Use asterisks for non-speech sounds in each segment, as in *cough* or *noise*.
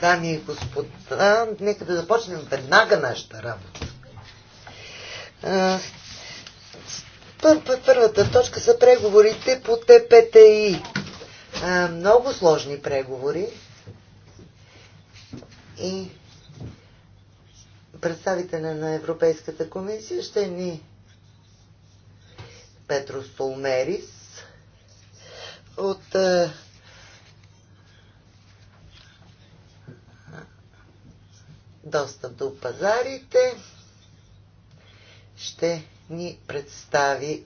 Дами и господа, нека да започнем веднага нашата работа. Първата точка са преговорите по ТПТИ. Много сложни преговори. И представителя на Европейската комисия ще ни Петро Солмерис от достъп до пазарите, ще ни представи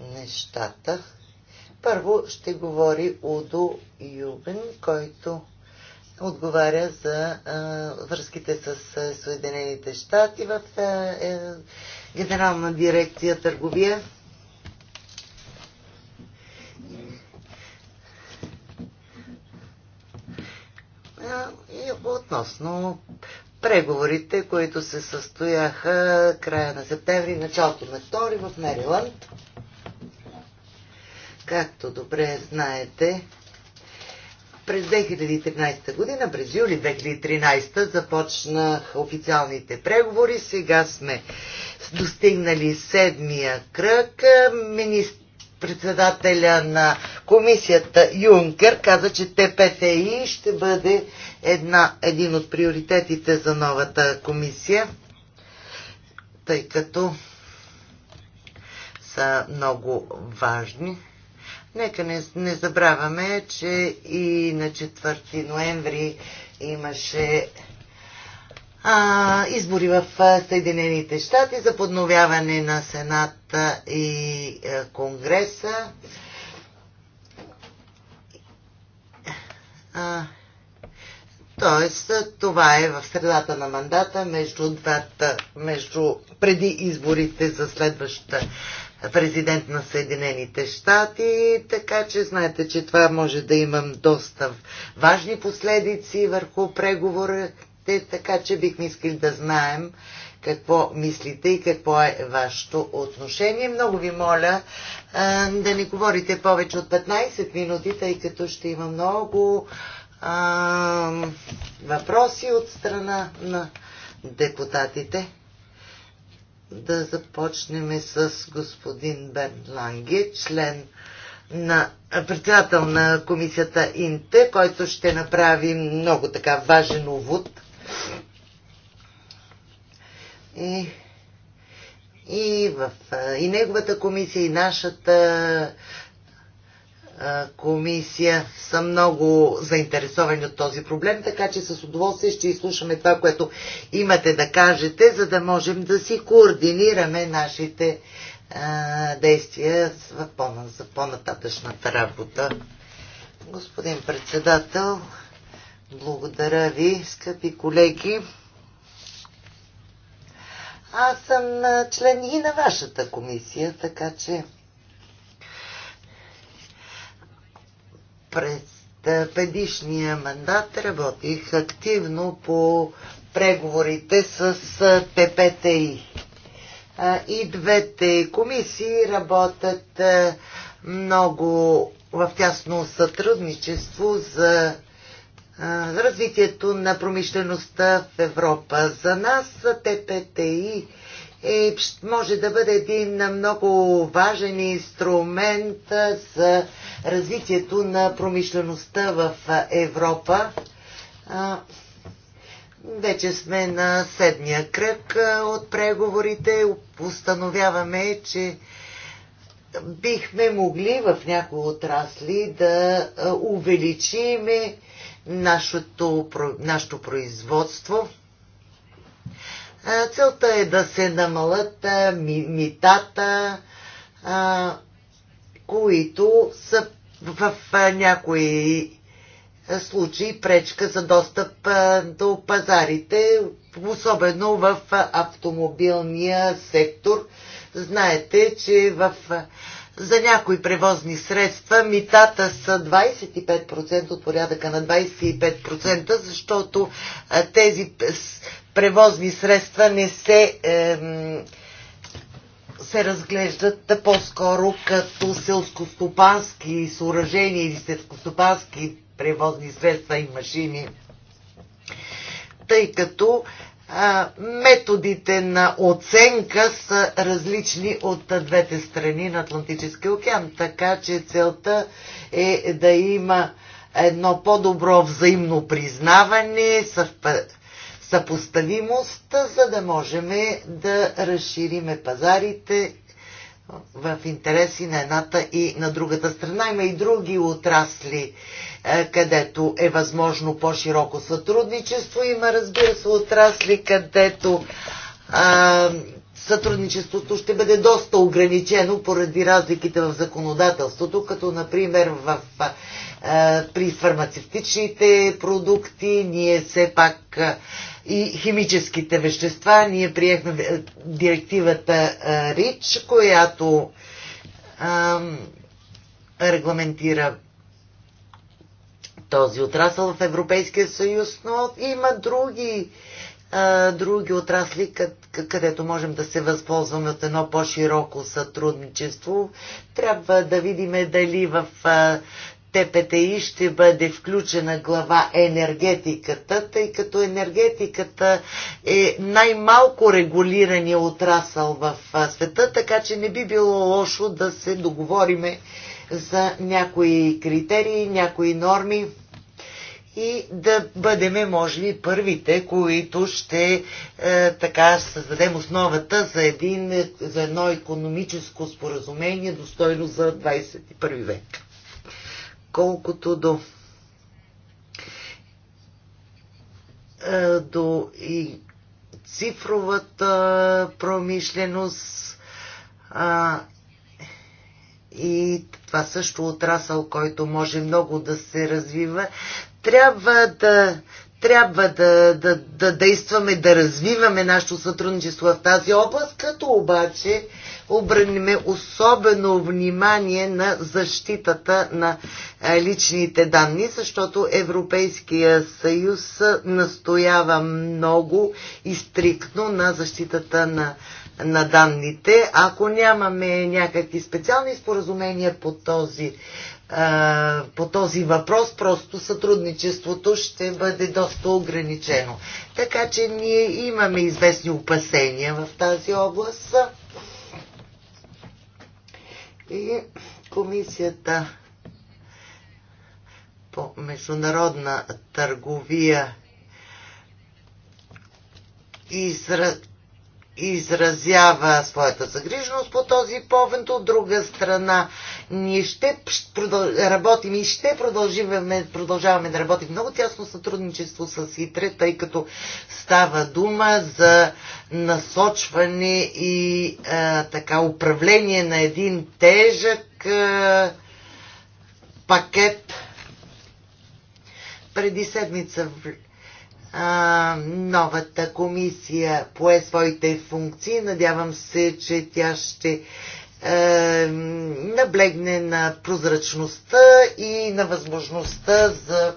нещата. Първо ще говори Удо Юбен, който отговаря за а, връзките с а, Съединените щати в а, е, Генерална дирекция търговия относно преговорите, които се състояха края на септември началото на втори в Мериланд. Както добре знаете, през 2013 година, през юли 2013 започнах официалните преговори. Сега сме достигнали седмия кръг. Министр председателя на комисията Юнкер каза, че ТПТИ ще бъде една, един от приоритетите за новата комисия, тъй като са много важни. Нека не, не забравяме, че и на 4 ноември имаше а, избори в Съединените щати за подновяване на Сената и а, Конгреса. А, Тоест, това е в средата на мандата между двата, между преди изборите за следващата президент на Съединените щати, така че знаете, че това може да имам доста важни последици върху преговора, сте, така че бихме искали да знаем какво мислите и какво е вашето отношение. Много ви моля а, да не говорите повече от 15 минути, тъй като ще има много а, въпроси от страна на депутатите. Да започнем с господин Бен Ланге, член на председател на комисията Инте, който ще направи много така важен увод и, и, в, и неговата комисия, и нашата комисия са много заинтересовани от този проблем, така че с удоволствие ще изслушаме това, което имате да кажете, за да можем да си координираме нашите а, действия за по-нататъчната работа. Господин председател, благодаря ви, скъпи колеги. Аз съм член и на вашата комисия, така че през предишния мандат работих активно по преговорите с ППТИ. И двете комисии работят много в тясно сътрудничество за развитието на промишлеността в Европа. За нас ТПТИ е, може да бъде един много важен инструмент за развитието на промишлеността в Европа. Вече сме на седмия кръг от преговорите. Установяваме, че бихме могли в някои отрасли да увеличиме нашето, нашето производство. Целта е да се намалят митата, които са в някои случаи пречка за достъп до пазарите, особено в автомобилния сектор. Знаете, че в за някои превозни средства митата са 25% от порядъка на 25%, защото тези превозни средства не се, е, се разглеждат по-скоро като селскостопански съоръжения или селскостопански превозни средства и машини, тъй като методите на оценка са различни от двете страни на Атлантическия океан, така че целта е да има едно по-добро взаимно признаване, съпоставимост, за да можем да разшириме пазарите в интереси на едната и на другата страна. Има и други отрасли е, където е възможно по-широко сътрудничество. Има, разбира се, отрасли, където а, сътрудничеството ще бъде доста ограничено поради разликите в законодателството, като например в, а, при фармацевтичните продукти ние все пак а, и химическите вещества. Ние приехме директивата а, РИЧ, която а, регламентира този отрасъл в Европейския съюз, но има други, а, други отрасли, където можем да се възползваме от едно по-широко сътрудничество. Трябва да видим дали в а, ТПТИ ще бъде включена глава енергетиката, тъй като енергетиката е най-малко регулирания отрасъл в света, така че не би било лошо да се договориме за някои критерии, някои норми и да бъдем, може би, първите, които ще е, така създадем основата за, един, за едно економическо споразумение достойно за 21 век. Колкото до е, до и цифровата промишленост и това също отрасъл, който може много да се развива, трябва да трябва да, да, да действаме, да развиваме нашето сътрудничество в тази област, като обаче обърнеме особено внимание на защитата на личните данни, защото Европейския съюз настоява много и стриктно на защитата на на данните. Ако нямаме някакви специални споразумения по този, а, по този въпрос, просто сътрудничеството ще бъде доста ограничено. Така че ние имаме известни опасения в тази област. И комисията по международна търговия изра изразява своята загриженост по този повод. От друга страна, ние ще работим и ще продължаваме, продължаваме да работим много тясно сътрудничество с ИТРЕ, тъй като става дума за насочване и а, така управление на един тежък а, пакет. Преди седмица а, новата комисия пое своите функции. Надявам се, че тя ще а, е, наблегне на прозрачността и на възможността за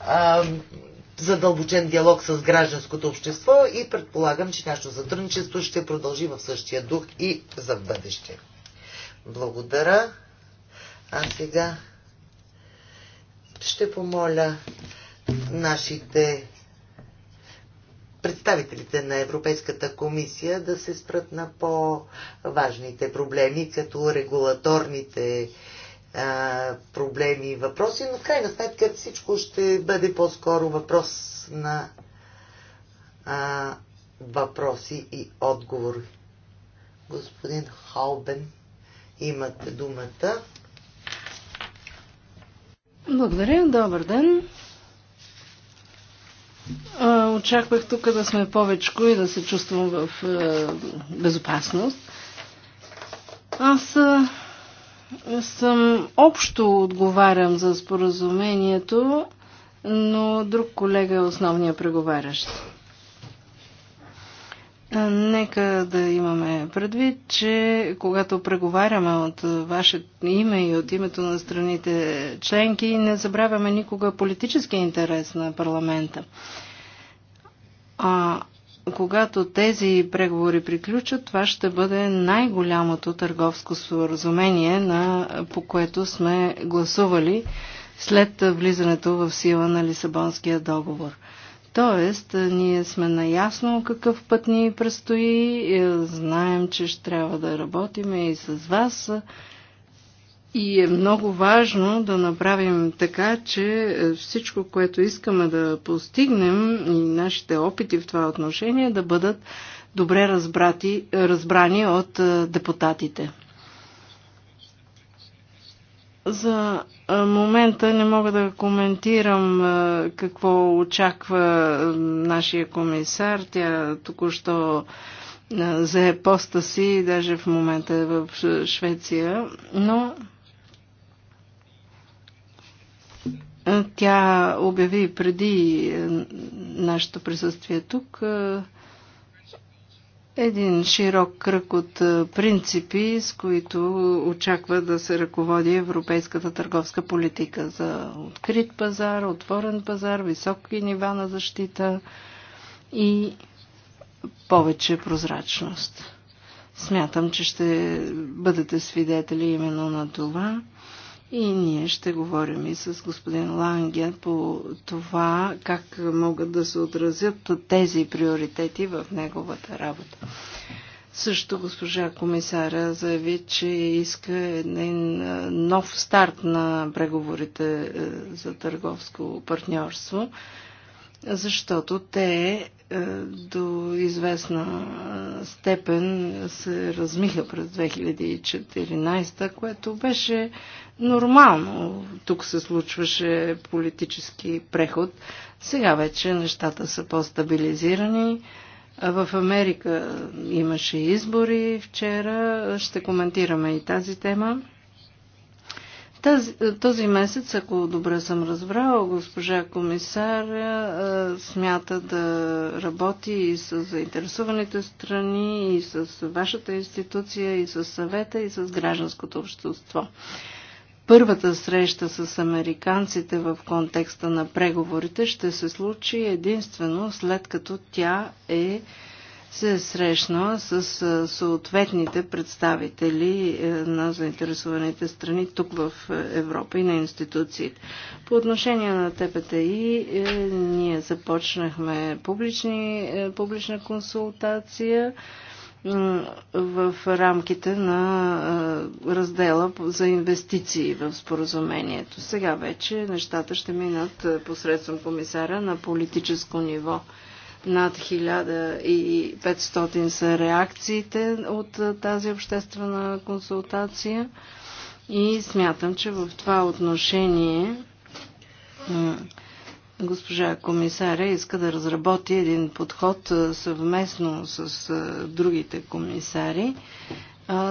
а, е, задълбочен диалог с гражданското общество и предполагам, че нашето сътрудничество ще продължи в същия дух и за бъдеще. Благодаря. А сега ще помоля нашите представителите на Европейската комисия да се спрат на по-важните проблеми, като регулаторните а, проблеми и въпроси, но в крайна сметка всичко ще бъде по-скоро въпрос на а, въпроси и отговори. Господин Халбен, имате думата. Благодаря, добър ден очаквах тук да сме повечко и да се чувствам в е, безопасност. Аз е, съм общо отговарям за споразумението, но друг колега е основния преговарящ. Е, нека да имаме предвид, че когато преговаряме от ваше име и от името на страните членки, не забравяме никога политически интерес на парламента. А когато тези преговори приключат, това ще бъде най-голямото търговско споразумение, на, по което сме гласували след влизането в сила на Лисабонския договор. Тоест, ние сме наясно какъв път ни предстои, е, знаем, че ще трябва да работиме и с вас, и е много важно да направим така, че всичко, което искаме да постигнем и нашите опити в това отношение да бъдат добре разбрати, разбрани от е, депутатите. За е, момента не мога да коментирам е, какво очаква нашия комисар. Тя току-що зае поста си, даже в момента е в Швеция, но Е, тя обяви преди е, нашето присъствие тук е, един широк кръг от принципи, с които очаква да се ръководи европейската търговска политика за открит пазар, отворен пазар, високи нива на защита и повече прозрачност. Смятам, че ще бъдете свидетели именно на това. И ние ще говорим и с господин Ланге по това как могат да се отразят тези приоритети в неговата работа. Също госпожа комисаря заяви, че иска един нов старт на преговорите за търговско партньорство защото те е, до известна е, степен се размиха през 2014, което беше нормално. Тук се случваше политически преход. Сега вече нещата са по-стабилизирани. В Америка имаше избори вчера. Ще коментираме и тази тема. Тази, този месец, ако добре съм разбрала, госпожа комисар е, смята да работи и с заинтересованите страни, и с вашата институция, и с съвета, и с гражданското общество. Първата среща с американците в контекста на преговорите ще се случи единствено след като тя е се е срещна с съответните представители е, на заинтересованите страни тук в е, Европа и на институциите. По отношение на ТПТИ, ние започнахме публични, публична консултация в рамките на раздела за инвестиции в споразумението. Сега вече нещата ще минат посредством комисара на политическо ниво. Над 1500 са реакциите от тази обществена консултация и смятам, че в това отношение госпожа комисаря иска да разработи един подход съвместно с другите комисари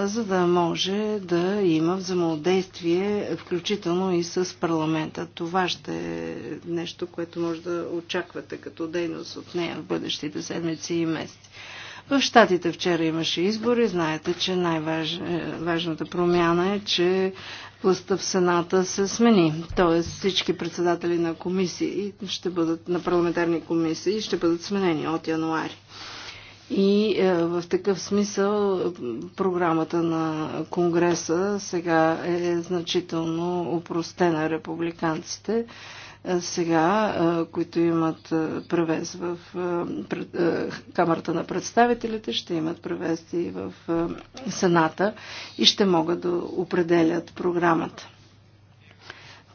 за да може да има взаимодействие, включително и с парламента. Това ще е нещо, което може да очаквате като дейност от нея в бъдещите седмици и месеци. В Штатите вчера имаше избори. Знаете, че най-важната е, промяна е, че властта в Сената се смени. Тоест всички председатели на комисии ще бъдат, на парламентарни комисии ще бъдат сменени от януари. И е, в такъв смисъл програмата на Конгреса сега е значително упростена републиканците е, сега, е, които имат превез в Камерата на представителите, ще имат превез и в Сената и ще могат да определят програмата.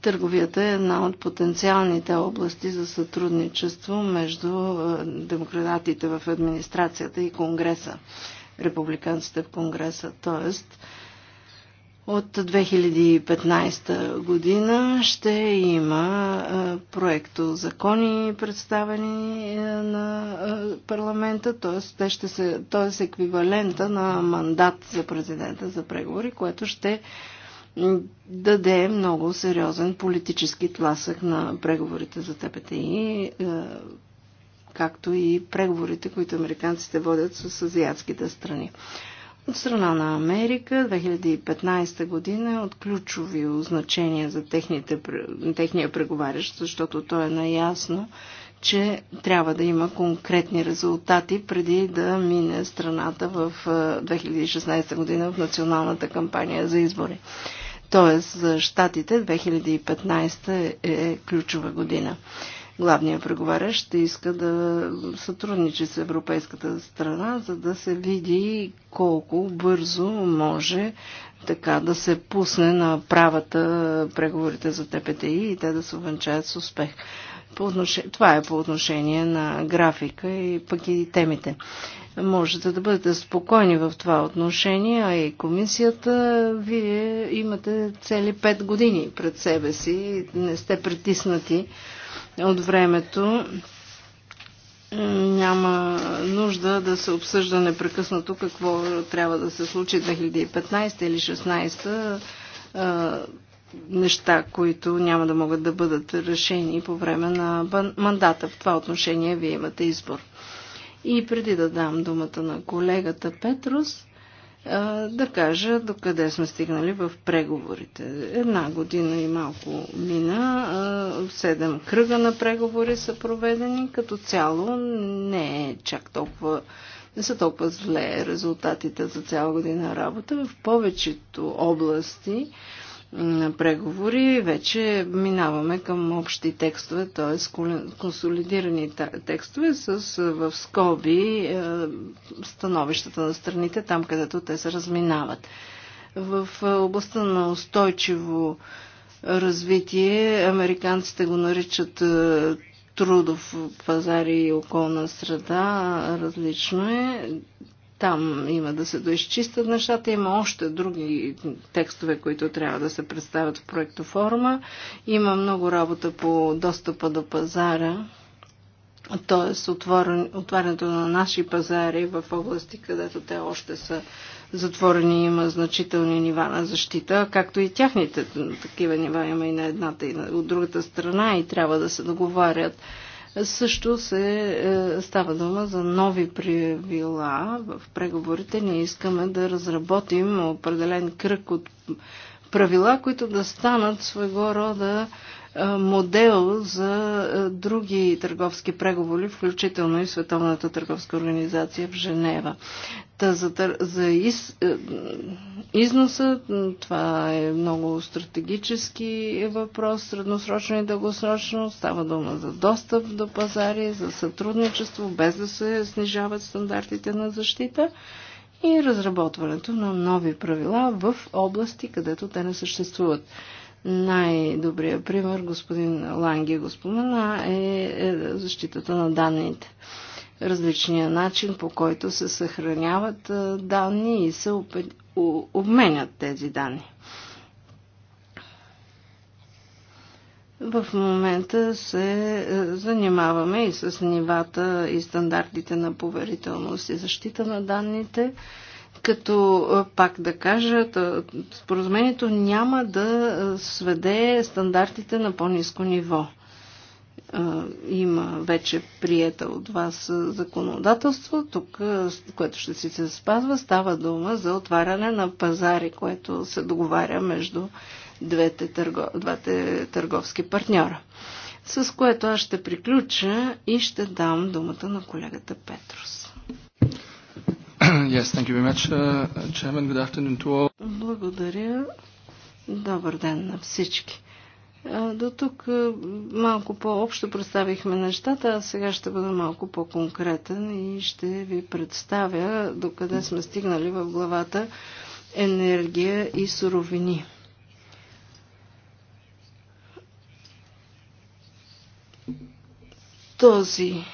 Търговията е една от потенциалните области за сътрудничество между демократите в администрацията и Конгреса, републиканците в Конгреса. Тоест, от 2015 година ще има проекто закони представени на парламента, т.е. те ще се, т.е. еквивалента на мандат за президента за преговори, което ще даде много сериозен политически тласък на преговорите за ТПТИ, е, както и преговорите, които американците водят с азиатските страни. От страна на Америка 2015 година е от ключови значения за техните, техния преговарящ, защото той е наясно, че трябва да има конкретни резултати преди да мине страната в 2016 е, година в националната кампания за избори. Тоест за щатите 2015 е, е ключова година. Главният преговарящ ще иска да сътрудничи с европейската страна, за да се види колко бързо може така да се пусне на правата преговорите за ТПТИ и те да се увенчаят с успех това е по отношение на графика и пък и темите. Можете да бъдете спокойни в това отношение, а и комисията, вие имате цели 5 години пред себе си, не сте притиснати от времето. Няма нужда да се обсъжда непрекъснато какво трябва да се случи 2015 или 2016 неща, които няма да могат да бъдат решени по време на мандата. В това отношение вие имате избор. И преди да дам думата на колегата Петрус да кажа докъде сме стигнали в преговорите. Една година и малко мина, седем кръга на преговори са проведени, като цяло не е чак толкова не са толкова зле резултатите за цяла година работа. В повечето области преговори, вече минаваме към общи текстове, т.е. консолидирани текстове с в скоби е, становищата на страните, там където те се разминават. В е, областта на устойчиво развитие американците го наричат е, трудов пазар и околна среда, различно е. Там има да се доизчистят нещата. Има още други текстове, които трябва да се представят в проектоформа. Има много работа по достъпа до пазара, т.е. отварянето на наши пазари в области, където те още са затворени, има значителни нива на защита, както и тяхните такива нива има и на едната и на, от другата страна и трябва да се договарят също се е, става дума за нови правила. В преговорите ние искаме да разработим определен кръг от правила, които да станат своего рода е, модел за е, други търговски преговори, включително и Световната търговска организация в Женева. Та за, за из, е, износа, това е много стратегически въпрос, средносрочно и дългосрочно. Става дума за достъп до пазари, за сътрудничество, без да се снижават стандартите на защита и разработването на нови правила в области, където те не съществуват. Най-добрият пример, господин Ланги го спомена, е, е защитата на данните. Различният начин, по който се съхраняват е, данни и се обменят тези данни. В момента се е, занимаваме и с нивата и стандартите на поверителност и защита на данните като пак да кажа, споразумението няма да сведе стандартите на по-низко ниво. Има вече приета от вас законодателство, тук, което ще си се спазва, става дума за отваряне на пазари, което се договаря между двете търго... двете търговски партньора. С което аз ще приключа и ще дам думата на колегата Петрос. *clears throat* Yes, thank you very much, uh, Chairman. Good afternoon to all. Благодаря. Добър ден на всички. До тук малко по-общо представихме нещата, а сега ще бъда малко по-конкретен и ще ви представя докъде сме стигнали в главата енергия и суровини. Този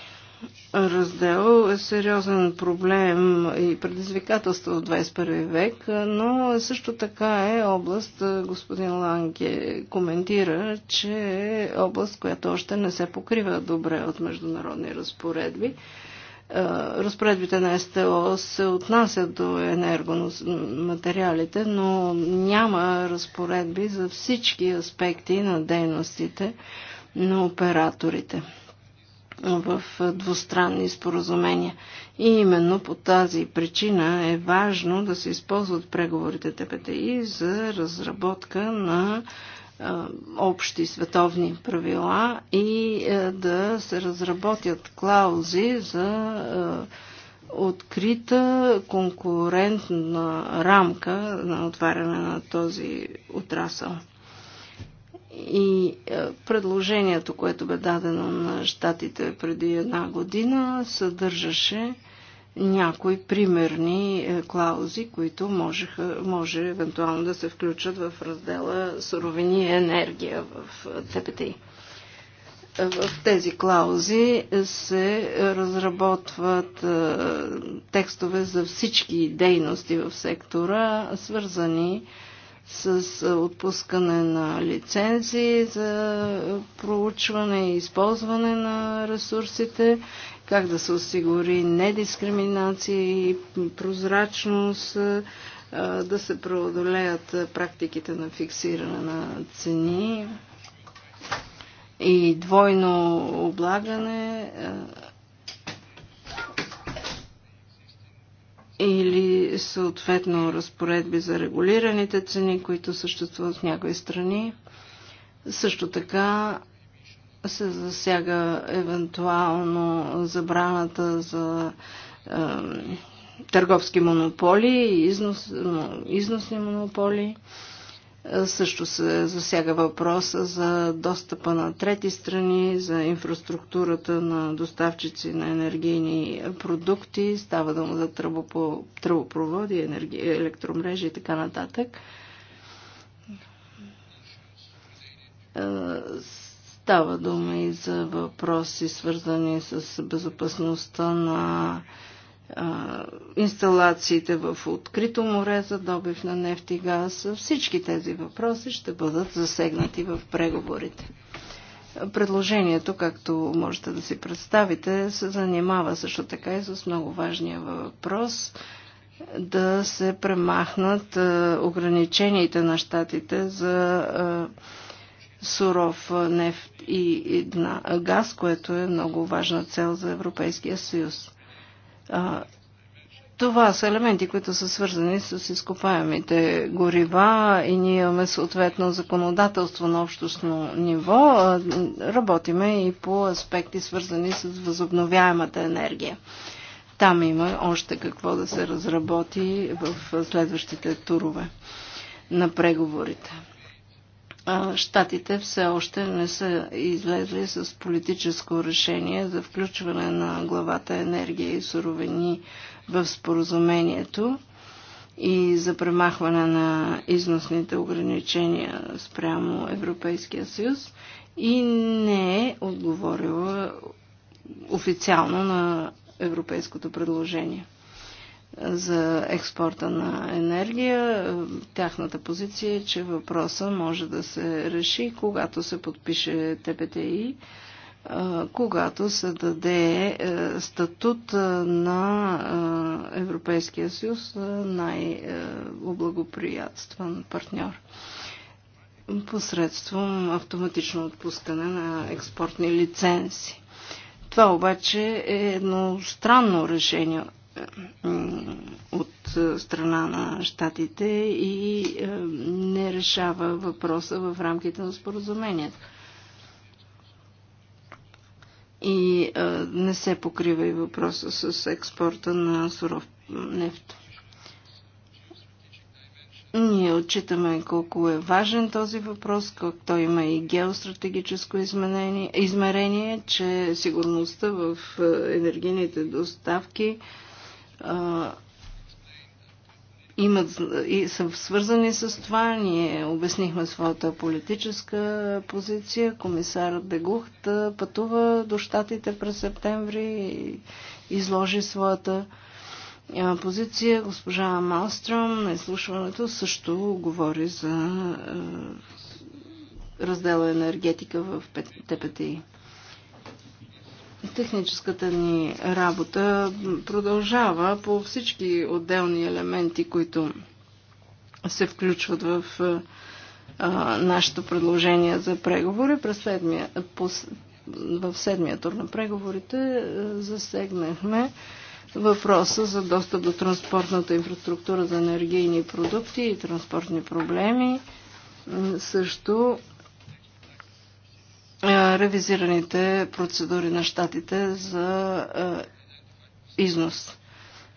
раздел е сериозен проблем и предизвикателство в 21 век, но също така е област, господин Ланге коментира, че е област, която още не се покрива добре от международни разпоредби. Разпоредбите на СТО се отнасят до енергоматериалите, но няма разпоредби за всички аспекти на дейностите на операторите в двустранни споразумения. И именно по тази причина е важно да се използват преговорите ТПТИ за разработка на общи световни правила и да се разработят клаузи за открита конкурентна рамка на отваряне на този отрасъл. И е, предложението, което бе дадено на щатите преди една година, съдържаше някои примерни е, клаузи, които можеха, може евентуално да се включат в раздела суровини и енергия в ТПТ. Е, в тези клаузи се разработват текстове за всички дейности в сектора, свързани с с отпускане на лицензии за проучване и използване на ресурсите, как да се осигури недискриминация и прозрачност, да се преодолеят практиките на фиксиране на цени и двойно облагане или съответно разпоредби за регулираните цени, които съществуват в някои страни. Също така се засяга евентуално забраната за е, търговски монополи и износ, износни монополи. Е, също се засяга въпроса за достъпа на трети страни, за инфраструктурата на доставчици на енергийни продукти, става дума за тръбопроводи, енерги... електромрежи и така нататък. Е, става дума и за въпроси, свързани с безопасността на инсталациите в открито море за добив на нефт и газ. Всички тези въпроси ще бъдат засегнати в преговорите. Предложението, както можете да си представите, се занимава също така и с много важния въпрос да се премахнат ограниченията на щатите за суров нефт и газ, което е много важна цел за Европейския съюз това са елементи, които са свързани с изкопаемите горива и ние имаме съответно законодателство на общностно ниво. Работиме и по аспекти свързани с възобновяемата енергия. Там има още какво да се разработи в следващите турове на преговорите. Штатите все още не са излезли с политическо решение за включване на главата енергия и суровини в споразумението и за премахване на износните ограничения спрямо Европейския съюз и не е отговорила официално на европейското предложение за експорта на енергия. Тяхната позиция е, че въпроса може да се реши, когато се подпише ТПТИ, когато се даде е, статут на Европейския съюз най-облагоприятстван партньор посредством автоматично отпускане на експортни лицензи. Това обаче е едно странно решение от страна на щатите и е, не решава въпроса в рамките на споразумението. И е, не се покрива и въпроса с експорта на суров нефт. Ние отчитаме колко е важен този въпрос, как той има и геостратегическо измерение, че сигурността в е, енергийните доставки имат и са свързани с това. Ние обяснихме своята политическа позиция. Комисар Дегухт пътува до щатите през септември и изложи своята позиция. Госпожа Малстром на изслушването също говори за раздела енергетика в ТПТИ. Техническата ни работа продължава по всички отделни елементи, които се включват в а, нашето предложение за преговори. През седмия, по, в седмия тур на преговорите засегнахме въпроса за достъп до транспортната инфраструктура за енергийни продукти и транспортни проблеми. Също ревизираните процедури на щатите за износ.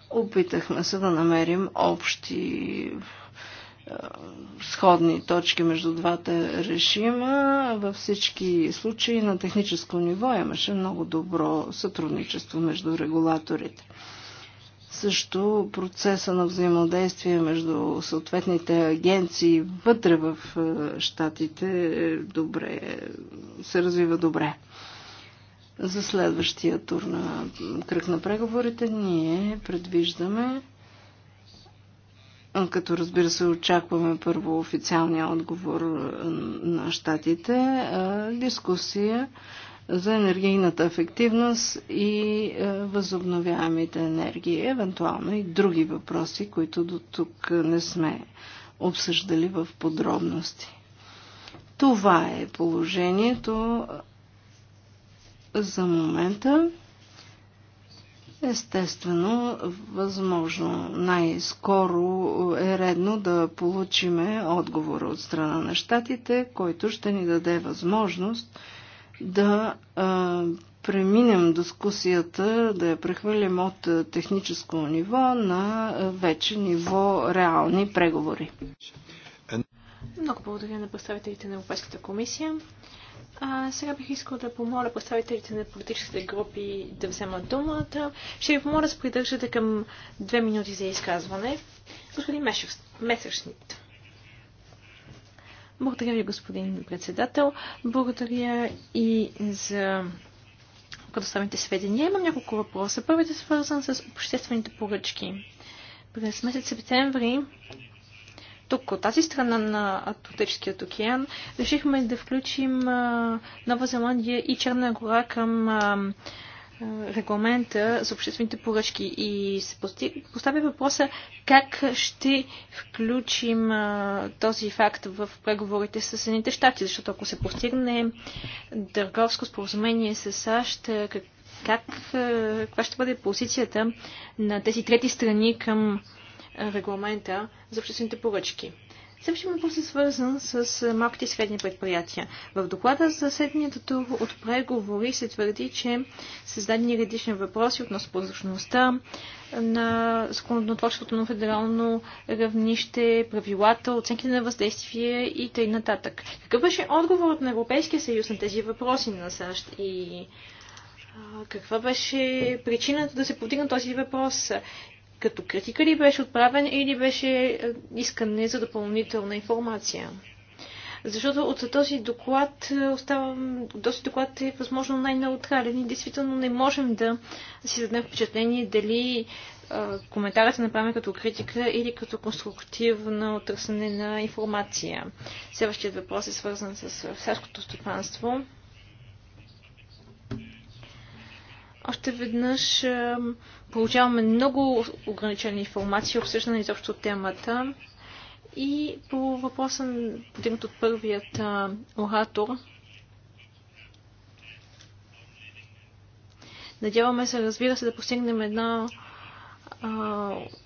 Опитахме се да намерим общи сходни точки между двата режима. Във всички случаи на техническо ниво имаше много добро сътрудничество между регулаторите също процеса на взаимодействие между съответните агенции вътре в е, щатите е добре, се развива добре. За следващия тур на кръг на преговорите ние предвиждаме, като разбира се очакваме първо официалния отговор на щатите, е, дискусия за енергийната ефективност и е, възобновяемите енергии, евентуално и други въпроси, които до тук не сме обсъждали в подробности. Това е положението за момента. Естествено, възможно най-скоро е редно да получиме отговор от страна на щатите, който ще ни даде възможност да а, преминем дискусията, да я прехвърлим от техническо ниво на вече ниво реални преговори. Много благодаря на представителите на Европейската комисия. А, сега бих искал да помоля представителите на политическите групи да вземат думата. Ще ви помоля да се придържате към две минути за изказване. Господин Месершнит. Благодаря ви, господин председател. Благодаря и за предоставените сведения. Имам няколко въпроса. Първият е свързан с обществените поръчки. През месец септември тук, от тази страна на Атлантическият океан, решихме да включим Нова Зеландия и Черна гора към регламента за обществените поръчки и се поставя въпроса как ще включим този факт в преговорите с Съединените щати, защото ако се постигне търговско споразумение с САЩ, как, каква ще бъде позицията на тези трети страни към регламента за обществените поръчки? Следващия въпрос е свързан с е, малките и средни предприятия. В доклада за седмията тур от преговори се твърди, че са зададени редични въпроси относно прозрачността на законодателството на федерално равнище, правилата, оценките на въздействие и т.н. Какъв беше отговорът на Европейския съюз на тези въпроси на САЩ и каква беше причината да се повдигна този въпрос? като критика ли беше отправен или беше е, искане за допълнителна информация? Защото от този доклад, е, остава, този доклад е възможно най-неутрален и действително не можем да си зададем впечатление дали е, коментарът се направен като критика или като конструктивно търсене на информация. Следващият въпрос е свързан с селското стопанство. Още веднъж получаваме много ограничена информация, обсъждане изобщо темата. И по въпроса, един от първият оратор, Надяваме се, разбира се, да постигнем една а,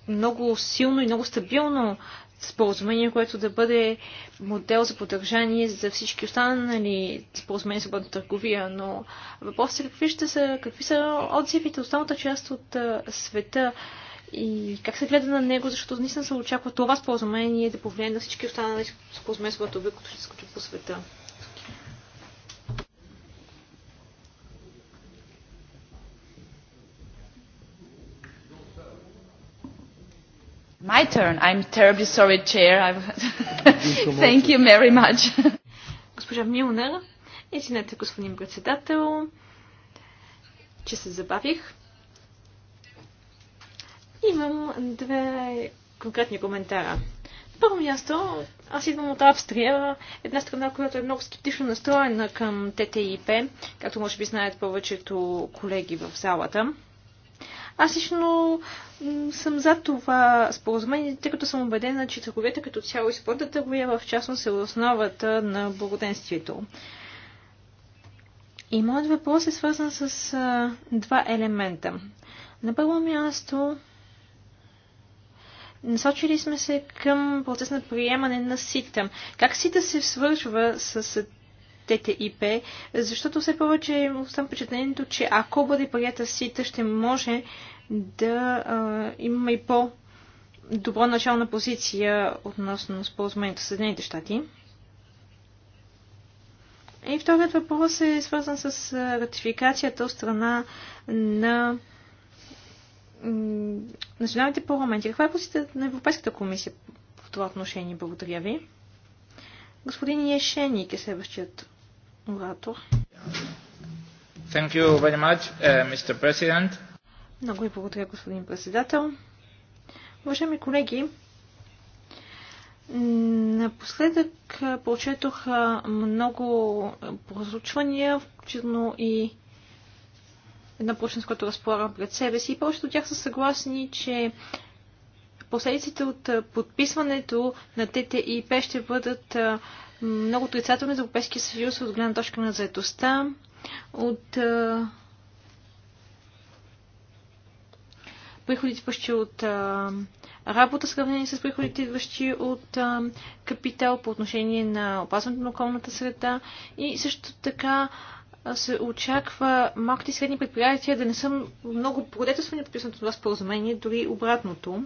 много силно и много стабилно споразумение, което да бъде модел за поддържание за всички останали споразумения за свободна търговия, но въпросът е какви, ще са, какви са отзивите, останалата част от света и как се гледа на него, защото наистина се очаква това споразумение да повлияе на всички останали споразумения за свободна търговия, които ще по света. My turn. I'm terribly sorry, chair. *laughs* Thank you very much. Госпожа Милнер, извинете, господин председател, че се забавих. Имам две конкретни коментара. На първо място, аз идвам от Австрия, една страна, която е много скептично настроена към ТТИП, както може би знаят повечето колеги в залата. Аз лично съм за това споразумение, тъй като съм убедена, че търговията като цяло и спорта търговия в частност е основата на благоденствието. И моят въпрос е свързан с а, два елемента. На първо място насочили сме се към процес на приемане на сита. Как сита се свършва с ТТИП, защото все повече съм впечатлението, че ако бъде прията сита, ще може да а, имаме и по- добра начална позиция относно споразумението с Съединените щати. И вторият въпрос е свързан с ратификацията от страна на националните парламенти. Каква е позицията на Европейската комисия в това отношение? Благодаря ви. Господин Ешеник е следващият оратор. Thank you very much, uh, Mr. President. Много ви благодаря, господин председател. Уважаеми колеги, напоследък прочетох много прозвучвания, включително и една с която разполагам пред себе си. И повечето от тях са съгласни, че последиците от подписването на ТТИП ще бъдат много отрицателни за Европейския съюз от гледна точка на заедостта, от приходите въщи от работа, сравнени с приходите идващи от капитал по отношение на опазването на околната среда и също така се очаква малките и средни предприятия да не са много благодетелствани подписаното това споразумение, дори обратното.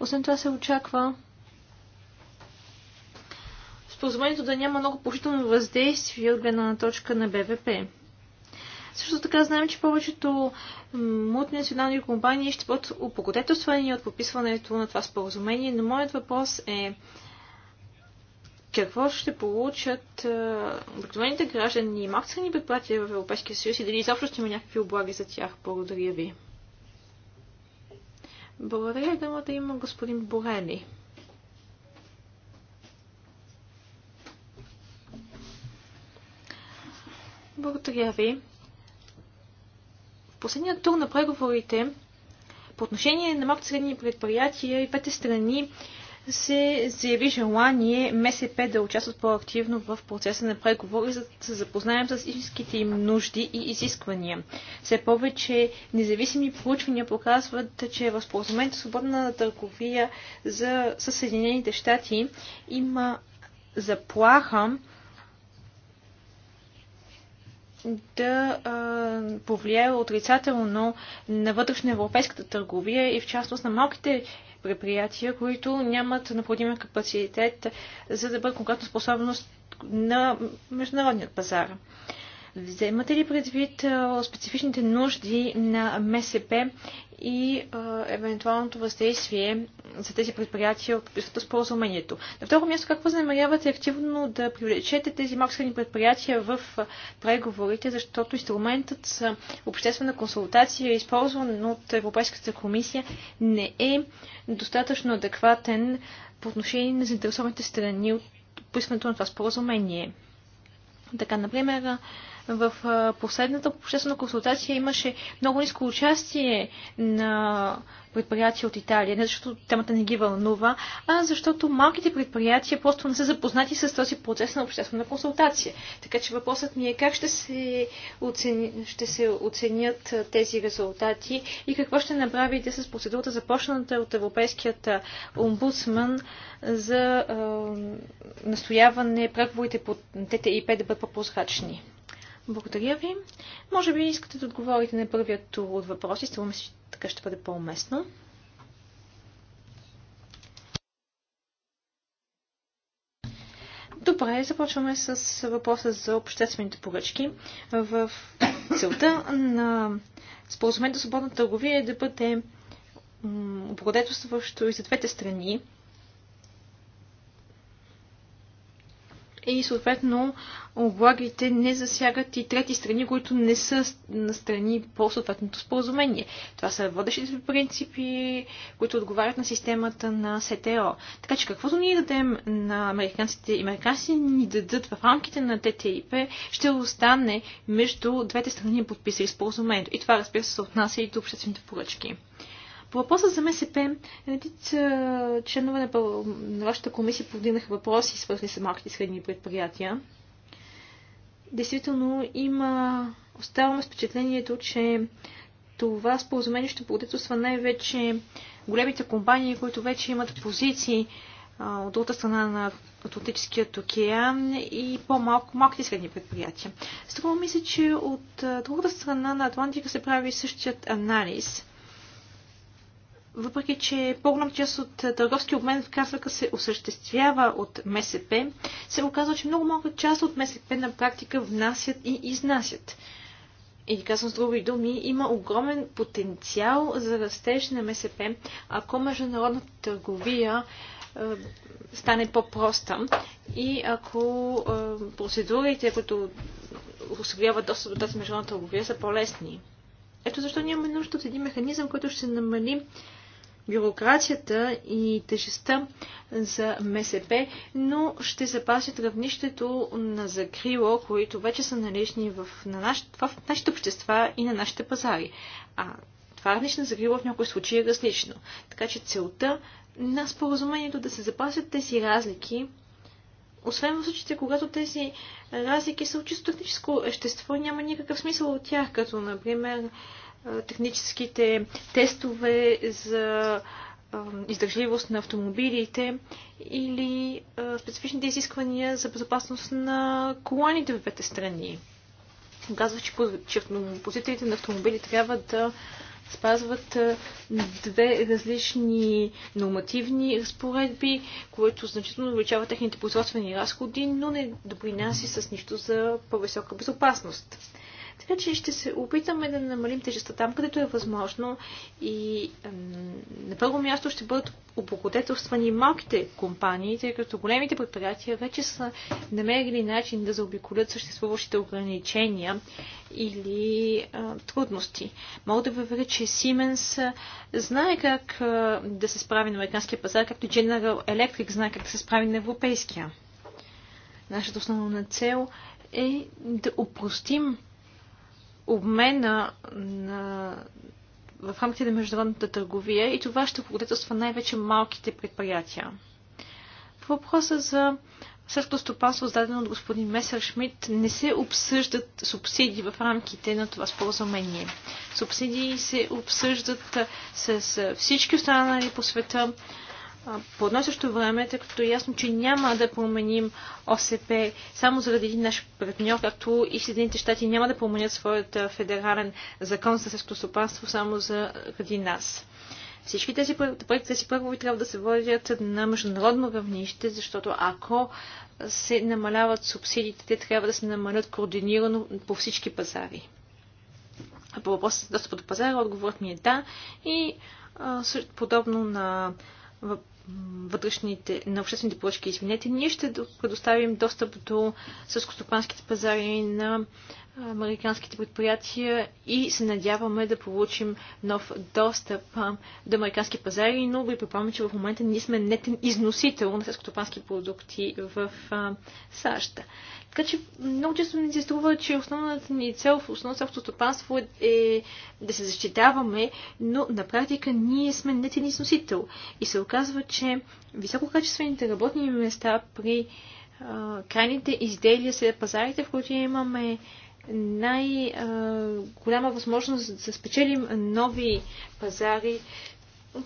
Освен това се очаква споразумението да няма много положително въздействие от гледна точка на БВП. Също така знаем, че повечето мултинационални компании ще бъдат упокодетелствани от подписването на това споразумение, но моят въпрос е какво ще получат обикновените граждани и максимални предприятия в Европейския съюз и дали изобщо ще има някакви облаги за тях. Благодаря ви. Благодаря думата да има господин Борени. Благодаря ви. В последния тур на преговорите по отношение на малко средни предприятия и пете страни се заяви желание МСП да участват по-активно в процеса на преговори, за да се запознаем с истинските им нужди и изисквания. Все повече независими проучвания показват, че в споразумението свободна търговия за Съединените щати има заплаха да а, повлияе отрицателно на вътрешноевропейската търговия и в частност на малките предприятия, които нямат необходимия капацитет за да бъдат конкретно способност на международният пазар. Вземате ли предвид специфичните нужди на МСП и евентуалното въздействие за тези предприятия от споразумението. На второ място, как възнамерявате активно да привлечете тези максимални предприятия в преговорите, защото инструментът за обществена консултация, използван от Европейската комисия, не е достатъчно адекватен по отношение на заинтересованите страни от поискането на това споразумение. Така, например, в последната обществена консултация имаше много ниско участие на предприятия от Италия. Не защото темата не ги вълнува, а защото малките предприятия просто не са запознати с този процес на обществена консултация. Така че въпросът ми е как ще се, оцени, ще се оценят тези резултати и какво ще направите с процедурата започната от Европейският омбудсман за е, настояване преговорите по ТТИП да бъдат по-прозрачни. Благодаря ви. Може би искате да отговорите на първият тур от въпроси. Струва че така ще бъде по-уместно. Добре, започваме с въпроса за обществените поръчки. В целта на споразумението за свободна търговия е да бъде обладетелстващо и за двете страни, и съответно облагите не засягат и трети страни, които не са на страни по съответното споразумение. Това са водещите принципи, които отговарят на системата на СТО. Така че каквото ние дадем на американците, и американците ни дадат в рамките на ТТИП, ще остане между двете страни подписали споразумението. И това разбира се се отнася и до обществените поръчки. По въпроса за МСП, редица членове на, на вашата комисия повдигнаха въпроси, свързани с малките и средни предприятия. Действително има, оставаме с впечатлението, че това споразумение ще благодетелства най-вече големите компании, които вече имат позиции а, от другата страна на Атлантическият океан и по-малко малките средни предприятия. Струва ми се, че от а, другата страна на Атлантика се прави същият анализ въпреки че по-голям част от е, търговски обмен в Кафрика се осъществява от МСП, се оказва, че много малка част от МСП на практика внасят и изнасят. Или казвам с други думи, има огромен потенциал за растеж на МСП, ако международната търговия е, стане по-проста и ако е, процедурите, които осигуряват достъп до тази международна търговия, са по-лесни. Ето защо нямаме нужда от един механизъм, който ще намали бюрокрацията и тежестта за МСП, но ще запасят равнището на закрило, които вече са налични в, на наш, в нашите общества и на нашите пазари. А това равнище на закрило в някои случаи е различно. Така че целта на споразумението е да се запасят тези разлики, освен в случаите, когато тези разлики са от чисто техническо естество, няма никакъв смисъл от тях, като, например, техническите тестове за издържливост на автомобилите или специфичните изисквания за безопасност на коланите в двете страни. Казва, че, чертнопозителите позителите на автомобили трябва да спазват две различни нормативни разпоредби, което значително увеличава техните производствени разходи, но не допринася с нищо за по-висока безопасност. Така че ще се опитаме да намалим тежестта там, където е възможно и на първо място ще бъдат облагодетелствани малките компании, тъй като големите предприятия вече са намерили начин да заобиколят съществуващите ограничения или а, трудности. Мога да ви уверя, че Siemens знае как а, да се справи на американския пазар, както General Electric знае как да се справи на европейския. Нашата основна цел е да упростим обмена на, в рамките на международната търговия и това ще благодетелства най-вече малките предприятия. По въпроса за Същото стопанство, зададено от господин Месър Шмидт, не се обсъждат субсидии в рамките на това споразумение. Субсидии се обсъждат с всички останали по света, по едно и също време, тъй като е ясно, че няма да променим ОСП само заради един наш партньор, както и Съединените щати няма да променят своят федерален закон за същото стопанство само заради нас. Всички тези проекти, тези преговори трябва да се водят на международно равнище, защото ако се намаляват субсидиите, те трябва да се намалят координирано по всички пазари. А по въпроса за достъп до пазара, отговорът ми е да. И а, подобно на вътрешните, на обществените поръчки, извинете, ние ще предоставим достъп до съскостопанските пазари на американските предприятия и се надяваме да получим нов достъп до американски пазари, но ви припомням, че в момента ние сме нетен износител на селскостопански продукти в САЩ. Така че много често ни се струва, че основната ни цел в основното автостопанство е, е да се защитаваме, но на практика ние сме нетен износител. И се оказва, че висококачествените работни места при а, крайните изделия след пазарите, в които имаме най-голяма възможност да спечелим нови пазари,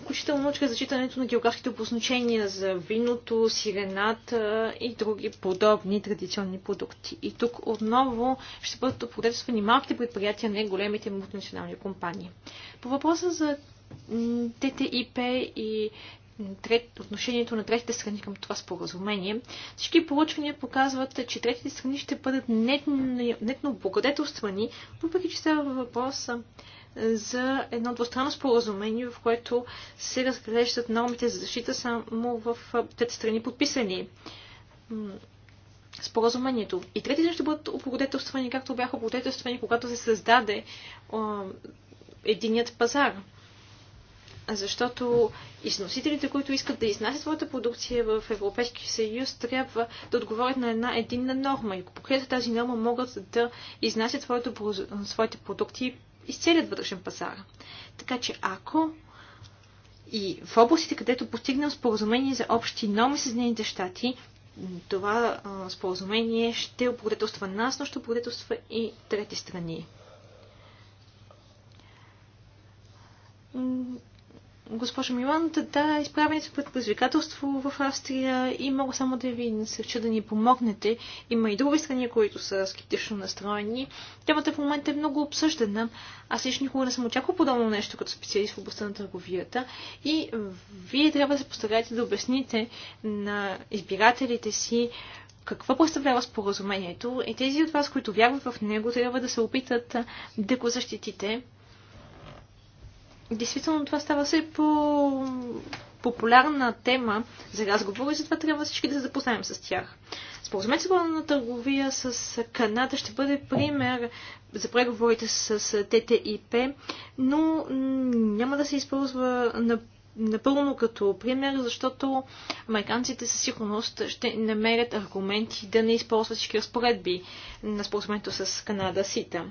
включително чрез зачитането на географските обозначения за виното, сирената и други подобни традиционни продукти. И тук отново ще бъдат подействани малките предприятия, не големите мултинационални компании. По въпроса за ТТИП и трет, отношението на третите страни към това споразумение. Всички получвания показват, че третите страни ще бъдат нетно, нетно въпреки че става въпрос за едно двустранно споразумение, в което се разглеждат нормите за защита само в трети страни подписани споразумението. И третите ще бъдат облагодетелствани, както бяха облагодетелствани, когато се създаде единият пазар защото износителите, които искат да изнасят своята продукция в Европейския съюз, трябва да отговорят на една единна норма. И ако покрият тази норма, могат да изнасят своите, продукти из целият вътрешен пазар. Така че ако и в областите, където постигнем споразумение за общи норми с Съединените щати, това споразумение ще облагодетелства нас, но ще облагодетелства и трети страни Госпожо Миланта, да, изправени са пред предизвикателство в Австрия и мога само да ви насърча да ни помогнете. Има и други страни, които са скептично настроени. Темата в момента е много обсъждана. Аз лично никога не съм очаквал подобно нещо като специалист в областта на търговията. И вие трябва да се постараете да обясните на избирателите си какво представлява споразумението и тези от вас, които вярват в него, трябва да се опитат да го защитите Действително това става все по популярна тема за разговор и затова трябва всички да се запознаем с тях. Споразумението на търговия с Канада ще бъде пример за преговорите с ТТИП, но няма да се използва на напълно като пример, защото американците със сигурност ще намерят аргументи да не използват всички разпоредби на споразумението с Канада СИТА.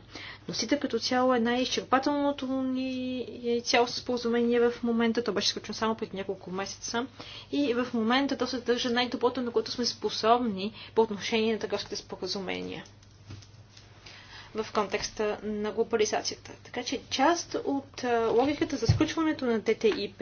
Но СИТА като цяло е най-изчерпателното ни цяло споразумение в момента. То беше сключено само преди няколко месеца. И в момента то се държа най-доброто, на което сме способни по отношение на търговските споразумения в контекста на глобализацията. Така че част от логиката за сключването на ТТИП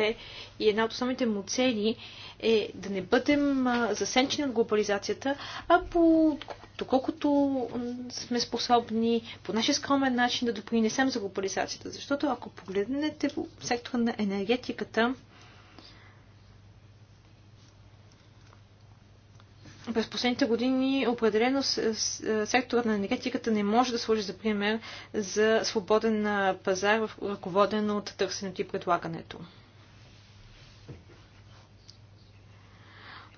и една от основните му цели е да не бъдем засенчени от глобализацията, а по доколкото сме способни по нашия скромен начин да допринесем за глобализацията. Защото ако погледнете сектора на енергетиката, през последните години определено секторът на енергетиката не може да служи за пример за свободен пазар, ръководен от търсенето и предлагането.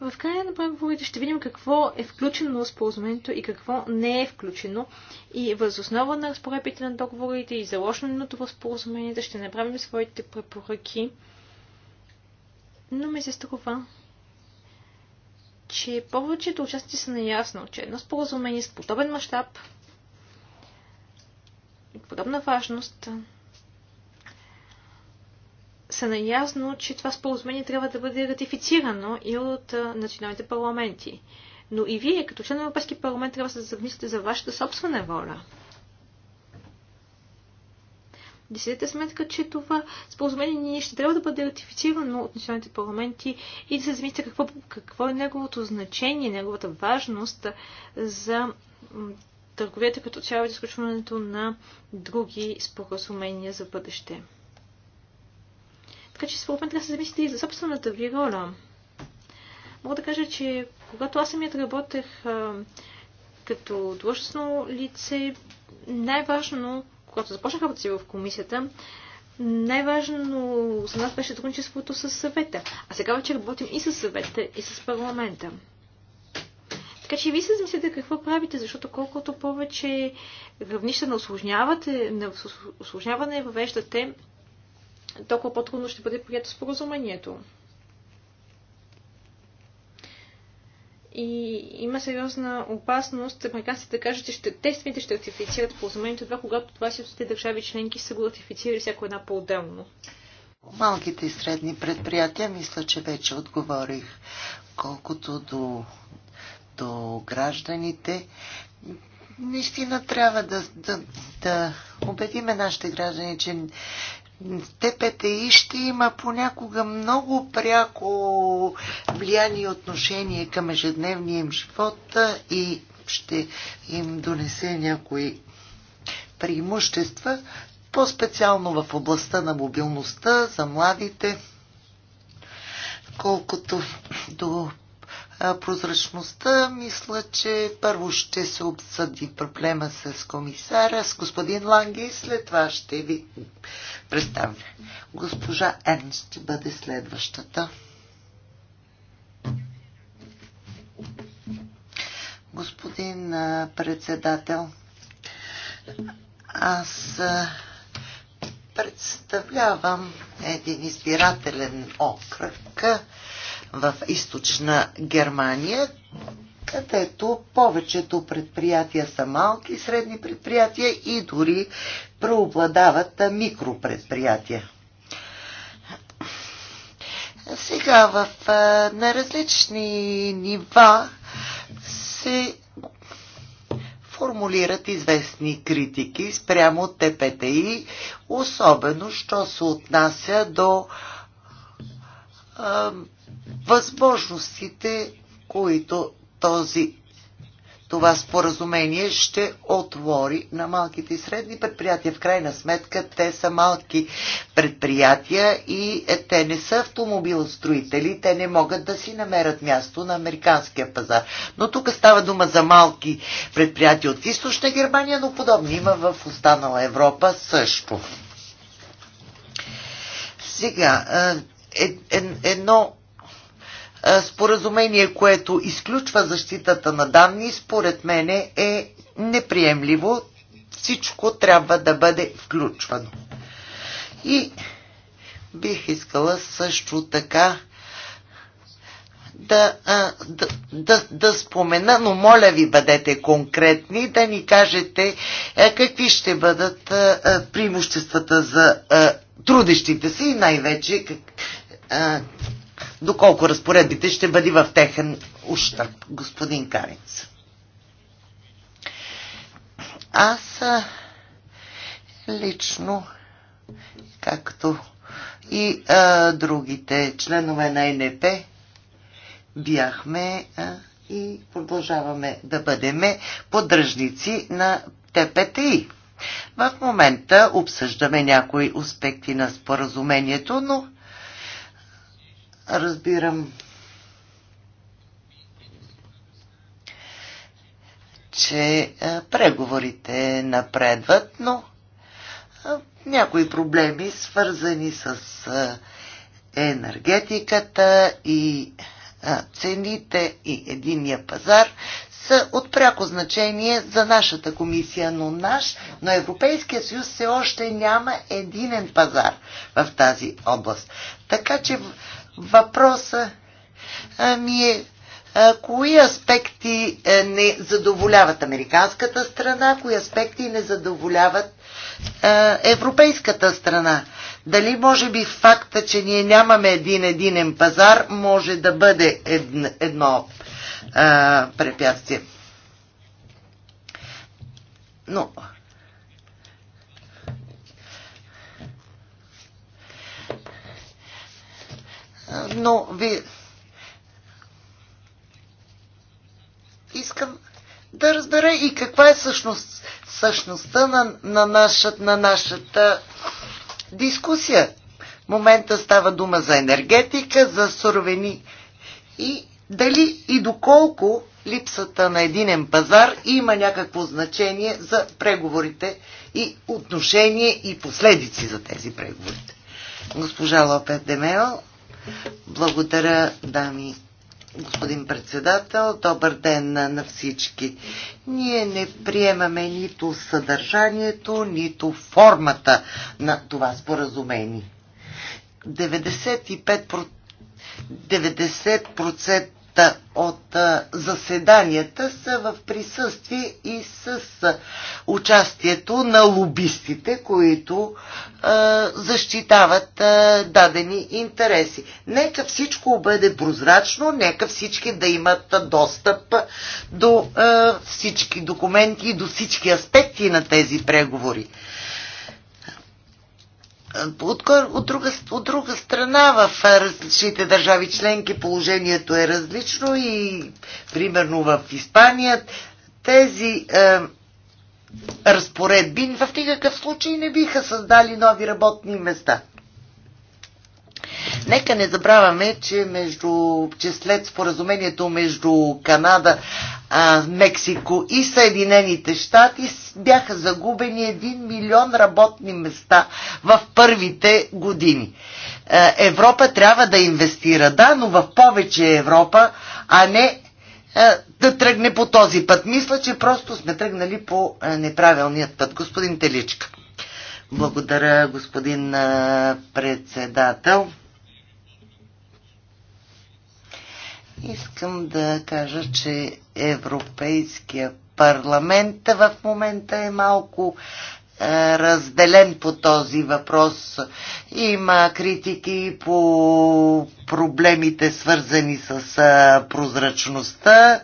В края на преговорите ще видим какво е включено в споразумението и какво не е включено. И въз основа на разпоредбите на договорите и заложеното в споразумението ще направим своите препоръки. Но ми се струва, че повечето участници са наясно, че едно споразумение с подобен мащаб и подобна важност са наясно, че това споразумение трябва да бъде ратифицирано и от националните парламенти. Но и вие, като член на Европейски парламент, трябва да се замислите за вашата собствена воля десете сметка, че това споразумение ще трябва да бъде ратифицирано от националните парламенти и да се замислите какво, какво е неговото значение, неговата важност за търговията като цяло и изключването на други споразумения за бъдеще. Така че според мен трябва да се замислите и за собствената ви роля. Мога да кажа, че когато аз самият работех като длъжностно лице, най-важно когато започнах работа си в комисията, най-важно за нас беше сътрудничеството с съвета. А сега вече работим и с съвета, и с парламента. Така че ви се замислите какво правите, защото колкото повече равнища на, на осложняване въвеждате, толкова по-трудно ще бъде прието споразумението. И има сериозна опасност американците да кажат, че ще, те самите ще ратифицират споразумението това, когато 20 държави членки са го ратифицирали всяко една по-отделно. Малките и средни предприятия, мисля, че вече отговорих. Колкото до, до гражданите, наистина трябва да, да, да убедиме нашите граждани, че ТПТИ ще има понякога много пряко влияние и отношение към ежедневния им живот и ще им донесе някои преимущества, по-специално в областта на мобилността за младите, колкото до прозрачността, мисля, че първо ще се обсъди проблема с комисара, с господин Ланги и след това ще ви представя. Госпожа Ерн ще бъде следващата. Господин председател, аз представлявам един избирателен окръг в източна Германия, където повечето предприятия са малки и средни предприятия и дори преобладават микропредприятия. Сега в, на различни нива се формулират известни критики спрямо ТПТИ, особено що се отнася до възможностите, които този това споразумение ще отвори на малките и средни предприятия. В крайна сметка те са малки предприятия и е, те не са автомобилостроители, те не могат да си намерят място на американския пазар. Но тук става дума за малки предприятия от източна Германия, но подобни има в останала Европа също. Сега, е, е, едно е, споразумение, което изключва защитата на данни, според мене е неприемливо. Всичко трябва да бъде включвано. И бих искала също така да, да, да, да спомена, но моля ви бъдете конкретни, да ни кажете е, какви ще бъдат преимуществата за трудещите си и най-вече как, доколко разпоредбите ще бъде в техен ущърп, господин Каринц. Аз лично, както и а, другите членове на НП, бяхме а, и продължаваме да бъдеме поддръжници на ТПТИ. В момента обсъждаме някои аспекти на споразумението, но разбирам, че е, преговорите напредват, но е, някои проблеми, свързани с е, енергетиката и цените и единия пазар, са от пряко значение за нашата комисия, но наш, но Европейския съюз все още няма единен пазар в тази област. Така че Въпроса ми е кои аспекти е, не задоволяват американската страна, кои аспекти не задоволяват европейската страна. Дали може би факта, че ние нямаме един единен пазар, може да бъде едно, едно а, препятствие. Но Но ви... Искам да разбера и каква е същност, същността на, на, нашата, на нашата дискусия. В момента става дума за енергетика, за суровини и дали и доколко липсата на единен пазар има някакво значение за преговорите и отношение и последици за тези преговори. Госпожа Лопес Демео благодаря, дами господин председател. Добър ден на, на всички. Ние не приемаме нито съдържанието, нито формата на това споразумение. 95%, 90% от заседанията са в присъствие и с участието на лобистите, които защитават дадени интереси. Нека всичко бъде прозрачно, нека всички да имат достъп до всички документи и до всички аспекти на тези преговори. От, от, друга, от друга страна, в различните държави членки положението е различно и примерно в Испания тези е, разпоредби в никакъв случай не биха създали нови работни места. Нека не забравяме, че, между, че след споразумението между Канада, а, Мексико и Съединените щати бяха загубени 1 милион работни места в първите години. Е, Европа трябва да инвестира, да, но в повече Европа, а не е, да тръгне по този път. Мисля, че просто сме тръгнали по е, неправилният път. Господин Теличка. Благодаря, господин председател. Искам да кажа, че Европейския парламент в момента е малко е, разделен по този въпрос. Има критики по проблемите свързани с е, прозрачността.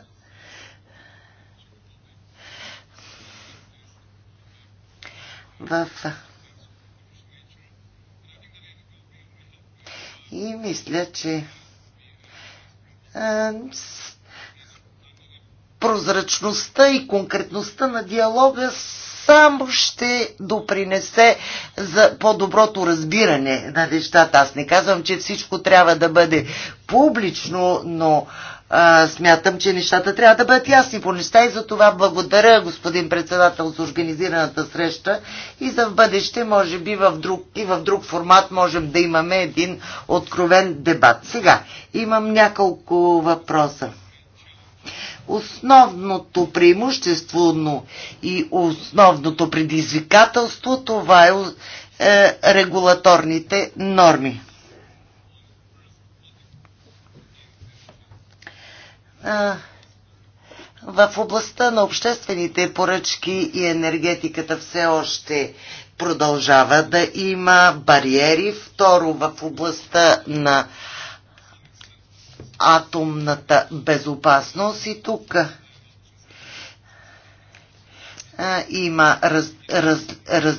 В и мисля, че е, прозрачността и конкретността на диалога само ще допринесе за по-доброто разбиране на нещата. Аз не казвам, че всичко трябва да бъде публично, но а, смятам, че нещата трябва да бъдат ясни по неща и за това благодаря господин председател за организираната среща и за в бъдеще, може би в друг, и в друг формат можем да имаме един откровен дебат. Сега, имам няколко въпроса. Основното преимущество и основното предизвикателство това е, е регулаторните норми. в областта на обществените поръчки и енергетиката все още продължава да има бариери. Второ, в областта на атомната безопасност и тук има раз, раз, раз,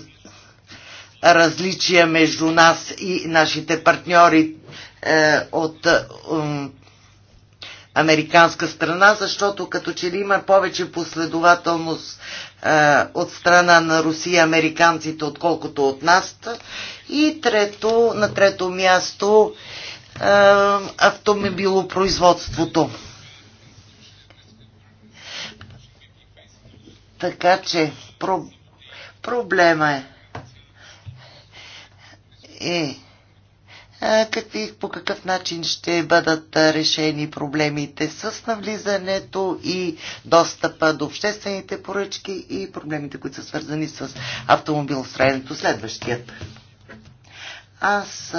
различия между нас и нашите партньори е, от американска страна, защото като че ли има повече последователност е, от страна на Русия американците, отколкото от нас. И трето, на трето място е, автомобилопроизводството. Така че про, проблема е, е какви, по какъв начин ще бъдат решени проблемите с навлизането и достъпа до обществените поръчки и проблемите, които са свързани с автомобилостроенето. Следващият. Аз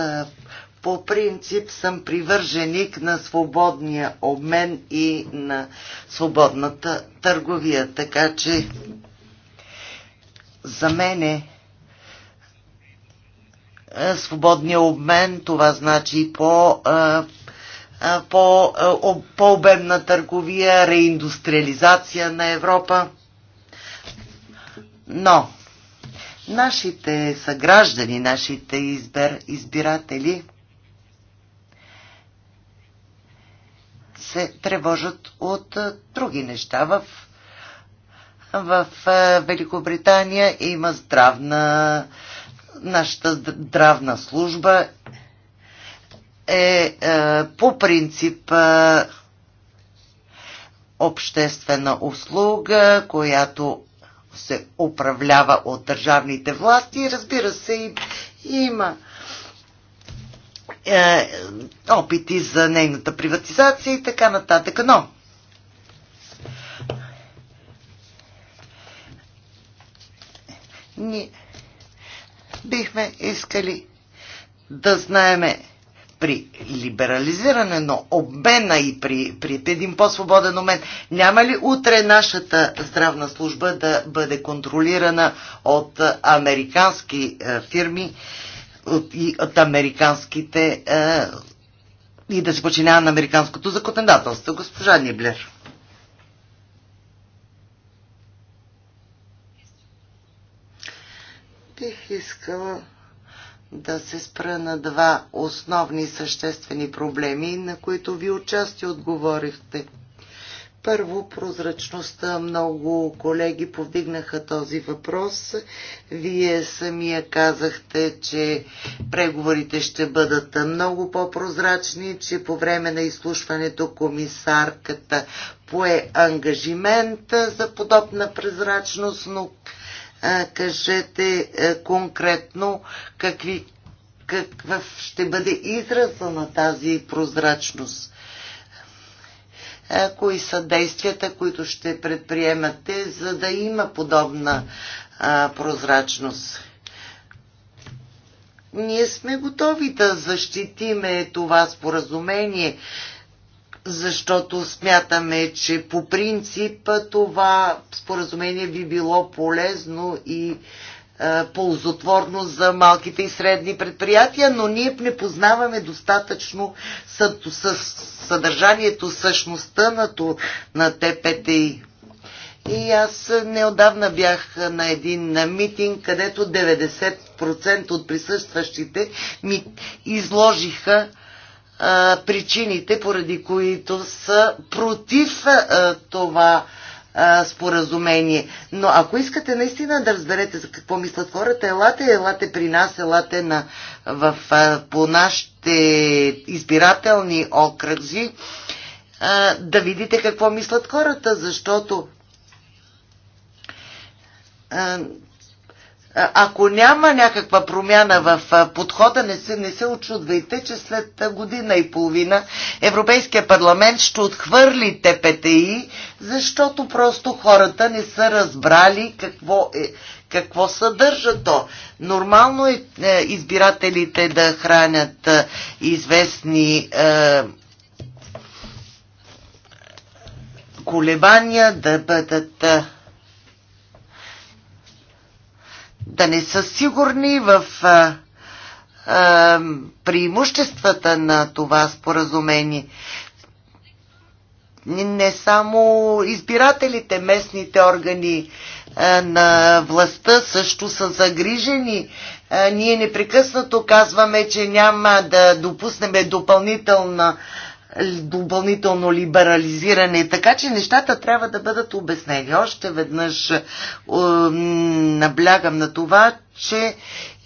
по принцип съм привърженик на свободния обмен и на свободната търговия, така че за мен е е, свободния обмен, това значи по, е, е, по, по обемна търговия, реиндустриализация на Европа. Но нашите съграждани, нашите избер, избиратели се тревожат от други неща. В, в Великобритания има здравна нашата здравна служба е, е по принцип е, обществена услуга, която се управлява от държавните власти. Разбира се, и, има е, опити за нейната приватизация и така нататък. Но ние бихме искали да знаеме при либерализиране но обмена и при, при един по-свободен момент, няма ли утре нашата здравна служба да бъде контролирана от американски е, фирми от, и от американските е, и да се починява на американското законодателство? Госпожа Ниблер. Бих искала да се спра на два основни съществени проблеми, на които ви отчасти отговорихте. Първо, прозрачността. Много колеги повдигнаха този въпрос. Вие самия казахте, че преговорите ще бъдат много по-прозрачни, че по време на изслушването комисарката пое ангажимент за подобна прозрачност, но кажете конкретно какви, какъв ще бъде израза на тази прозрачност. Кои са действията, които ще предприемате, за да има подобна а, прозрачност? Ние сме готови да защитиме това споразумение защото смятаме, че по принцип това споразумение би било полезно и е, ползотворно за малките и средни предприятия, но ние не познаваме достатъчно съдържанието, същността на ТПТИ. И аз неодавна бях на един митинг, където 90% от присъстващите ми изложиха а, причините, поради които са против а, това а, споразумение. Но ако искате наистина да разберете за какво мислят хората, елате, елате при нас, елате на, в, а, по нашите избирателни окръзи, а, да видите какво мислят хората, защото ако няма някаква промяна в подхода, не се, не се очудвайте, че след година и половина Европейския парламент ще отхвърли ТПТИ, защото просто хората не са разбрали какво е, какво съдържа то. Нормално е, е избирателите да хранят известни е, колебания, да бъдат да не са сигурни в а, а, преимуществата на това споразумение. Не само избирателите, местните органи а, на властта също са загрижени. А, ние непрекъснато казваме, че няма да допуснем допълнителна а, допълнително либерализиране. Така че нещата трябва да бъдат обяснени. Още веднъж е, наблягам на това, че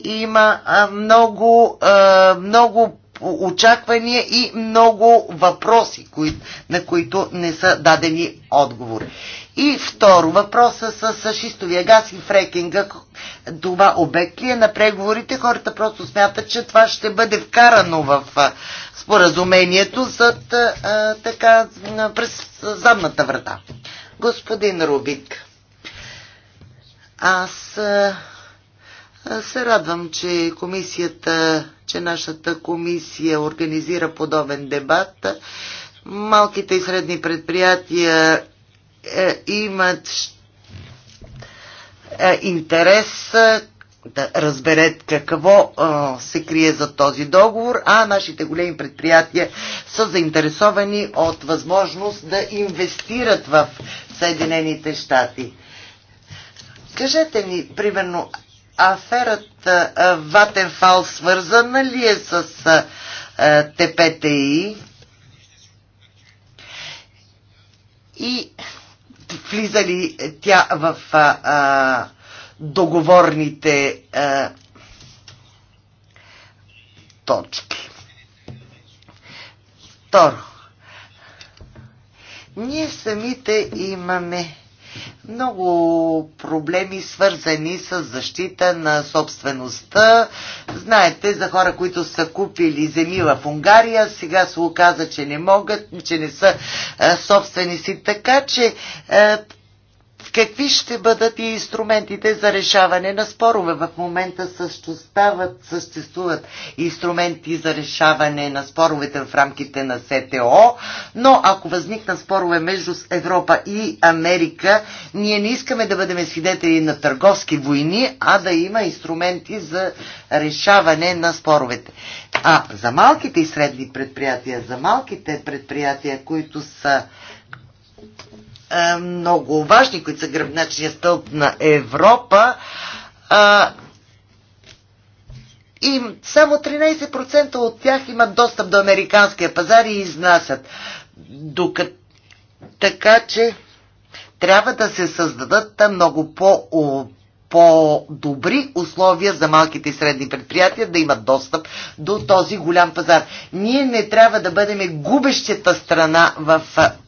има е, много, е, много очаквания и много въпроси, кои, на които не са дадени отговори. И второ, въпроса с шистовия газ и фрекинга, това обект ли е на преговорите? Хората просто смятат, че това ще бъде вкарано в споразумението зад, а, така, през задната врата. Господин Рубик, аз а, се радвам, че комисията, че нашата комисия организира подобен дебат. Малките и средни предприятия е, имат е, интерес е, да разберат какво се крие за този договор, а нашите големи предприятия са заинтересовани от възможност да инвестират в Съединените щати. Кажете ми, примерно, аферата Ватенфал свързана ли е с а, ТПТИ? И влиза ли е, тя в а, а, договорните а, точки. Второ, ние самите имаме много проблеми, свързани с защита на собствеността. Знаете, за хора, които са купили земи в Унгария, сега се оказа, че не могат, че не са собственици. Така че Какви ще бъдат и инструментите за решаване на спорове? В момента съществуват, съществуват инструменти за решаване на споровете в рамките на СТО, но ако възникнат спорове между Европа и Америка, ние не искаме да бъдем свидетели на търговски войни, а да има инструменти за решаване на споровете. А за малките и средни предприятия, за малките предприятия, които са е, много важни, които са гръбначния стълб на Европа, и само 13% от тях имат достъп до американския пазар и изнасят. Докът, така че трябва да се създадат много по- по-добри условия за малките и средни предприятия да имат достъп до този голям пазар. Ние не трябва да бъдем губещата страна в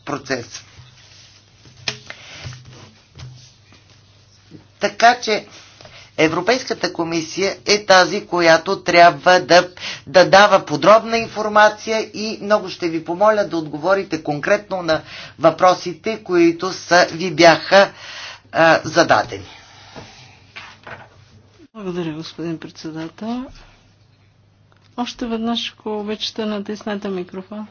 процеса. Така че Европейската комисия е тази, която трябва да, да дава подробна информация и много ще ви помоля да отговорите конкретно на въпросите, които са, ви бяха а, зададени. Благодаря, господин председател. Още веднъж, ако обичате, натиснете микрофон.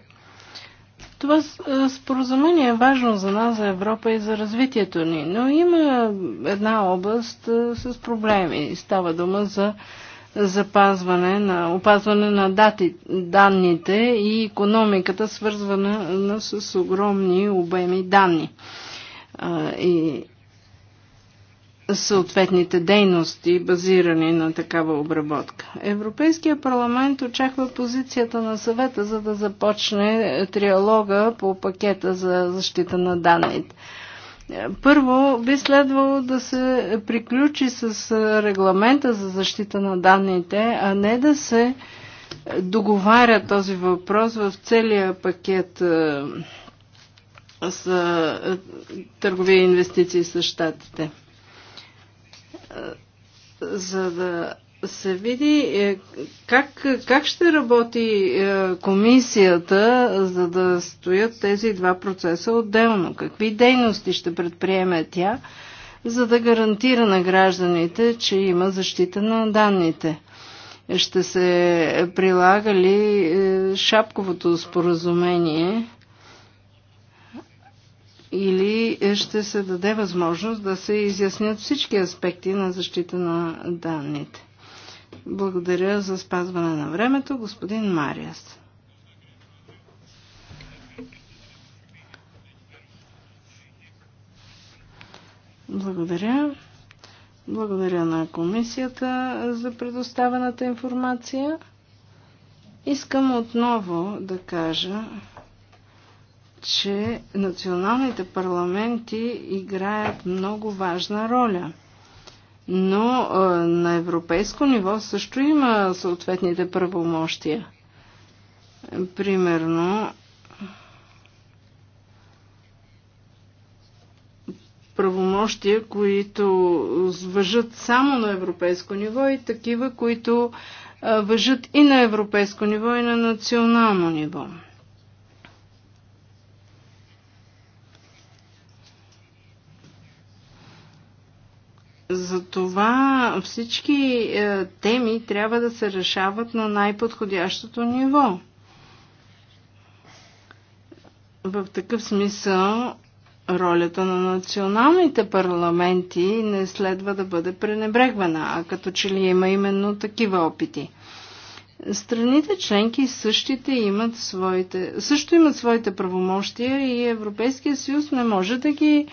Това споразумение е важно за нас, за Европа и за развитието ни, но има една област с проблеми. Става дума за запазване на, опазване на дати, данните и економиката, свързвана с огромни обеми данни. И съответните дейности, базирани на такава обработка. Европейския парламент очаква позицията на съвета, за да започне триалога по пакета за защита на данните. Първо, би следвало да се приключи с регламента за защита на данните, а не да се договаря този въпрос в целия пакет е, с е, търговия и инвестиции с щатите за да се види е, как, как ще работи е, комисията, за да стоят тези два процеса отделно. Какви дейности ще предприеме тя, за да гарантира на гражданите, че има защита на данните. Ще се прилага ли е, шапковото споразумение или ще се даде възможност да се изяснят всички аспекти на защита на данните. Благодаря за спазване на времето, господин Мариас. Благодаря. Благодаря на комисията за предоставената информация. Искам отново да кажа, че националните парламенти играят много важна роля. Но а, на европейско ниво също има съответните правомощия. Примерно, правомощия, които въжат само на европейско ниво и такива, които въжат и на европейско ниво, и на национално ниво. Това всички е, теми трябва да се решават на най-подходящото ниво. В такъв смисъл ролята на националните парламенти не следва да бъде пренебрегвана, а като че ли има именно такива опити. Страните членки същите имат своите, също имат своите правомощия и Европейския съюз не може да ги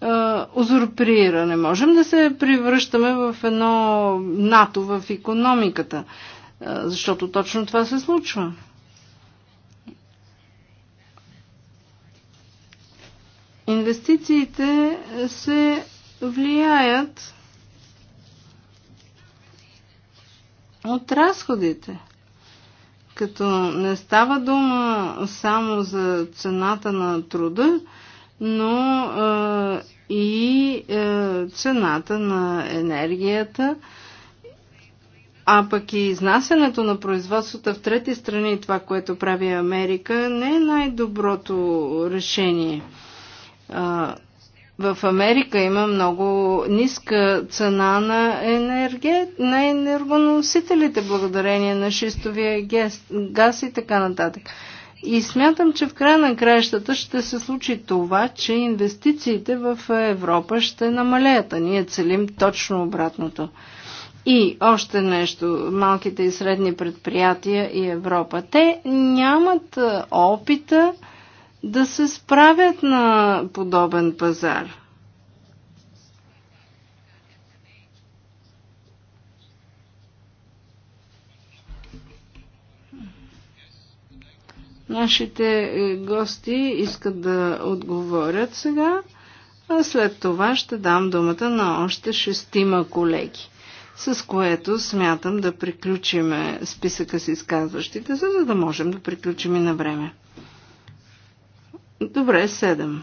е, узурприра. Не можем да се превръщаме в едно НАТО в економиката, е, защото точно това се случва. Инвестициите се влияят от разходите. Като не става дума само за цената на труда, но а, и а, е, цената на енергията, а пък и изнасянето на производствата в трети страни, това, което прави Америка, не е най-доброто решение. А, в Америка има много ниска цена на, енерге, на енергоносителите, благодарение на шистовия газ и така нататък. А, и смятам, че в края на краищата ще се случи това, че инвестициите в Европа ще намалеят, а ние целим точно обратното. И още нещо, малките и средни предприятия и Европа. Те нямат опита да се справят на подобен пазар. Нашите е, гости искат да отговорят сега, а след това ще дам думата на още шестима колеги, с което смятам да приключим списъка с изказващите, за да можем да приключим и на време. Добре, седем.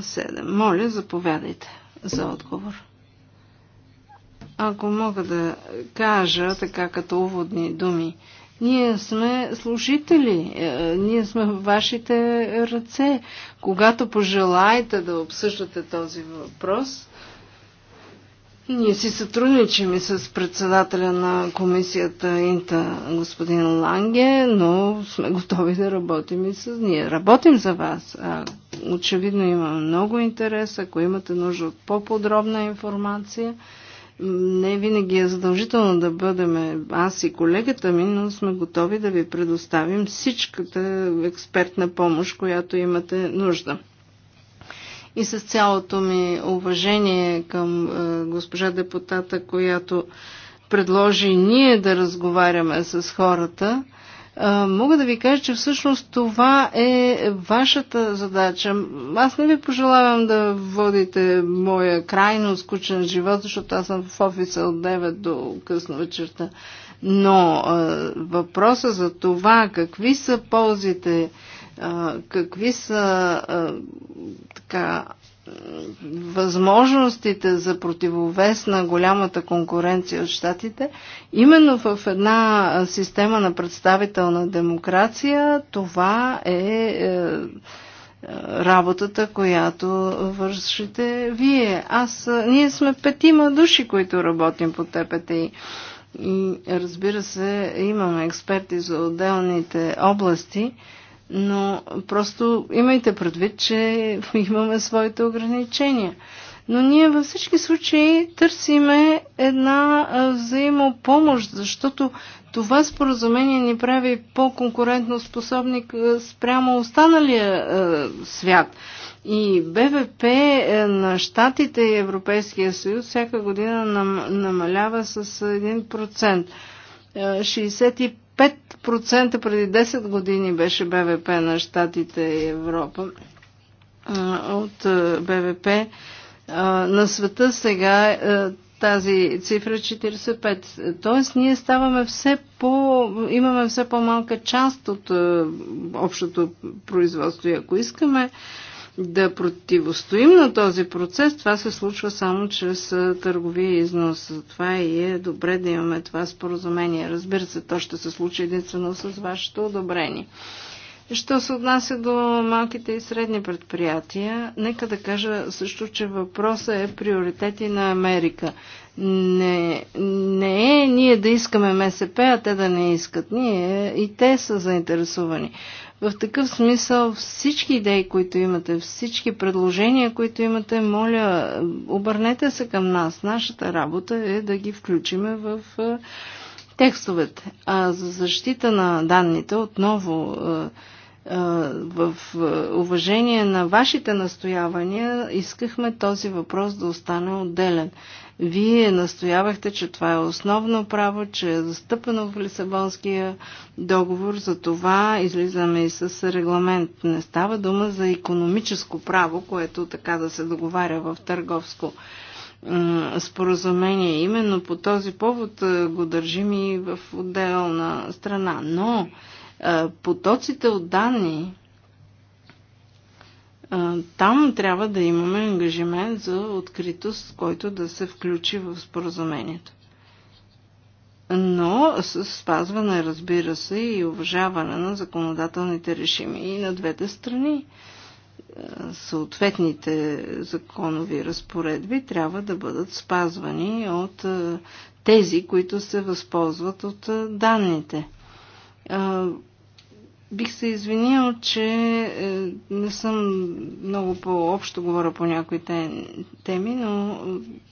Седем. Моля, заповядайте за отговор. Ако мога да кажа, така като уводни думи, ние сме служители, е, ние сме в вашите ръце. Когато пожелаете да обсъждате този въпрос, ние си сътрудничим и с председателя на комисията Инта, господин Ланге, но сме готови да работим и с ние. Работим за вас. Очевидно има много интерес. Ако имате нужда от по-подробна информация, не винаги е задължително да бъдем аз и колегата ми, но сме готови да ви предоставим всичката експертна помощ, която имате нужда. И с цялото ми уважение към е, госпожа депутата, която предложи ние да разговаряме с хората, мога да ви кажа, че всъщност това е вашата задача. Аз не ви пожелавам да водите моя крайно скучен живот, защото аз съм в офиса от 9 до късно вечерта. Но а, въпроса за това какви са ползите, а, какви са а, така, възможностите за противовес на голямата конкуренция от щатите, именно в една система на представителна демокрация, това е, е, е работата, която вършите вие. Аз, ние сме петима души, които работим по ТПТИ. И разбира се, имаме експерти за отделните области, но просто имайте предвид, че *laughs* имаме своите ограничения. Но ние във всички случаи търсиме една взаимопомощ, защото това споразумение ни прави по-конкурентно способни спрямо останалия свят. И БВП на Штатите и Европейския съюз всяка година намалява с 1%. 65 5% преди 10 години беше БВП на Штатите и Европа от БВП. На света сега тази цифра 45. Е Тоест ние ставаме все по... имаме все по-малка част от общото производство. И ако искаме да противостоим на този процес, това се случва само чрез търговия и износ. Затова и е добре да имаме това споразумение. Разбира се, то ще се случи единствено с вашето одобрение. Що се отнася до малките и средни предприятия, нека да кажа също, че въпросът е приоритети на Америка. Не, не е ние да искаме МСП, а те да не искат. Ние и те са заинтересувани. В такъв смисъл всички идеи, които имате, всички предложения, които имате, моля, обърнете се към нас. Нашата работа е да ги включиме в текстовете. А за защита на данните, отново в уважение на вашите настоявания, искахме този въпрос да остане отделен. Вие настоявахте, че това е основно право, че е застъпено в Лисабонския договор, за това излизаме и с регламент. Не става дума за економическо право, което така да се договаря в търговско споразумение. Именно по този повод е, го държим и в отделна страна. Но е, потоците от данни, там трябва да имаме ангажимент за откритост, който да се включи в споразумението. Но с спазване, разбира се, и уважаване на законодателните решими и на двете страни съответните законови разпоредби трябва да бъдат спазвани от тези, които се възползват от данните. Бих се извинил, че е, не съм много по-общо говоря по някои теми, но е,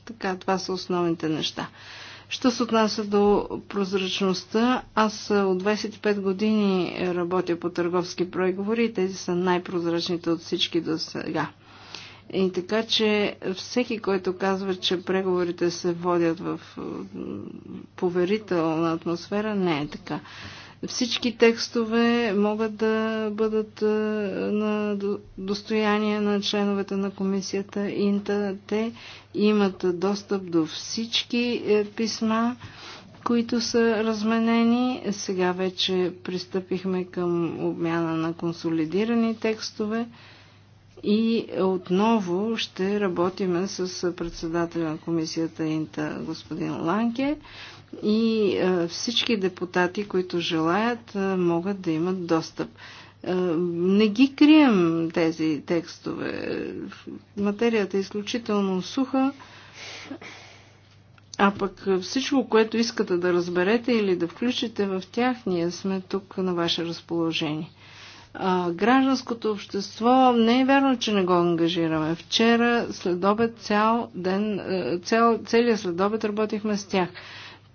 така, това са основните неща. Що се отнася до прозрачността, аз е, от 25 години работя по търговски преговори и тези са най-прозрачните от всички до сега. И така, че всеки, който казва, че преговорите се водят в поверителна атмосфера, не е така. Всички текстове могат да бъдат е, на достояние на членовете на комисията Инта. Те имат достъп до всички е, писма, които са разменени. Сега вече пристъпихме към обмяна на консолидирани текстове. И отново ще работиме с председателя на комисията Инта господин Ланке и е, всички депутати, които желаят, е, могат да имат достъп. Е, не ги крием тези текстове. Материята е изключително суха, а пък всичко, което искате да разберете или да включите в тях, ние сме тук на ваше разположение. А, гражданското общество не е вярно, че не го ангажираме. Вчера след обед цял ден, цял, целият следобед работихме с тях.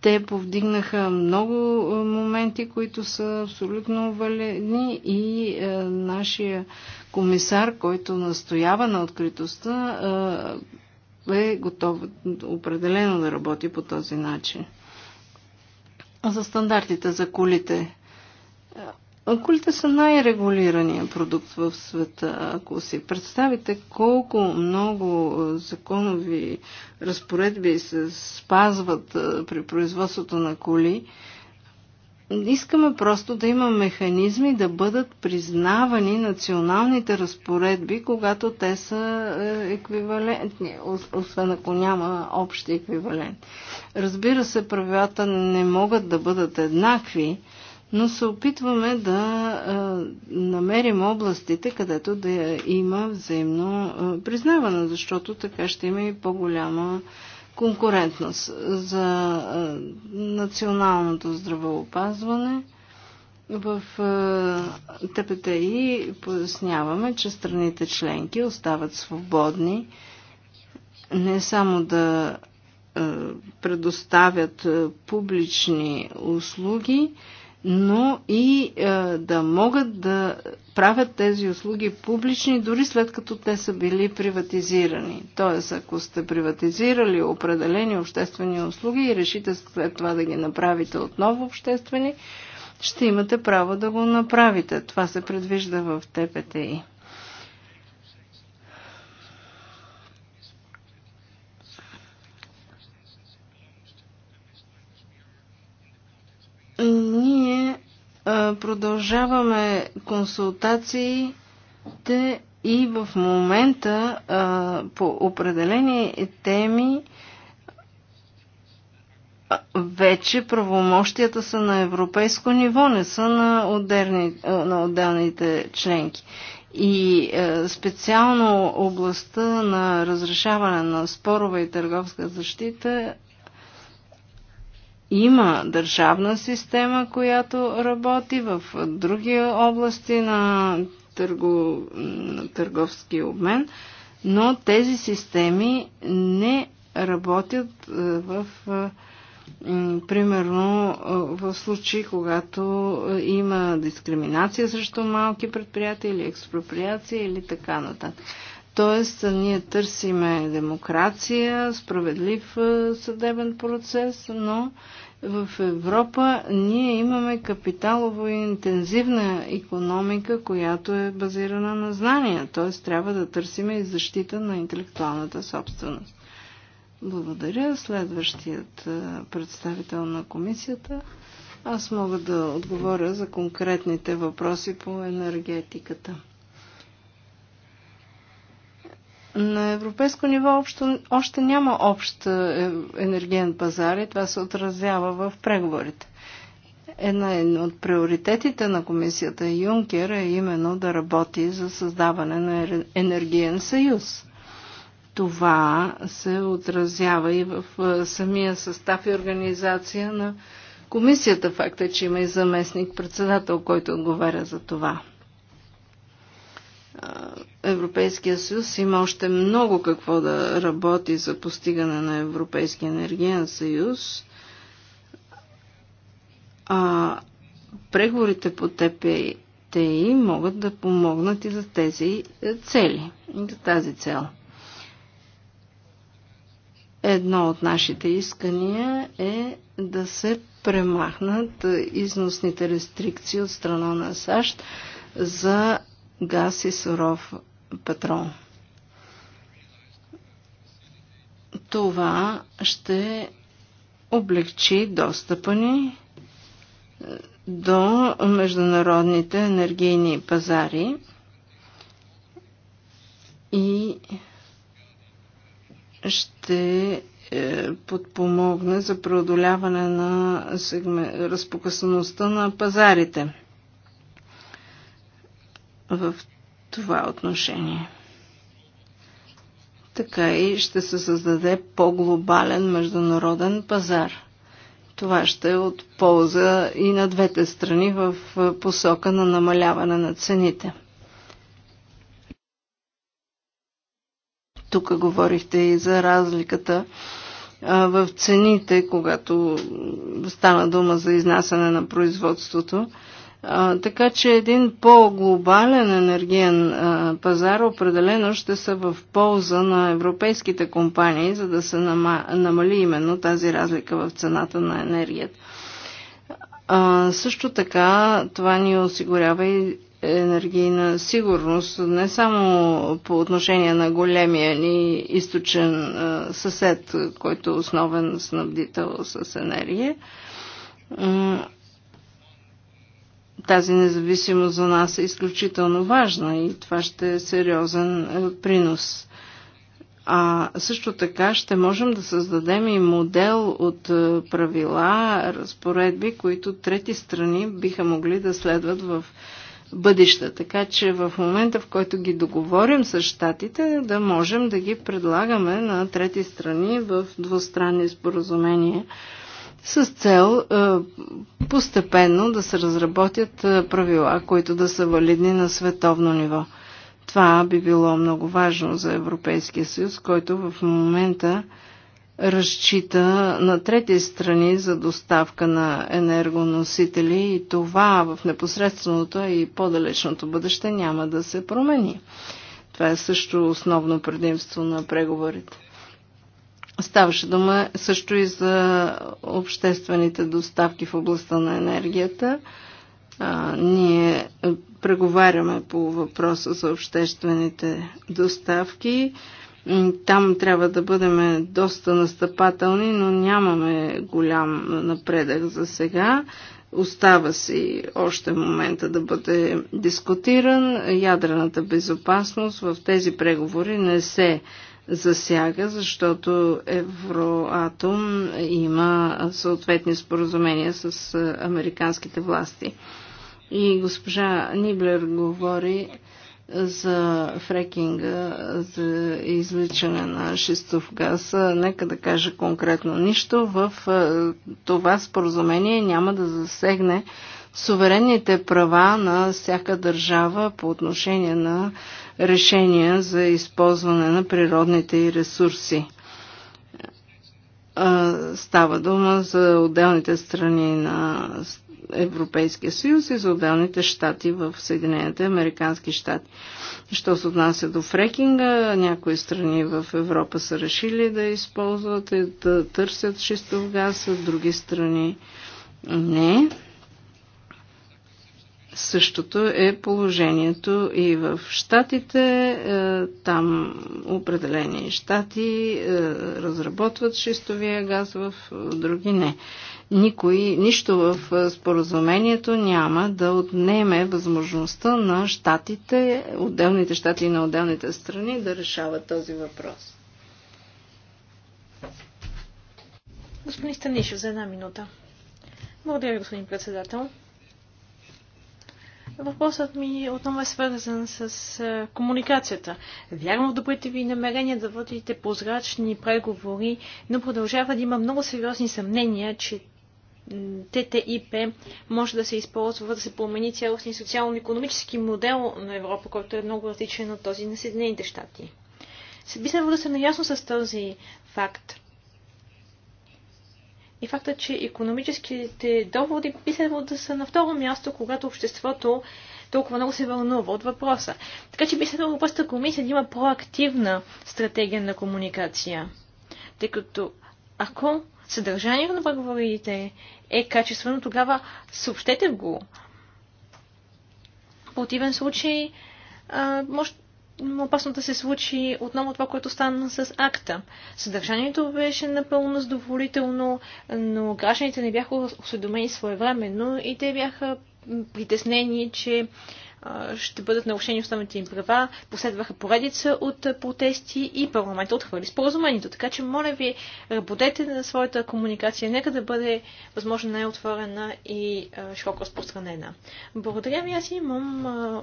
Те повдигнаха много е, моменти, които са абсолютно валени и е, нашия комисар, който настоява на откритостта, е, е готов определено да работи по този начин. За стандартите за колите Колите са най-регулирания продукт в света. Ако си представите колко много законови разпоредби се спазват при производството на коли, искаме просто да има механизми да бъдат признавани националните разпоредби, когато те са е, еквивалентни, освен ако няма общи еквивалент. Разбира се, правилата не могат да бъдат еднакви, но се опитваме да намерим областите, където да има взаимно признаване, защото така ще има и по-голяма конкурентност за националното здравеопазване. В ТПТИ поясняваме, че страните членки остават свободни не само да предоставят публични услуги, но и е, да могат да правят тези услуги публични, дори след като те са били приватизирани. Тоест, ако сте приватизирали определени обществени услуги и решите след това да ги направите отново обществени, ще имате право да го направите. Това се предвижда в ТПТИ. Продължаваме консултациите и в момента по определени теми вече правомощията са на европейско ниво, не са на, отделни, на отделните членки. И специално областта на разрешаване на спорове и търговска защита има държавна система, която работи в други области на, търго, на търговски обмен, но тези системи не работят е, в е, примерно е, в случаи, когато има дискриминация срещу малки предприятия или експроприация или така нататък. Тоест, ние търсиме демокрация, справедлив съдебен процес, но в Европа ние имаме капиталово интензивна економика, която е базирана на знания. Т.е. трябва да търсиме и защита на интелектуалната собственост. Благодаря. Следващият представител на комисията. Аз мога да отговоря за конкретните въпроси по енергетиката. На европейско ниво общо, още няма общ е, енергиен пазар и това се отразява в преговорите. Една е, от приоритетите на комисията Юнкер е именно да работи за създаване на енергиен съюз. Това се отразява и в е, самия състав и организация на комисията. Факта, е, че има и заместник председател, който отговаря за това. Европейския съюз има още много какво да работи за постигане на Европейския енергиен съюз. А преговорите по ТПТИ могат да помогнат и за тези цели, за тази цел. Едно от нашите искания е да се премахнат износните рестрикции от страна на САЩ за газ и суров петрол. Това ще облегчи достъпа ни до международните енергийни пазари и ще е, подпомогне за преодоляване на сегме... разпокъсаността на пазарите в това отношение. Така и ще се създаде по-глобален международен пазар. Това ще е от полза и на двете страни в посока на намаляване на цените. Тук говорихте и за разликата в цените, когато стана дума за изнасяне на производството. А, така че един по-глобален енергиен а, пазар определено ще са в полза на европейските компании, за да се нама, намали именно тази разлика в цената на енергията. А, също така това ни осигурява и енергийна сигурност, не само по отношение на големия ни източен а, съсед, който е основен снабдител с енергия, тази независимост за нас е изключително важна и това ще е сериозен е, принос. А също така ще можем да създадем и модел от е, правила, разпоредби, които трети страни биха могли да следват в бъдеща. Така че в момента, в който ги договорим с щатите, да можем да ги предлагаме на трети страни в двустранни споразумения с цел е, постепенно да се разработят е, правила, които да са валидни на световно ниво. Това би било много важно за Европейския съюз, който в момента разчита на трети страни за доставка на енергоносители и това в непосредственото и по-далечното бъдеще няма да се промени. Това е също основно предимство на преговорите. Ставаше дума също и за обществените доставки в областта на енергията. А, ние преговаряме по въпроса за обществените доставки. Там трябва да бъдем доста настъпателни, но нямаме голям напредък за сега. Остава си още момента да бъде дискутиран. Ядрената безопасност в тези преговори не се засяга, защото Евроатом има съответни споразумения с американските власти. И госпожа Ниблер говори за фрекинга, за извличане на шистов газ. Нека да кажа конкретно нищо. В това споразумение няма да засегне суверенните права на всяка държава по отношение на решения за използване на природните и ресурси. Става дума за отделните страни на Европейския съюз и за отделните щати в Съединените Американски щати. Що се отнася до фрекинга, някои страни в Европа са решили да използват и да търсят шистов газ, а други страни не. Същото е положението и в щатите. Е, там определени щати е, разработват шистовия газ, в е, други не. Никой, нищо в споразумението няма да отнеме възможността на щатите, отделните щати и на отделните страни да решават този въпрос. Господин Станишев, за една минута. Благодаря ви, господин председател. Въпросът ми отново е свързан с е, комуникацията. Вярвам в добрите ви намерения да водите прозрачни преговори, но продължава да има много сериозни съмнения, че ТТИП може да се използва да се промени цялостни социално-економически модел на Европа, който е много различен от този на Съединените щати. Би следвало да се наясно с този факт и факта, че економическите доводи би следвало да са на второ място, когато обществото толкова много се вълнува от въпроса. Така че би следвало въпросата комисия да има проактивна стратегия на комуникация. Тъй като ако съдържанието на преговорите е качествено, тогава съобщете го. В противен случай а, може опасно да се случи отново това, което стана с акта. Съдържанието беше напълно задоволително, но гражданите не бяха осведомени своевременно и те бяха притеснени, че ще бъдат нарушени основните им права. Последваха поредица от протести и парламента отхвърли споразумението. Така че, моля ви, работете на своята комуникация. Нека да бъде възможно най-отворена и широко разпространена. Благодаря ви, аз имам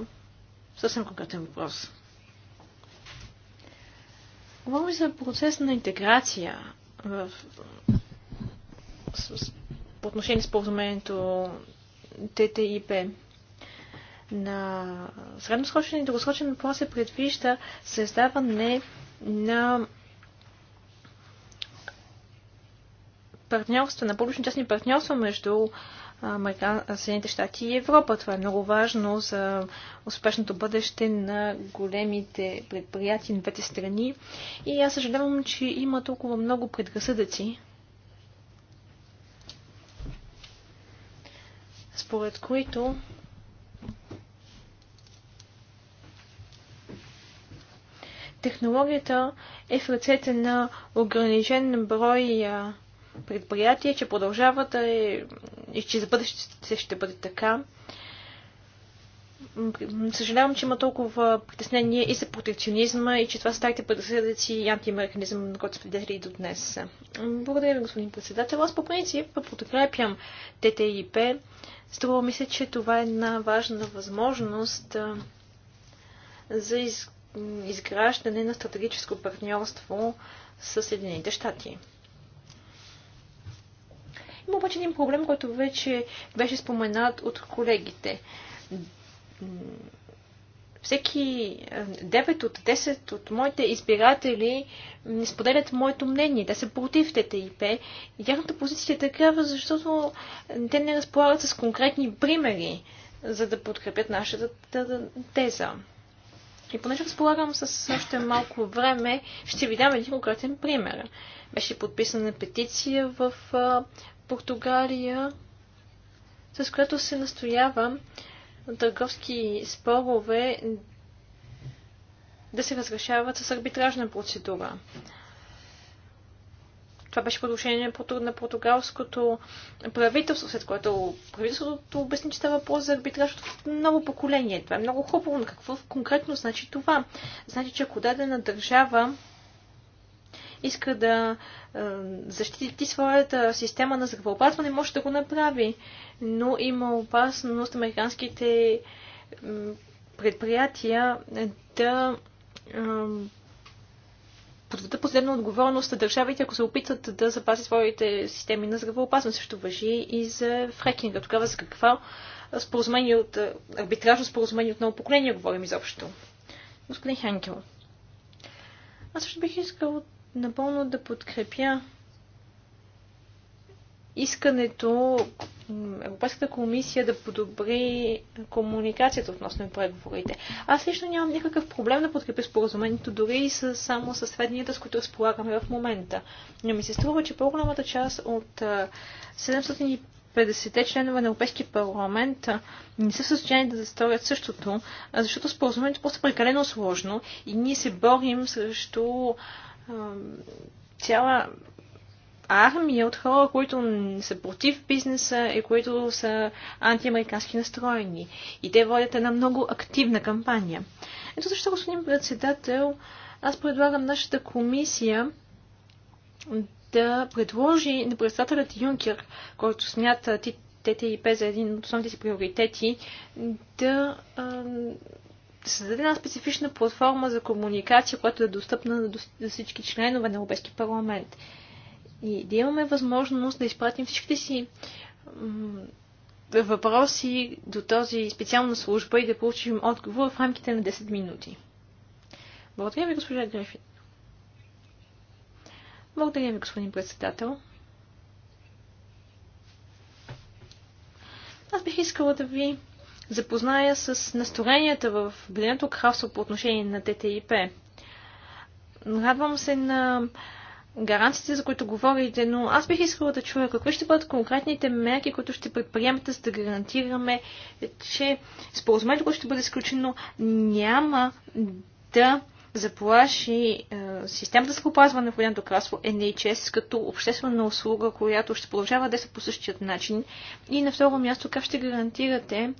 съвсем конкретен въпрос. Говорим за процес на интеграция в, с, с, по отношение споразумението ТТИП. На средносрочен и дългосрочен план се предвижда създаване на партньорства, на публично-частни партньорства между Америка... Съединените щати и Европа. Това е много важно за успешното бъдеще на големите предприятия на двете страни. И аз съжалявам, че има толкова много предразсъдъци. Според които технологията е в ръцете на ограничен брой предприятие, че продължава да е и че за бъдеще ще бъде така. Съжалявам, че има толкова притеснение и за протекционизма и че това са старите предразсъдъци и антимерканизъм, на който сме и до днес. Благодаря ви, господин председател. Аз по принцип подкрепям ТТИП. Струва ми се, че това е една важна възможност за изграждане на стратегическо партньорство с Съединените щати. Има обаче един проблем, който вече беше споменат от колегите. Всеки 9 е, от 10 от моите избиратели не споделят моето мнение. Те са против ТТИП и тяхната позиция е такава, защото те не разполагат с конкретни примери, за да подкрепят нашата теза. И понеже разполагам с още малко време, ще ви дам един конкретен пример. Беше подписана петиция в е, Португалия, с която се настоява търговски спорове да се разрешават с арбитражна процедура. Това беше предложение на португалското правителство, след което правителството обясни, че става въпрос за арбитраж от ново поколение. Това е много хубаво, но какво конкретно значи това? Значи, че ако дадена държава иска да е, защити своята система на здравеопазване, може да го направи. Но има опасност американските предприятия да е, подведат последна отговорност на държавите, ако се опитат да запазят своите системи на здравеопазване. Също въжи и за фрекинга. Тогава за каква споразумение от, е, арбитражно споразумение от ново поколение говорим изобщо. Господин Хенкел. Аз също бих искал напълно да подкрепя искането Европейската комисия да подобри комуникацията относно преговорите. Аз лично нямам никакъв проблем да подкрепя споразумението, дори и с, само с сведенията, с които разполагаме в момента. Но ми се струва, че по-голямата част от 750 те членове на Европейския парламент не са в състояние да застоят същото, защото споразумението е просто прекалено сложно и ние се борим срещу цяла армия от хора, които са против бизнеса и които са антиамерикански настроени. И те водят една много активна кампания. Ето защо, господин председател, аз предлагам нашата комисия да предложи на председателят Юнкер, който смята ТТИП за един от основните си приоритети, да а, създаде една специфична платформа за комуникация, която е достъпна за всички членове на Европейски парламент. И да имаме възможност да изпратим всичките си въпроси до този специална служба и да получим отговор в рамките на 10 минути. Благодаря ви, госпожа Грефин. Благодаря ви, господин председател. Аз бих искала да ви запозная с настроенията в Обединеното кралство по отношение на ТТИП. Радвам се на гаранциите, за които говорите, но аз бих искала да чуя какви ще бъдат конкретните мерки, които ще предприемете, за да гарантираме, че споразумението, което ще бъде изключено, няма да заплаши е, системата за опазване в Обединеното кралство NHS е като обществена услуга, която ще продължава да се по същият начин? И на второ място, как ще гарантирате,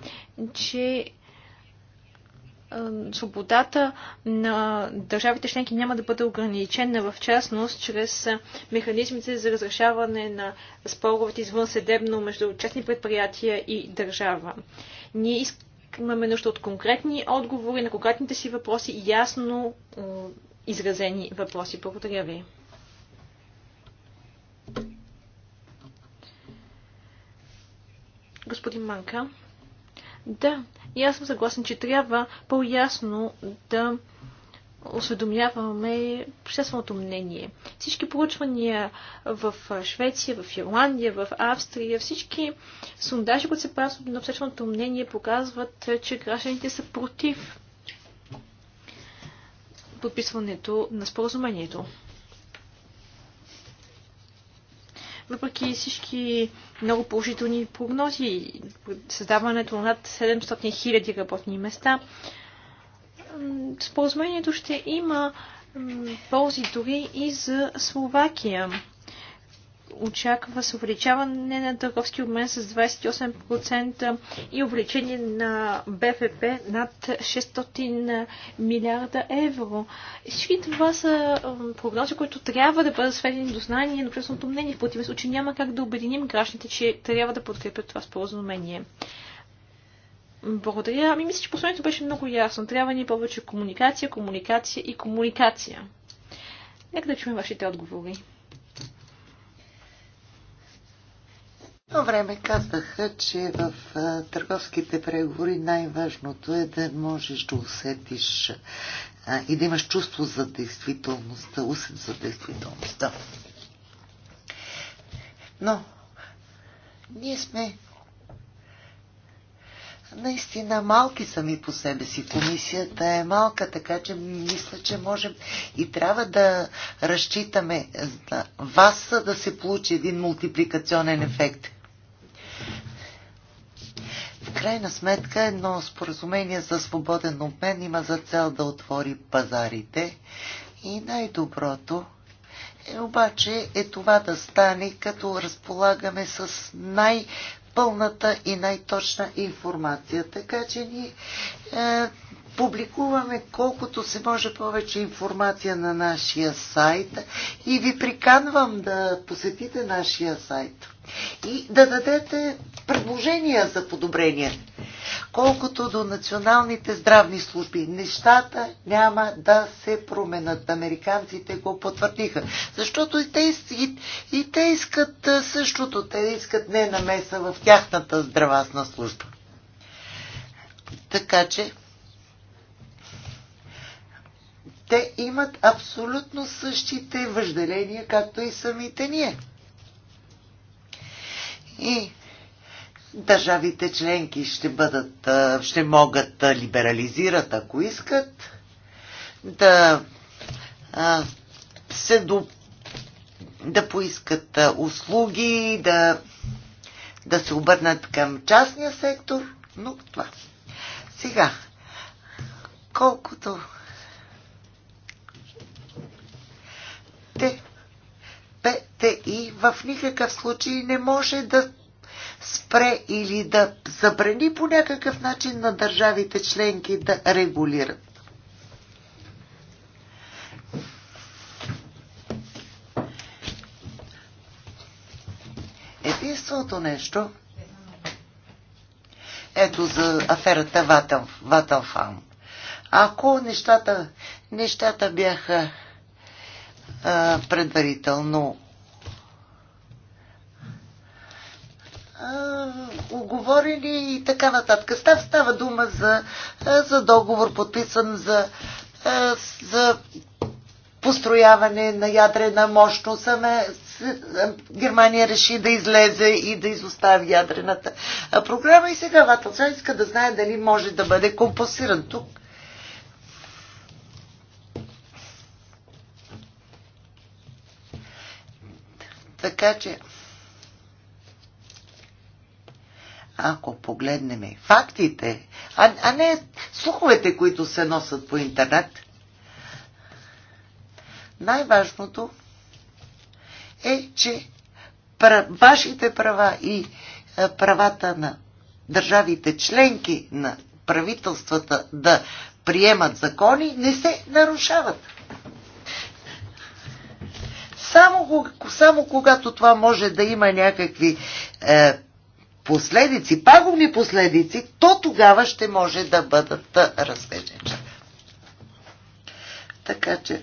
че свободата на държавите членки няма да бъде ограничена в частност чрез механизмите за разрешаване на споровете извън съдебно между частни предприятия и държава. Ние Имаме нужда от конкретни отговори на конкретните си въпроси, и ясно изразени въпроси. Благодаря ви. Господин Манка. Да, и аз съм съгласен, че трябва по-ясно да осведомяваме общественото мнение. Всички проучвания в Швеция, в Ирландия, в Австрия, всички сундажи, които се правят на общественото мнение, показват, че гражданите са против подписването на споразумението. въпреки всички много положителни прогнози, създаването на над 700 000 работни места, споразумението ще има ползи дори и за Словакия. Очаква се увеличаване на търговски обмен с 28% и увеличение на БФП над 600 милиарда евро. Всички това са прогнози, които трябва да бъдат сведени до знание на общественото мнение. В противен случай няма как да обединим гражданите, че трябва да подкрепят това споразумение. Благодаря. Ами мисля, че посланието беше много ясно. Трябва ни повече комуникация, комуникация и комуникация. Нека да чуем вашите отговори. Но време казваха, че в а, търговските преговори най-важното е да можеш да усетиш а, и да имаш чувство за действителността, усет за действителността. Но ние сме наистина малки сами по себе си. Комисията е малка, така че мисля, че можем и трябва да разчитаме на вас да се получи един мултипликационен ефект. В крайна сметка едно споразумение за свободен обмен има за цел да отвори пазарите и най-доброто е, обаче е това да стане, като разполагаме с най- пълната и най-точна информация. Така че ни е, публикуваме колкото се може повече информация на нашия сайт и ви приканвам да посетите нашия сайт и да дадете предложения за подобрение. Колкото до националните здравни служби, нещата няма да се променят. Американците го потвърдиха. Защото и те, и, и те искат същото. Те искат не намеса в тяхната здравасна служба. Така че, те имат абсолютно същите въжделения, както и самите ние и държавите членки ще, бъдат, ще могат да либерализират, ако искат, да се до, да поискат услуги, да, да се обърнат към частния сектор, но това. Сега, колкото те проекта и в никакъв случай не може да спре или да забрани по някакъв начин на държавите членки да регулират. Единственото нещо, ето за аферата Ватълфан. Ако нещата, нещата бяха а, предварително оговорени и така нататък. Став става дума за, за договор, подписан за, за построяване на ядрена мощност. Ама Германия реши да излезе и да изостави ядрената програма и сега Ватълча иска да знае дали може да бъде компенсиран тук. Така че... ако погледнем фактите, а, а не слуховете, които се носят по интернет, най-важното е, че вашите права и е, правата на държавите членки на правителствата да приемат закони не се нарушават. Само, само когато това може да има някакви е, последици, пагубни последици, то тогава ще може да бъдат разглеждани. Така че.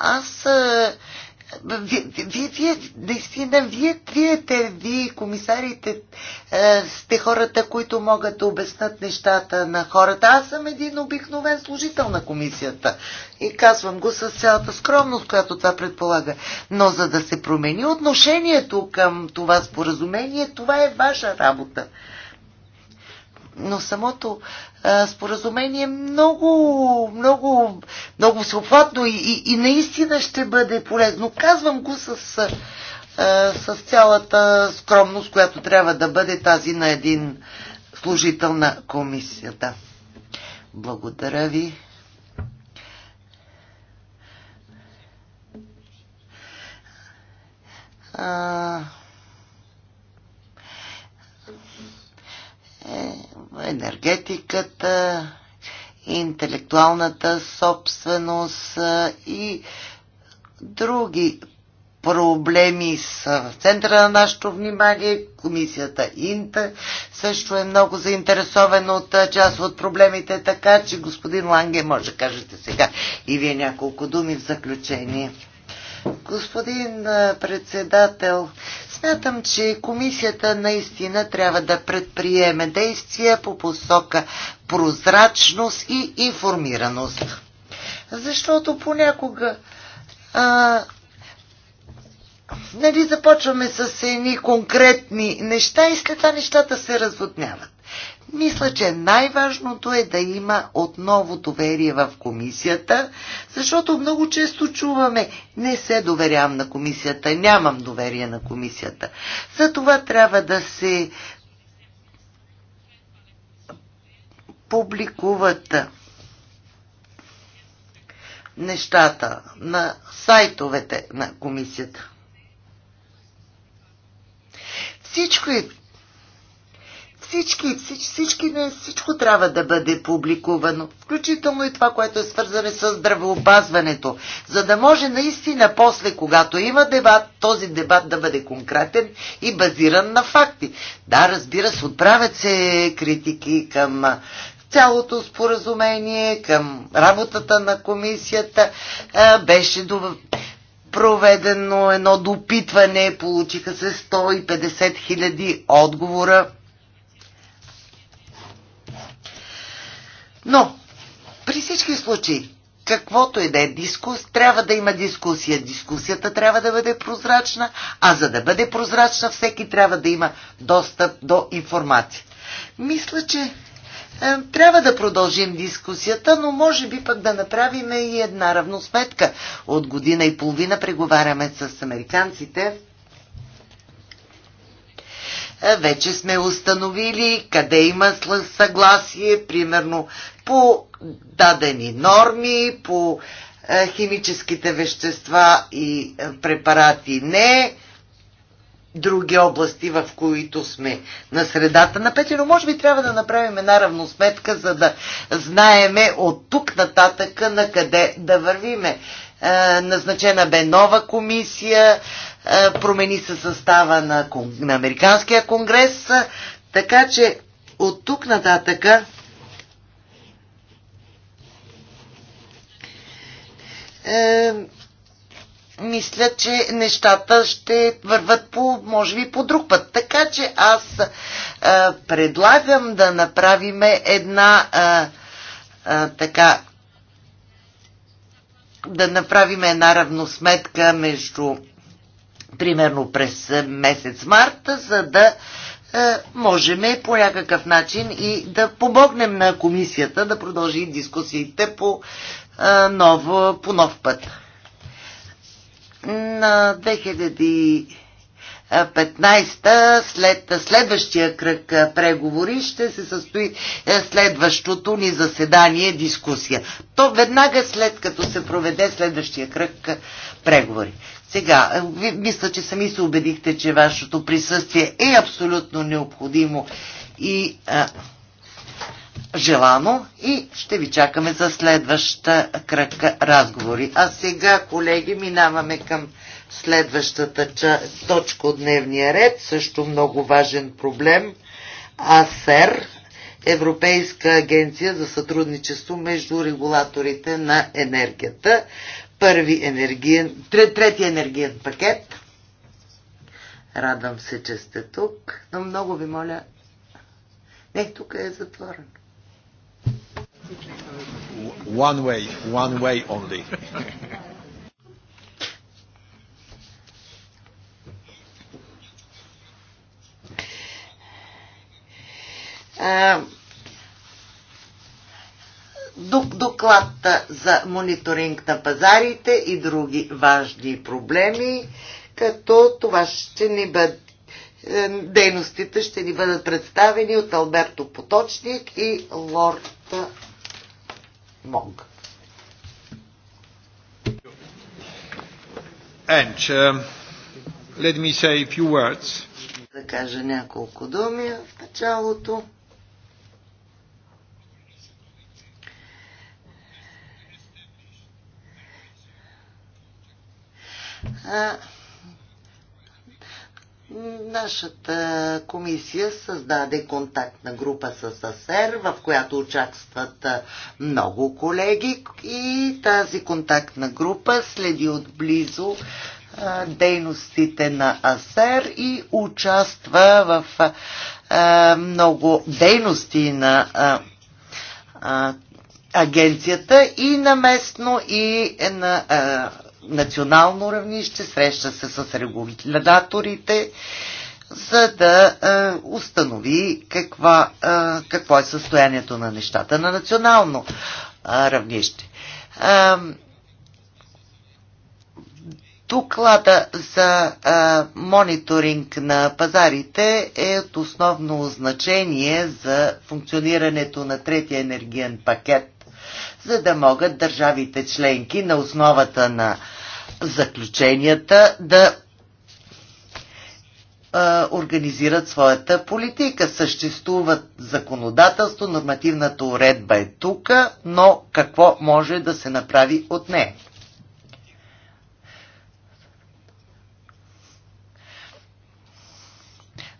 Аз а, вие, вие, вие, наистина, вие триете, вие, комисарите, е, сте хората, които могат да обяснат нещата на хората. Аз съм един обикновен служител на комисията и казвам го с цялата скромност, която това предполага. Но за да се промени отношението към това споразумение, това е ваша работа но самото а, споразумение е много, много, много всеобхватно и, и, и наистина ще бъде полезно. Казвам го с, а, с цялата скромност, която трябва да бъде тази на един служител на комисията. Благодаря ви. А, е, енергетиката, интелектуалната собственост и други проблеми са в центъра на нашето внимание. Комисията Инта също е много заинтересована от част от проблемите, така че господин Ланге, може да кажете сега и вие няколко думи в заключение. Господин председател, смятам, че комисията наистина трябва да предприеме действия по посока прозрачност и информираност. Защото понякога а, нали, започваме с едни конкретни неща и след това нещата се разводняват. Мисля, че най-важното е да има отново доверие в комисията, защото много често чуваме не се доверявам на комисията, нямам доверие на комисията. За това трябва да се публикуват нещата на сайтовете на комисията. Всичко е всички, всич, всички не, всичко трябва да бъде публикувано, включително и това, което е свързано с здравеопазването, за да може наистина после, когато има дебат, този дебат да бъде конкретен и базиран на факти. Да, разбира се, отправят се критики към цялото споразумение, към работата на комисията. Беше до проведено едно допитване, получиха се 150 хиляди отговора. Но, при всички случаи, каквото и да е дискус, трябва да има дискусия. Дискусията трябва да бъде прозрачна, а за да бъде прозрачна, всеки трябва да има достъп до информация. Мисля, че е, трябва да продължим дискусията, но може би пък да направим и една равносметка. От година и половина преговаряме с американците. Е, вече сме установили къде има съгласие, примерно по дадени норми, по е, химическите вещества и е, препарати не, други области, в които сме на средата на пети, но може би трябва да направим една равносметка, за да знаеме от тук нататъка на къде да вървиме. Е, назначена бе нова комисия, промени се състава на, на Американския конгрес, така че от тук нататъка Е, мисля, че нещата ще върват по, може би, по друг път. Така че аз е, предлагам да направим една е, е, така да направим една равносметка между примерно през месец марта, за да е, можем по някакъв начин и да помогнем на комисията да продължи дискусиите по ново, по нов път. На 2015 след следващия кръг преговори ще се състои е, следващото ни заседание, дискусия. То веднага след като се проведе следващия кръг преговори. Сега, мисля, че сами се убедихте, че вашето присъствие е абсолютно необходимо и а, желано и ще ви чакаме за следваща кръг разговори. А сега, колеги, минаваме към следващата точка от дневния ред, също много важен проблем. АСЕР, Европейска агенция за сътрудничество между регулаторите на енергията. Първи енергиен, трети енергиен пакет. Радвам се, че сте тук, но много ви моля. Не, тук е затворено. One way, one way only. Е, доклад за мониторинг на пазарите и други важни проблеми, като това ще ни бъде дейностите ще ни бъдат представени от Алберто Поточник и Лорд Monk. And, uh, let me say a few words. Да кажа няколко думи в началото. А, uh, Нашата комисия създаде контактна група с АСЕР, в която участват много колеги и тази контактна група следи отблизо дейностите на АСЕР и участва в много дейности на агенцията и на местно и на национално равнище, среща се с регуляторите, за да е, установи каква, е, какво е състоянието на нещата на национално е, равнище. Е, Доклада за а, е, мониторинг на пазарите е от основно значение за функционирането на третия енергиен пакет, за да могат държавите членки на основата на заключенията да организират своята политика. Съществува законодателство, нормативната уредба е тук, но какво може да се направи от нея?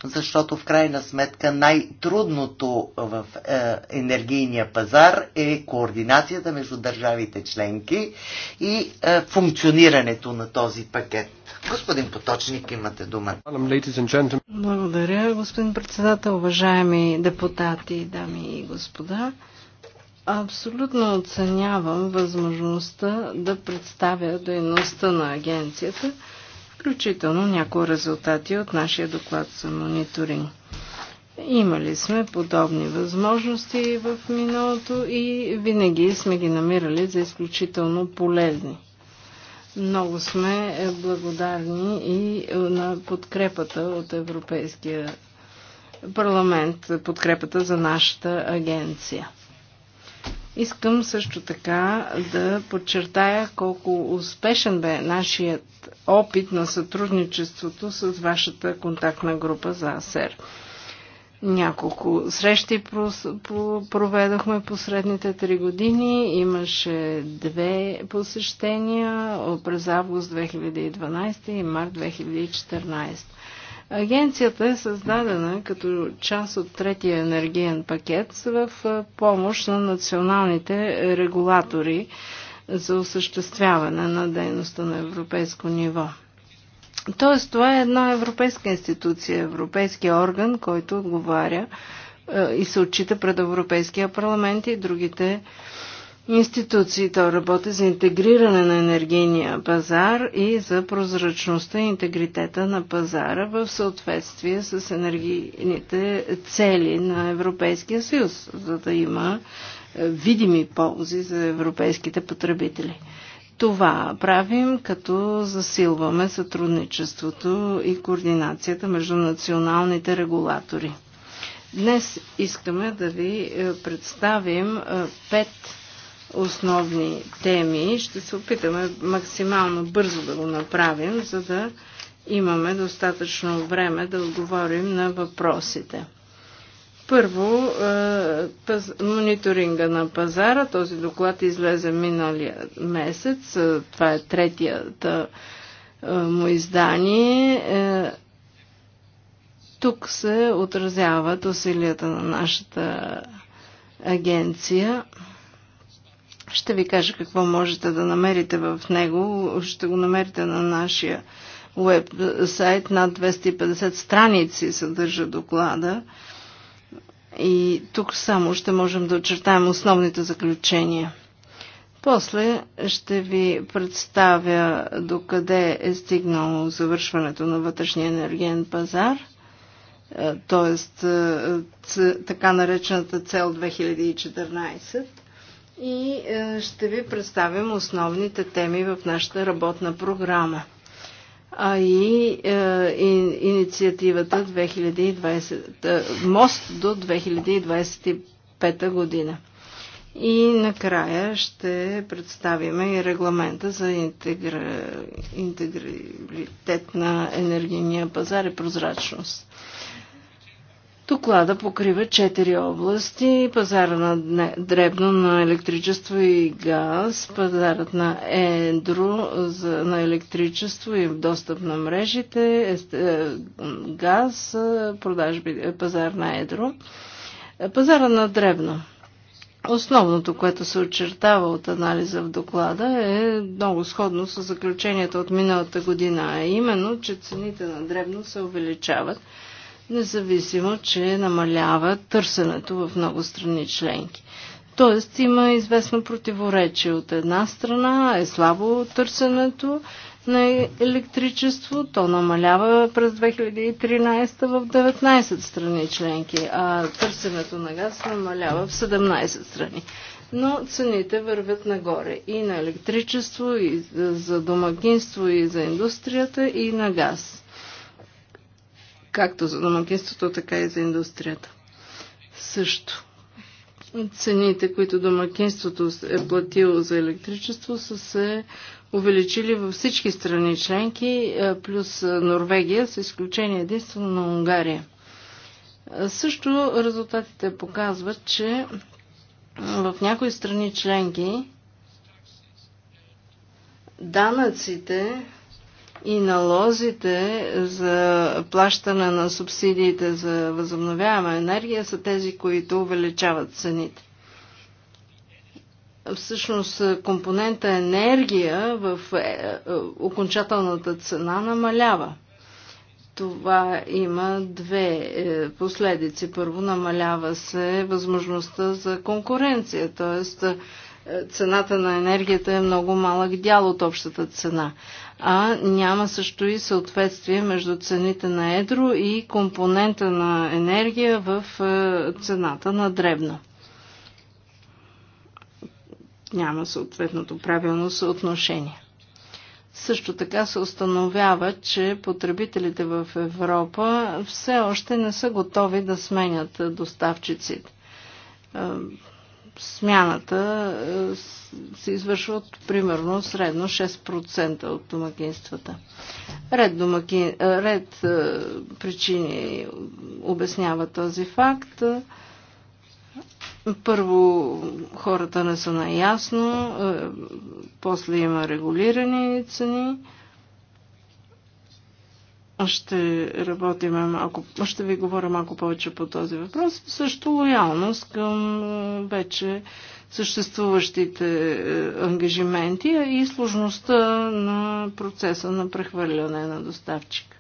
защото в крайна сметка най-трудното в е, енергийния пазар е координацията между държавите членки и е, функционирането на този пакет. Господин Поточник, имате дума. Благодаря, господин председател, уважаеми депутати, дами и господа. Абсолютно оценявам възможността да представя дейността на агенцията – включително някои резултати от нашия доклад за мониторинг. Имали сме подобни възможности в миналото и винаги сме ги намирали за изключително полезни. Много сме благодарни и на подкрепата от Европейския парламент, подкрепата за нашата агенция. Искам също така да подчертая колко успешен бе нашият опит на сътрудничеството с вашата контактна група за АСЕР. Няколко срещи проведохме последните три години. Имаше две посещения през август 2012 и март 2014. Агенцията е създадена като част от третия енергиен пакет в помощ на националните регулатори за осъществяване на дейността на европейско ниво. Тоест, това е една европейска институция, европейски орган, който отговаря и се отчита пред Европейския парламент и другите институции. То работи за интегриране на енергийния пазар и за прозрачността и интегритета на пазара в съответствие с енергийните цели на Европейския съюз, за да има е, видими ползи за европейските потребители. Това правим, като засилваме сътрудничеството и координацията между националните регулатори. Днес искаме да ви е, представим е, пет основни теми. Ще се опитаме максимално бързо да го направим, за да имаме достатъчно време да отговорим на въпросите. Първо, е, паз... мониторинга на пазара. Този доклад излезе миналия месец. Е, това е третията е, му издание. Тук се отразяват усилията на нашата агенция. Ще ви кажа какво можете да намерите в него. Ще го намерите на нашия веб-сайт. Над 250 страници съдържа доклада. И тук само ще можем да очертаем основните заключения. После ще ви представя докъде е стигнало завършването на вътрешния енергиен пазар, т.е. така наречената цел 2014 и е, ще ви представим основните теми в нашата работна програма, а и, е, и инициативата 2020, е, мост до 2025 година. И накрая ще представим и регламента за интегра... интегралитет на енергийния пазар и прозрачност. Доклада покрива четири области. Пазара на дребно на електричество и газ, пазарът на ендро на електричество и достъп на мрежите, е, газ, е, продажби, е, пазар на едро, пазара на дребно. Основното, което се очертава от анализа в доклада е много сходно с заключенията от миналата година, а именно, че цените на дребно се увеличават – независимо, че намалява търсенето в много страни членки. Тоест има известно противоречие. От една страна е слабо търсенето на електричество, то намалява през 2013 в 19 страни членки, а търсенето на газ намалява в 17 страни. Но цените вървят нагоре и на електричество, и за домакинство, и за индустрията, и на газ както за домакинството, така и за индустрията. Също. Цените, които домакинството е платило за електричество, са се увеличили във всички страни членки, плюс Норвегия, с изключение единствено на Унгария. Също резултатите показват, че в някои страни членки данъците и налозите за плащане на субсидиите за възобновяема енергия са тези, които увеличават цените. Всъщност компонента енергия в е, е, окончателната цена намалява. Това има две е, последици. Първо намалява се възможността за конкуренция, т.е цената на енергията е много малък дял от общата цена а няма също и съответствие между цените на едро и компонента на енергия в е, цената на дребно. Няма съответното правилно съотношение. Също така се установява, че потребителите в Европа все още не са готови да сменят доставчиците е, смяната е, се извършва от примерно средно 6% от домакинствата. Ред, домаки... Е, ред е, причини обяснява този факт. Първо, хората не са наясно, после има регулирани цени ще работим малко, ще ви говоря малко повече по този въпрос. Също лоялност към вече съществуващите е, ангажименти и сложността на процеса на прехвърляне на доставчика.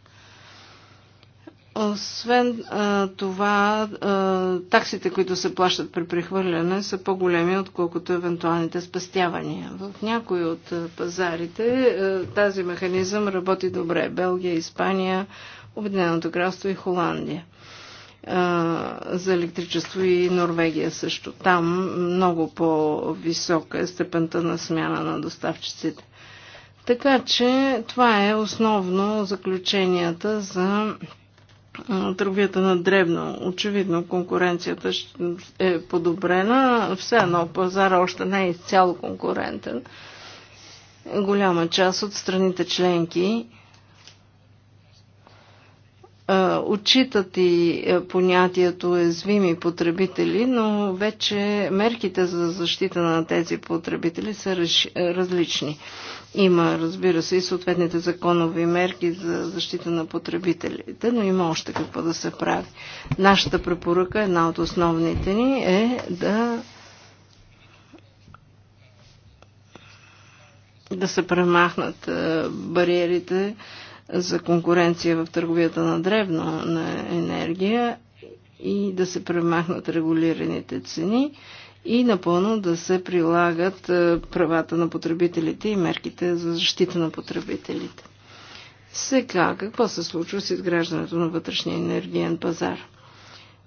Освен а, това, а, таксите, които се плащат при прехвърляне, са по-големи, отколкото евентуалните спестявания. В някои от пазарите а, тази механизъм работи добре. Белгия, Испания, Обединеното кралство и Холандия. А, за електричество и Норвегия също. Там много по-висока е степента на смяна на доставчиците. Така че това е основно заключенията за търговията на древно. Очевидно конкуренцията е подобрена. Все едно пазара още не е изцяло конкурентен. Голяма част от страните членки отчитат и е, понятието уязвими потребители, но вече мерките за защита на тези потребители са е, различни. Има, разбира се, и съответните законови мерки за защита на потребителите, но има още какво да се прави. Нашата препоръка, една от основните ни, е да да се премахнат е, бариерите, за конкуренция в търговията на древно на енергия и да се премахнат регулираните цени и напълно да се прилагат е, правата на потребителите и мерките за защита на потребителите. Сега, какво се случва с изграждането на вътрешния енергиен пазар?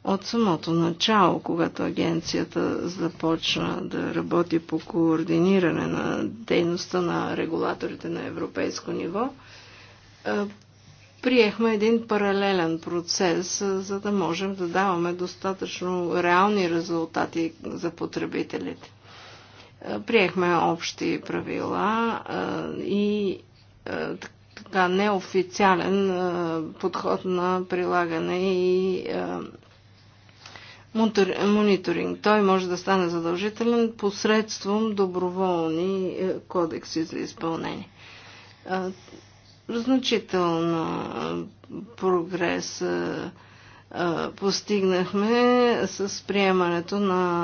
От самото начало, когато агенцията започна да работи по координиране на дейността на регулаторите на европейско ниво, е, приехме един паралелен процес, е, за да можем да даваме достатъчно реални резултати за потребителите. Е, приехме общи правила и така неофициален подход на прилагане и мониторинг. Той може да стане задължителен посредством доброволни кодекси за изпълнение значително прогрес постигнахме с приемането на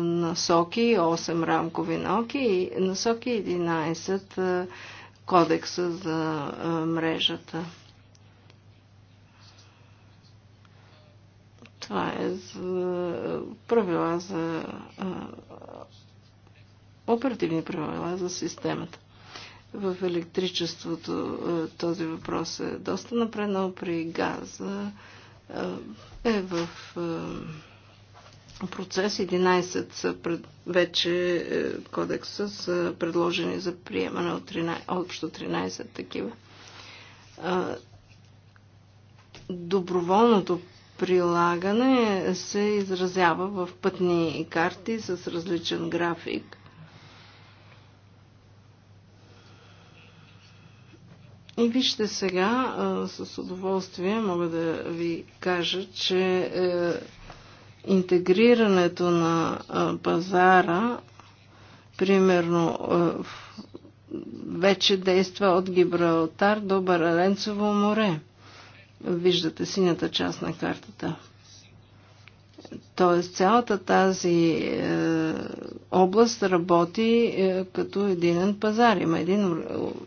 насоки, 8 рамкови ноки, насоки 11 кодекса за мрежата. Това е за правила за оперативни правила за системата в електричеството е, този въпрос е доста напреднал при газа. Е, е в е, процес 11 са пред, вече кодекса са предложени за приемане от 13, общо 13 такива. Доброволното прилагане се изразява в пътни карти с различен график – И вижте сега, а, с удоволствие мога да ви кажа, че е, интегрирането на а, пазара, примерно а, вече действа от Гибралтар до Бараленцево море. Виждате синята част на картата. Т.е. цялата тази е, област работи е, като един пазар. Има един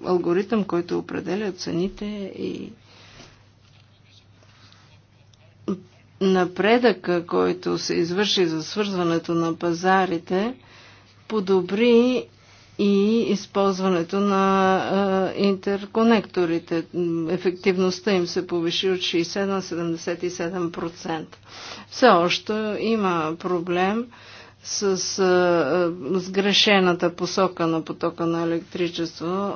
алгоритъм, който определя цените и напредъка, който се извърши за свързването на пазарите, подобри и използването на интерконекторите. Ефективността им се повиши от 60 на 77%. Все още има проблем с сгрешената посока на потока на електричество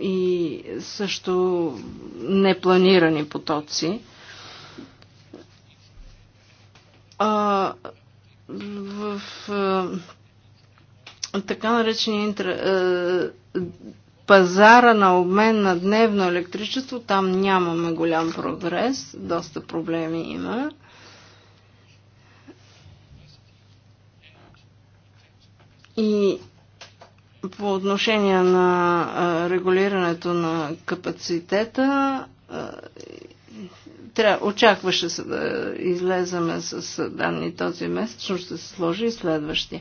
и също непланирани потоци. А, в така наречения интер... пазара на обмен на дневно електричество, там нямаме голям прогрес, доста проблеми има. И по отношение на е, регулирането на капацитета, е, очакваше се да излеземе с данни този месец, но ще се сложи и следващия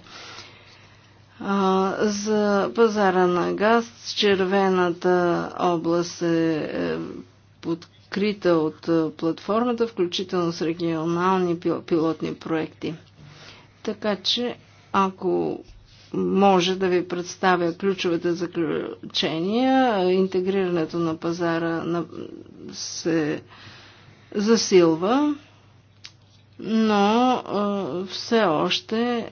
за пазара на газ червената област е, е подкрита от е, платформата, включително с регионални пилотни проекти. Така че, ако може да ви представя ключовете заключения, интегрирането на пазара се засилва, но е, все още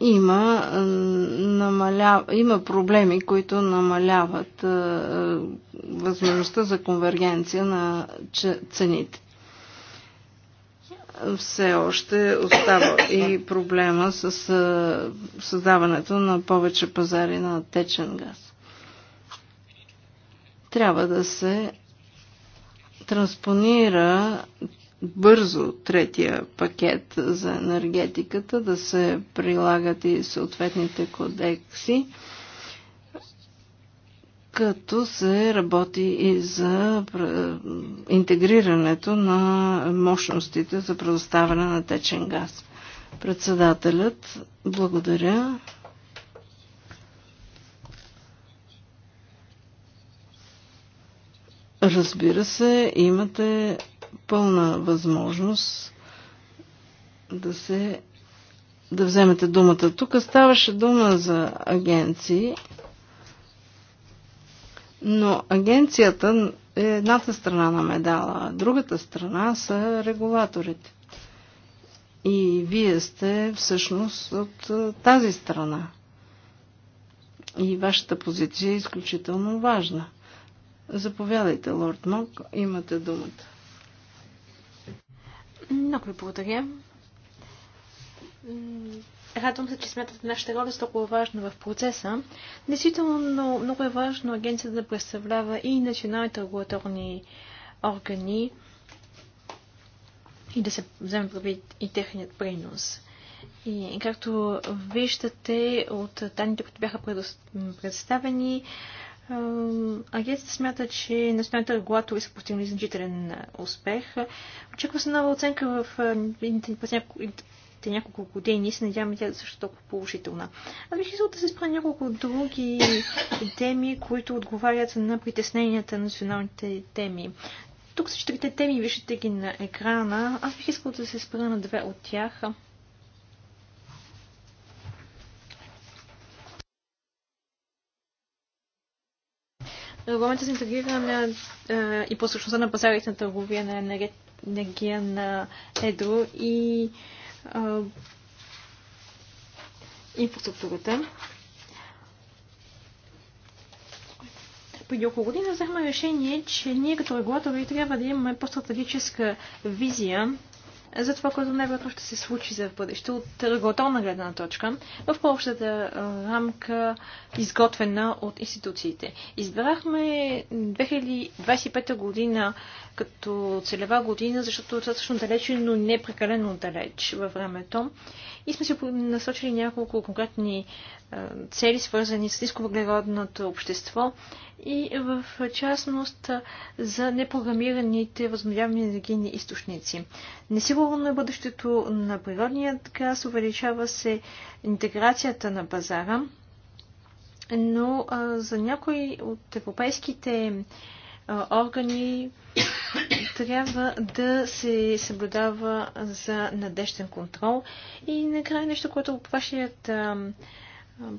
има, намалява, има проблеми, които намаляват възможността за конвергенция на цените. Все още остава и проблема с създаването на повече пазари на течен газ. Трябва да се транспонира бързо третия пакет за енергетиката, да се прилагат и съответните кодекси, като се работи и за интегрирането на мощностите за предоставяне на течен газ. Председателят, благодаря. Разбира се, имате пълна възможност да се да вземете думата. Тук ставаше дума за агенции, но агенцията е едната страна на медала, а другата страна са регулаторите. И вие сте всъщност от тази страна. И вашата позиция е изключително важна. Заповядайте, лорд Мок, имате думата. Много ви благодаря. Радвам се, че смятате нашата роля е толкова важна в процеса. Действително много е важно агенцията да представлява и националните регулаторни органи и да се вземе предвид и техният принос. И както виждате от данните, които бяха предоставени, Агенцията смята, че националните и са постигнали значителен успех. Очаква се нова оценка в те няколко години и се надяваме тя да е също толкова положителна. Аз бих искал да се спра няколко други теми, които отговарят на притесненията на националните теми. Тук са четирите теми, виждате ги на екрана. Аз бих искал да се спра на две от тях. Регламентът за интегриране е, и послушността на пазарите на търговия на енергия на едро и е, инфраструктурата. преди около година взехме решение, че ние като регулатори трябва да имаме по-стратегическа визия за това, което най-вероятно ще се случи за в бъдеще от регулаторна гледна точка в по-общата рамка, изготвена от институциите. Избрахме 2025 година като целева година, защото е достатъчно далече, но не прекалено далеч във времето. И сме си насочили няколко конкретни цели, свързани с нисковъглеродното общество и в частност за непрограмираните възобновяеми енергийни източници. Несигурно е бъдещето на природния газ, увеличава се интеграцията на пазара, но за някои от европейските органи *coughs* трябва да се съблюдава за надежден контрол. И накрая нещо, което вашият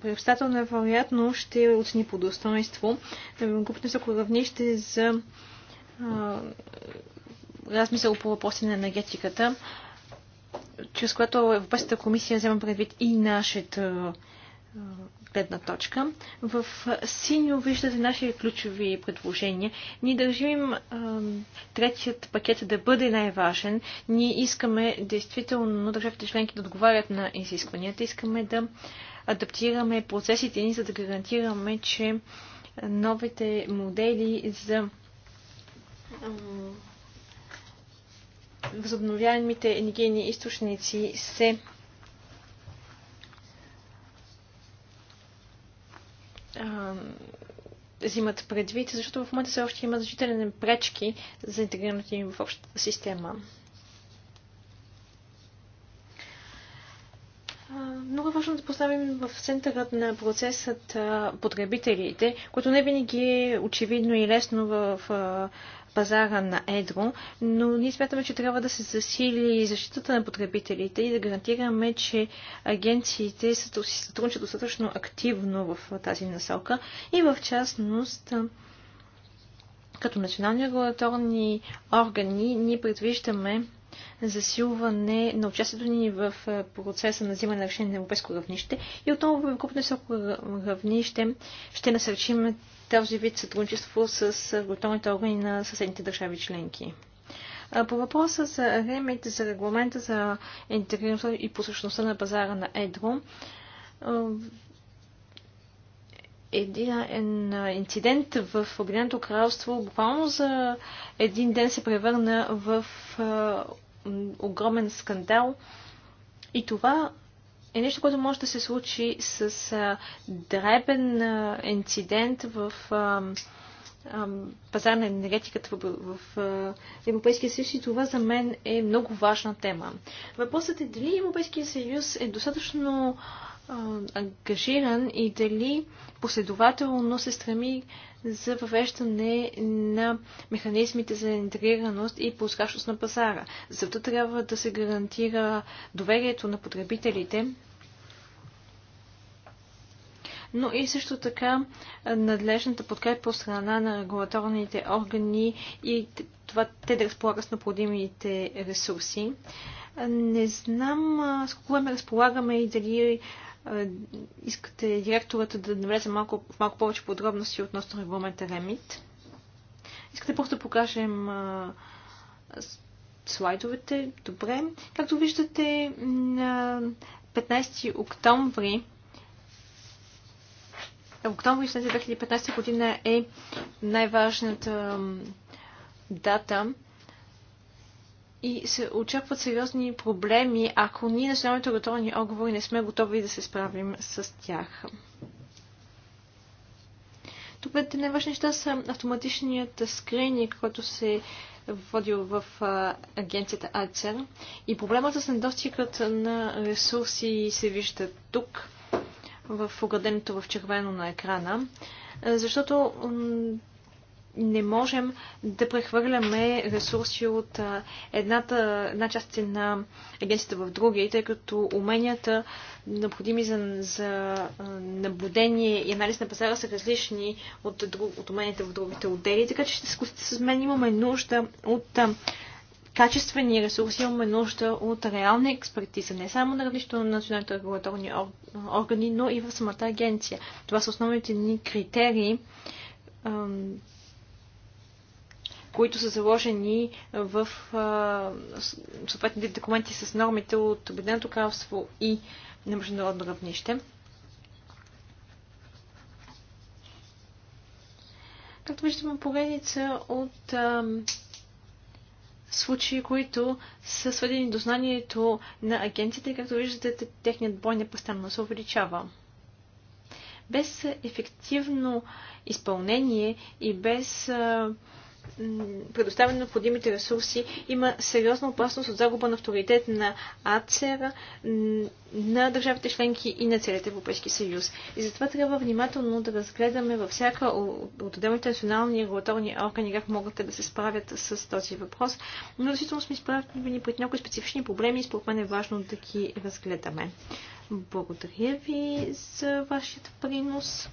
Председател невероятно ще оцени по достоинство групата високо равнище за а, размисъл по въпроси на енергетиката, чрез което Европейската комисия взема предвид и нашата гледна точка. В синьо виждате наши ключови предложения. Ние държим а, третият пакет да бъде най-важен. Ние искаме действително държавите членки да отговарят на изискванията. Искаме да а, адаптираме процесите ни, за да гарантираме, че новите модели за възобновяемите енергийни източници се взимат предвид, защото в момента все още има значителни пречки за интегрирането им в общата система. много е важно да поставим в центъра на процесът потребителите, което не винаги е очевидно и лесно в пазара на едро, но ние смятаме, че трябва да се засили защитата на потребителите и да гарантираме, че агенциите си сътрудничат достатъчно активно в тази насока и в частност като национални регулаторни органи ние предвиждаме засилване на участието ни в процеса на взимане на решение на европейско равнище и отново в групно високо равнище ще насърчим този вид сътрудничество с готовните органи на съседните държави членки. По въпроса за ремейт за регламента за интегрираността и посъщността на пазара на Едро, един инцидент в Обединеното кралство буквално за един ден се превърна в огромен скандал. И това е нещо, което може да се случи с а, дребен а, инцидент в а, а, пазар на енергетиката в, в в Европейския съюз и това за мен е много важна тема. Въпросът е дали Европейския съюз е достатъчно а, ангажиран и дали последователно се стреми за въвеждане на механизмите за интегрираност и пускащост на пазара. Зато трябва да се гарантира доверието на потребителите, но и също така надлежната подкрепа от страна на регулаторните органи и това те да разполагат с необходимите ресурси. Не знам с какво ме разполагаме и дали искате директората да навлезе малко, в малко повече подробности относно регламента REMIT. Искате просто да покажем а, слайдовете. Добре. Както виждате, на 15 октомври октомври 2015 година е най-важната дата и се очакват сериозни проблеми, ако ние националните регулаторни отговори не сме готови да се справим с тях. Тук двете най-важни неща са автоматичният скрининг, който се води в агенцията АЦЕР. И проблемът с недостигът на ресурси се вижда тук, в ограденото в червено на екрана, защото не можем да прехвърляме ресурси от едната, една част на агенцията в друга, тъй като уменията, необходими за, за наблюдение и анализ на пазара, са различни от, от уменията в другите отдели. Така че с мен имаме нужда от качествени ресурси имаме нужда от реална експертиза, не само на различно на националните регулаторни органи, но и в самата агенция. Това са основните ни критерии които са заложени в съответните документи с нормите от Обединеното кралство и на международно равнище. Както виждаме, поредица от а, случаи, които са сведени до знанието на агенцията и както виждате, техният бой непрестанно се увеличава. Без ефективно изпълнение и без а, предоставя необходимите ресурси, има сериозна опасност от загуба на авторитет на АЦЕР, на държавите членки и на целият Европейски съюз. И затова трябва внимателно да разгледаме във всяка от отделните национални регулаторни органи как могат да се справят с този въпрос. Но действително сме изправени пред някои специфични проблеми и според мен е важно да ги разгледаме. Благодаря ви за вашият принос.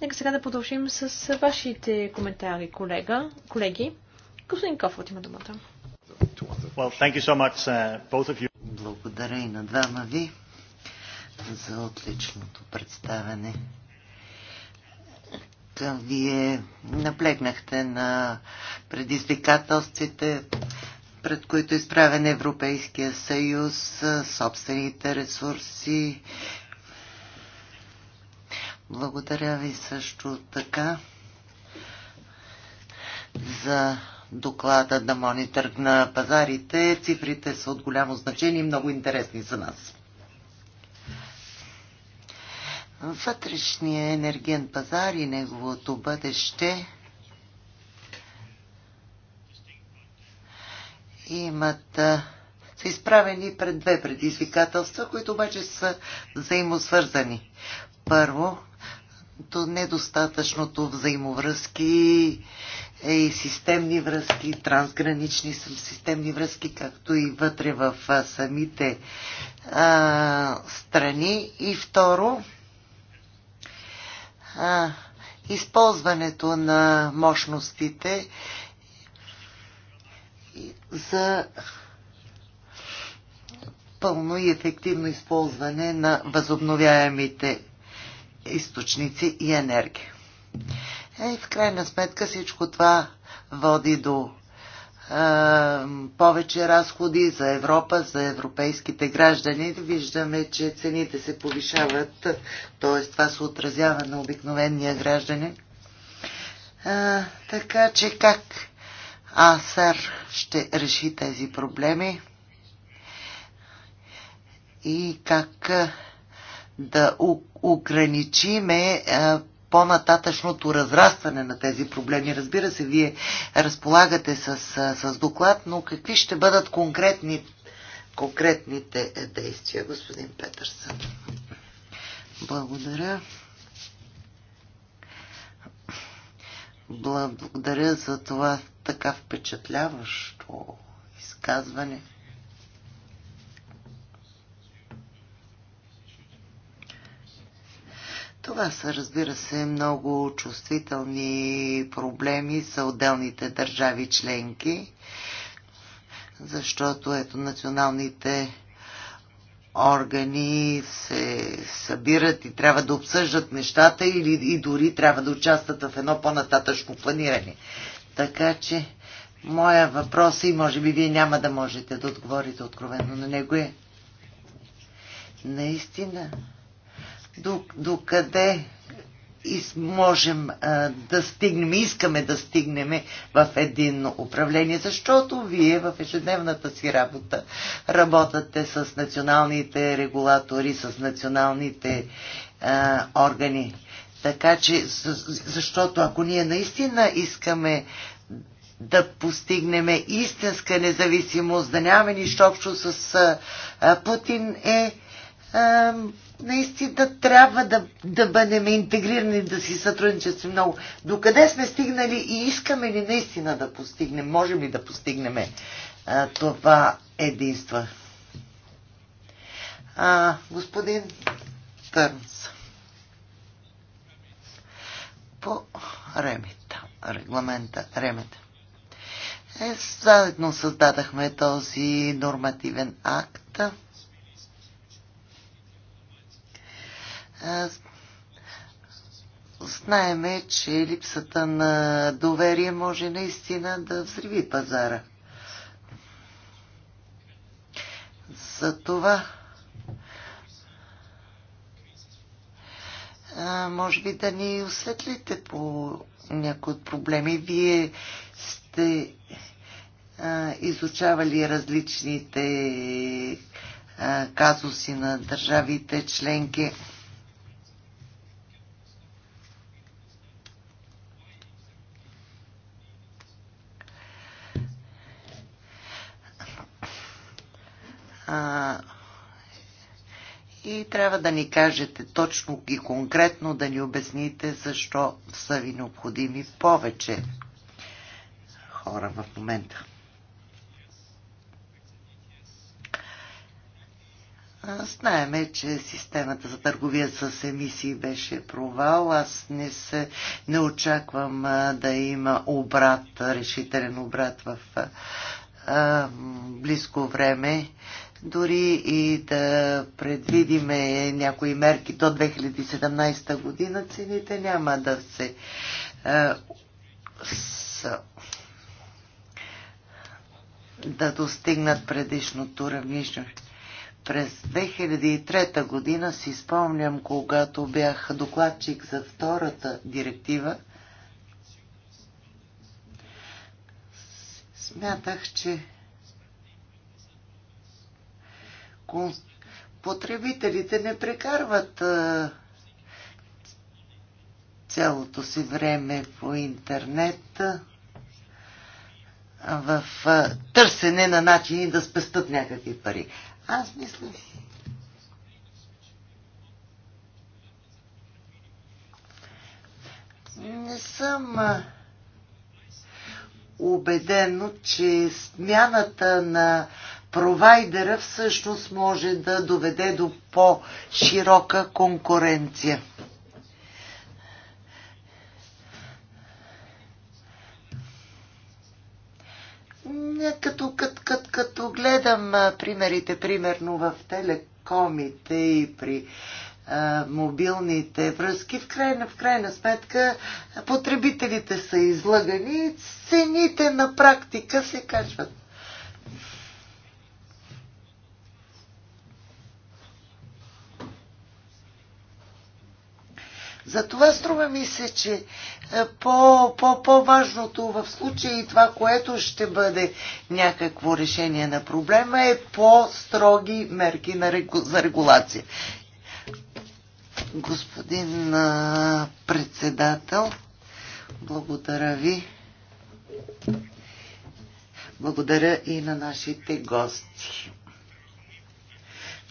Нека сега да продължим с вашите коментари, колега, колеги. Господин от има думата. Well, thank you so much, uh, both of you. Благодаря и на двама ви за отличното представяне. Вие наплегнахте на предизвикателствите, пред които е изправен Европейския съюз, собствените ресурси, благодаря ви също така за доклада на мониторг на пазарите. Цифрите са от голямо значение и много интересни за нас. Вътрешния енерген пазар и неговото бъдеще имат са изправени пред две предизвикателства, които обаче са взаимосвързани. Първо, до недостатъчното взаимовръзки е и системни връзки, трансгранични системни връзки, както и вътре в самите а, страни. И второ, а, използването на мощностите за пълно и ефективно използване на възобновяемите източници и енергия. Е, в крайна сметка всичко това води до е, повече разходи за Европа, за европейските граждани. Виждаме, че цените се повишават, т.е. това се отразява на обикновения гражданин. Е, така че как АСАР ще реши тези проблеми и как да ограничиме е, по-нататъчното разрастване на тези проблеми. Разбира се, вие разполагате с, е, с доклад, но какви ще бъдат конкретни, конкретните е, действия, господин Петърсън? Благодаря. Благодаря за това така впечатляващо изказване. Това са, разбира се, много чувствителни проблеми за отделните държави членки, защото ето националните органи се събират и трябва да обсъждат нещата или, и дори трябва да участват в едно по-нататъчно планиране. Така че, моя въпрос и може би вие няма да можете да отговорите откровенно на него е. Наистина, докъде можем да стигнем, искаме да стигнем в един управление, защото вие в ежедневната си работа работате с националните регулатори, с националните а, органи. Така че, защото ако ние наистина искаме да постигнем истинска независимост, да нямаме нищо общо с а, Путин, е наистина трябва да, да бъдем интегрирани, да си сътрудничестваме много. Докъде сме стигнали и искаме ли наистина да постигнем, можем ли да постигнем това единство? А, господин Търнс. По ремета, регламента ремета. Е, заедно създадахме този нормативен акт. Знаеме, че липсата на доверие може наистина да взриви пазара. За това може би да ни осветлите по някои от проблеми. Вие сте а, изучавали различните а, казуси на държавите членки. А, и трябва да ни кажете точно и конкретно да ни обясните защо са ви необходими повече хора в момента. Знаеме, че системата за търговия с емисии беше провал. Аз не, се, не очаквам да има обрат, решителен обрат в а, близко време дори и да предвидиме някои мерки до 2017 година, цените няма да се е, да достигнат предишното равнище. През 2003 година си спомням, когато бях докладчик за втората директива, смятах, че потребителите не прекарват а, цялото си време по интернет а, в а, търсене на начини да спестат някакви пари. Аз мисля. Не съм убедено, че смяната на провайдера всъщност може да доведе до по-широка конкуренция. Като, като, като, като гледам а, примерите, примерно в телекомите и при а, мобилните връзки, в крайна, в крайна сметка потребителите са излъгани, цените на практика се качват. Затова струва ми се, че по-важното е, -по -по в случая и това, което ще бъде някакво решение на проблема е по-строги мерки на регу... за регулация. Господин а, председател, благодаря ви. Благодаря и на нашите гости.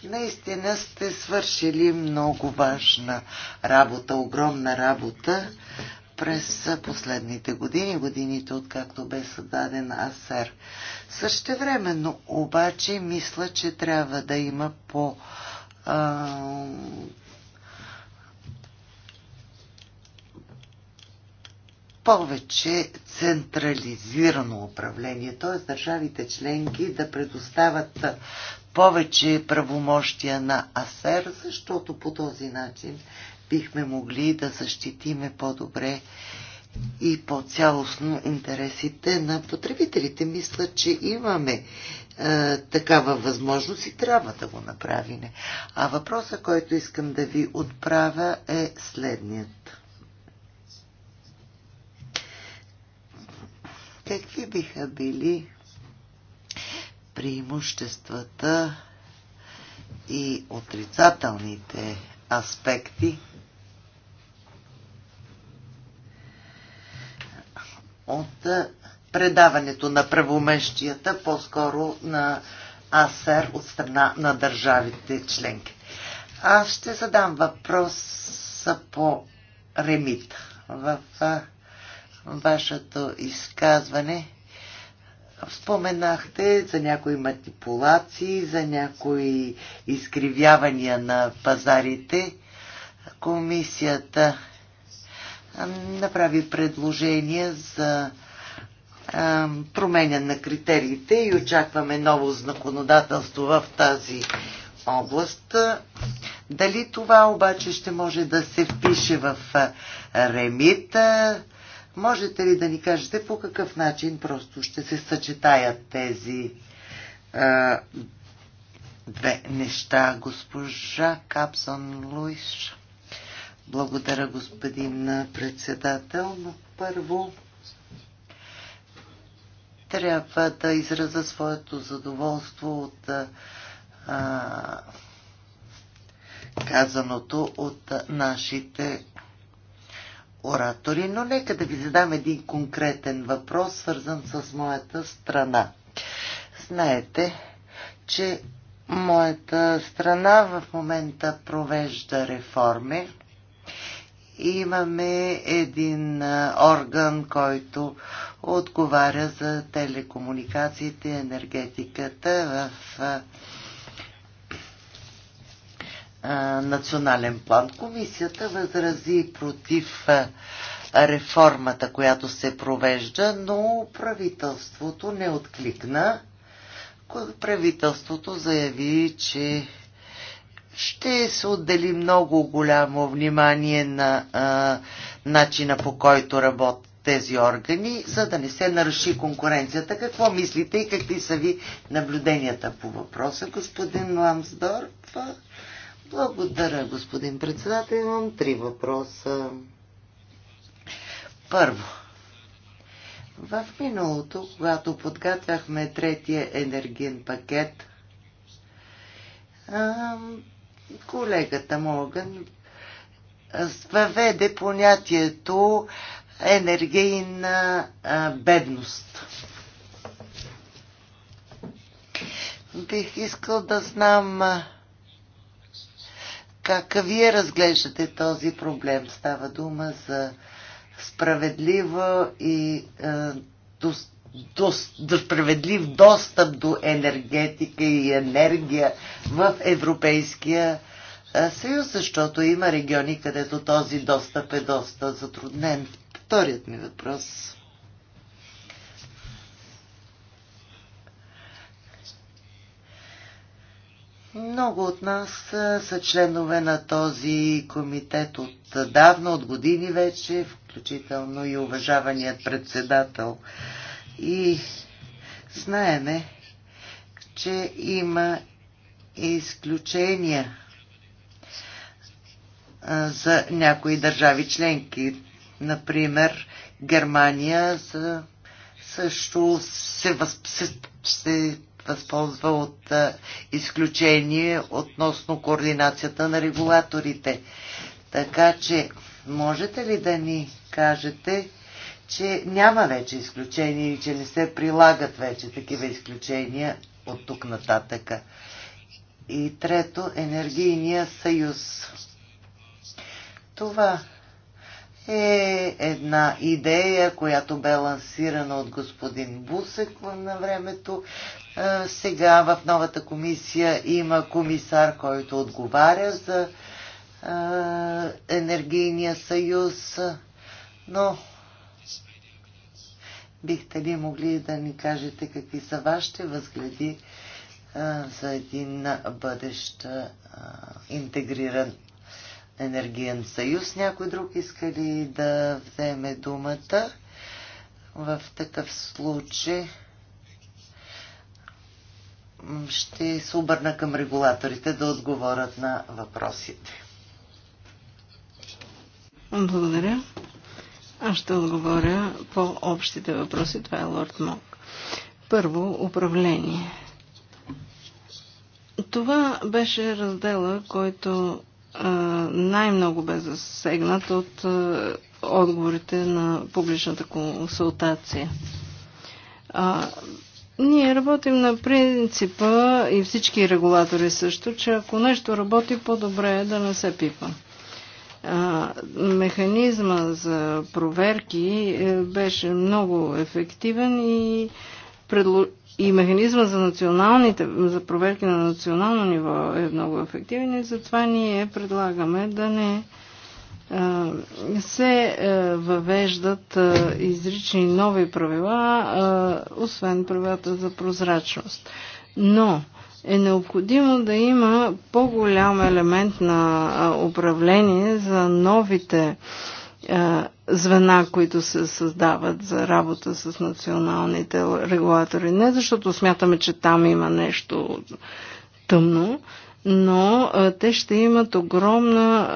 Наистина сте свършили много важна работа, огромна работа през последните години, годините откакто бе създаден АСЕР. Същевременно обаче мисля, че трябва да има по а, повече централизирано управление, т.е. държавите членки да предоставят повече правомощия на АСЕР, защото по този начин бихме могли да защитиме по-добре и по-цялостно интересите на потребителите. Мисля, че имаме е, такава възможност и трябва да го направим. А въпросът, който искам да ви отправя е следният. Какви биха били преимуществата и отрицателните аспекти от предаването на правомещията, по-скоро на АСЕР от страна на държавите членки. Аз ще задам въпроса по ремит. В вашето изказване Споменахте за някои манипулации, за някои изкривявания на пазарите. Комисията направи предложение за променя на критериите и очакваме ново законодателство в тази област. Дали това обаче ще може да се впише в ремита, Можете ли да ни кажете по какъв начин просто ще се съчетаят тези а, две неща, госпожа Капсон Луиш? Благодаря, господин председател. Но първо трябва да израза своето задоволство от а, казаното от нашите оратори, но нека да ви задам един конкретен въпрос, свързан с моята страна. Знаете, че моята страна в момента провежда реформи. Имаме един орган, който отговаря за телекомуникациите, енергетиката в национален план. Комисията възрази против реформата, която се провежда, но правителството не откликна. Правителството заяви, че ще се отдели много голямо внимание на а, начина по който работят тези органи, за да не се наруши конкуренцията. Какво мислите и какви са ви наблюденията по въпроса, господин Ламсдорф? Благодаря, господин председател. Имам три въпроса. Първо. В миналото, когато подготвяхме третия енергиен пакет, колегата Моган въведе понятието енергийна бедност. Бих искал да знам как вие разглеждате този проблем? Става дума за справедлива и е, до, до, до справедлив достъп до енергетика и енергия в Европейския е, съюз, защото има региони, където този достъп е доста затруднен. Вторият ми въпрос. Много от нас са членове на този комитет от давна, от години вече, включително и уважаваният председател. И знаеме, че има изключения за някои държави членки. Например, Германия също се, възп... се възползва от изключение относно координацията на регулаторите. Така че, можете ли да ни кажете, че няма вече изключения и че не се прилагат вече такива изключения от тук нататъка? И трето, енергийния съюз. Това е една идея, която бе лансирана от господин Бусек на времето. Сега в новата комисия има комисар, който отговаря за енергийния съюз, но бихте ли могли да ни кажете какви са вашите възгледи за един бъдещ интегриран енергиен съюз? Някой друг иска ли да вземе думата? В такъв случай ще се обърна към регулаторите да отговорят на въпросите. Благодаря. Аз ще отговоря по общите въпроси. Това е Лорд Мок. Първо, управление. Това беше раздела, който най-много бе засегнат от а, отговорите на публичната консултация. А, ние работим на принципа и всички регулатори също, че ако нещо работи, по-добре е да не се пипа. механизма за проверки е, беше много ефективен и, предло... и механизма за, националните, за проверки на национално ниво е много ефективен и затова ние предлагаме да не се е, въвеждат е, изрични нови правила, е, освен правилата за прозрачност. Но е необходимо да има по-голям елемент на управление за новите звена, които се създават за работа с националните регулатори. Не защото смятаме, че там има нещо тъмно, но те ще имат огромна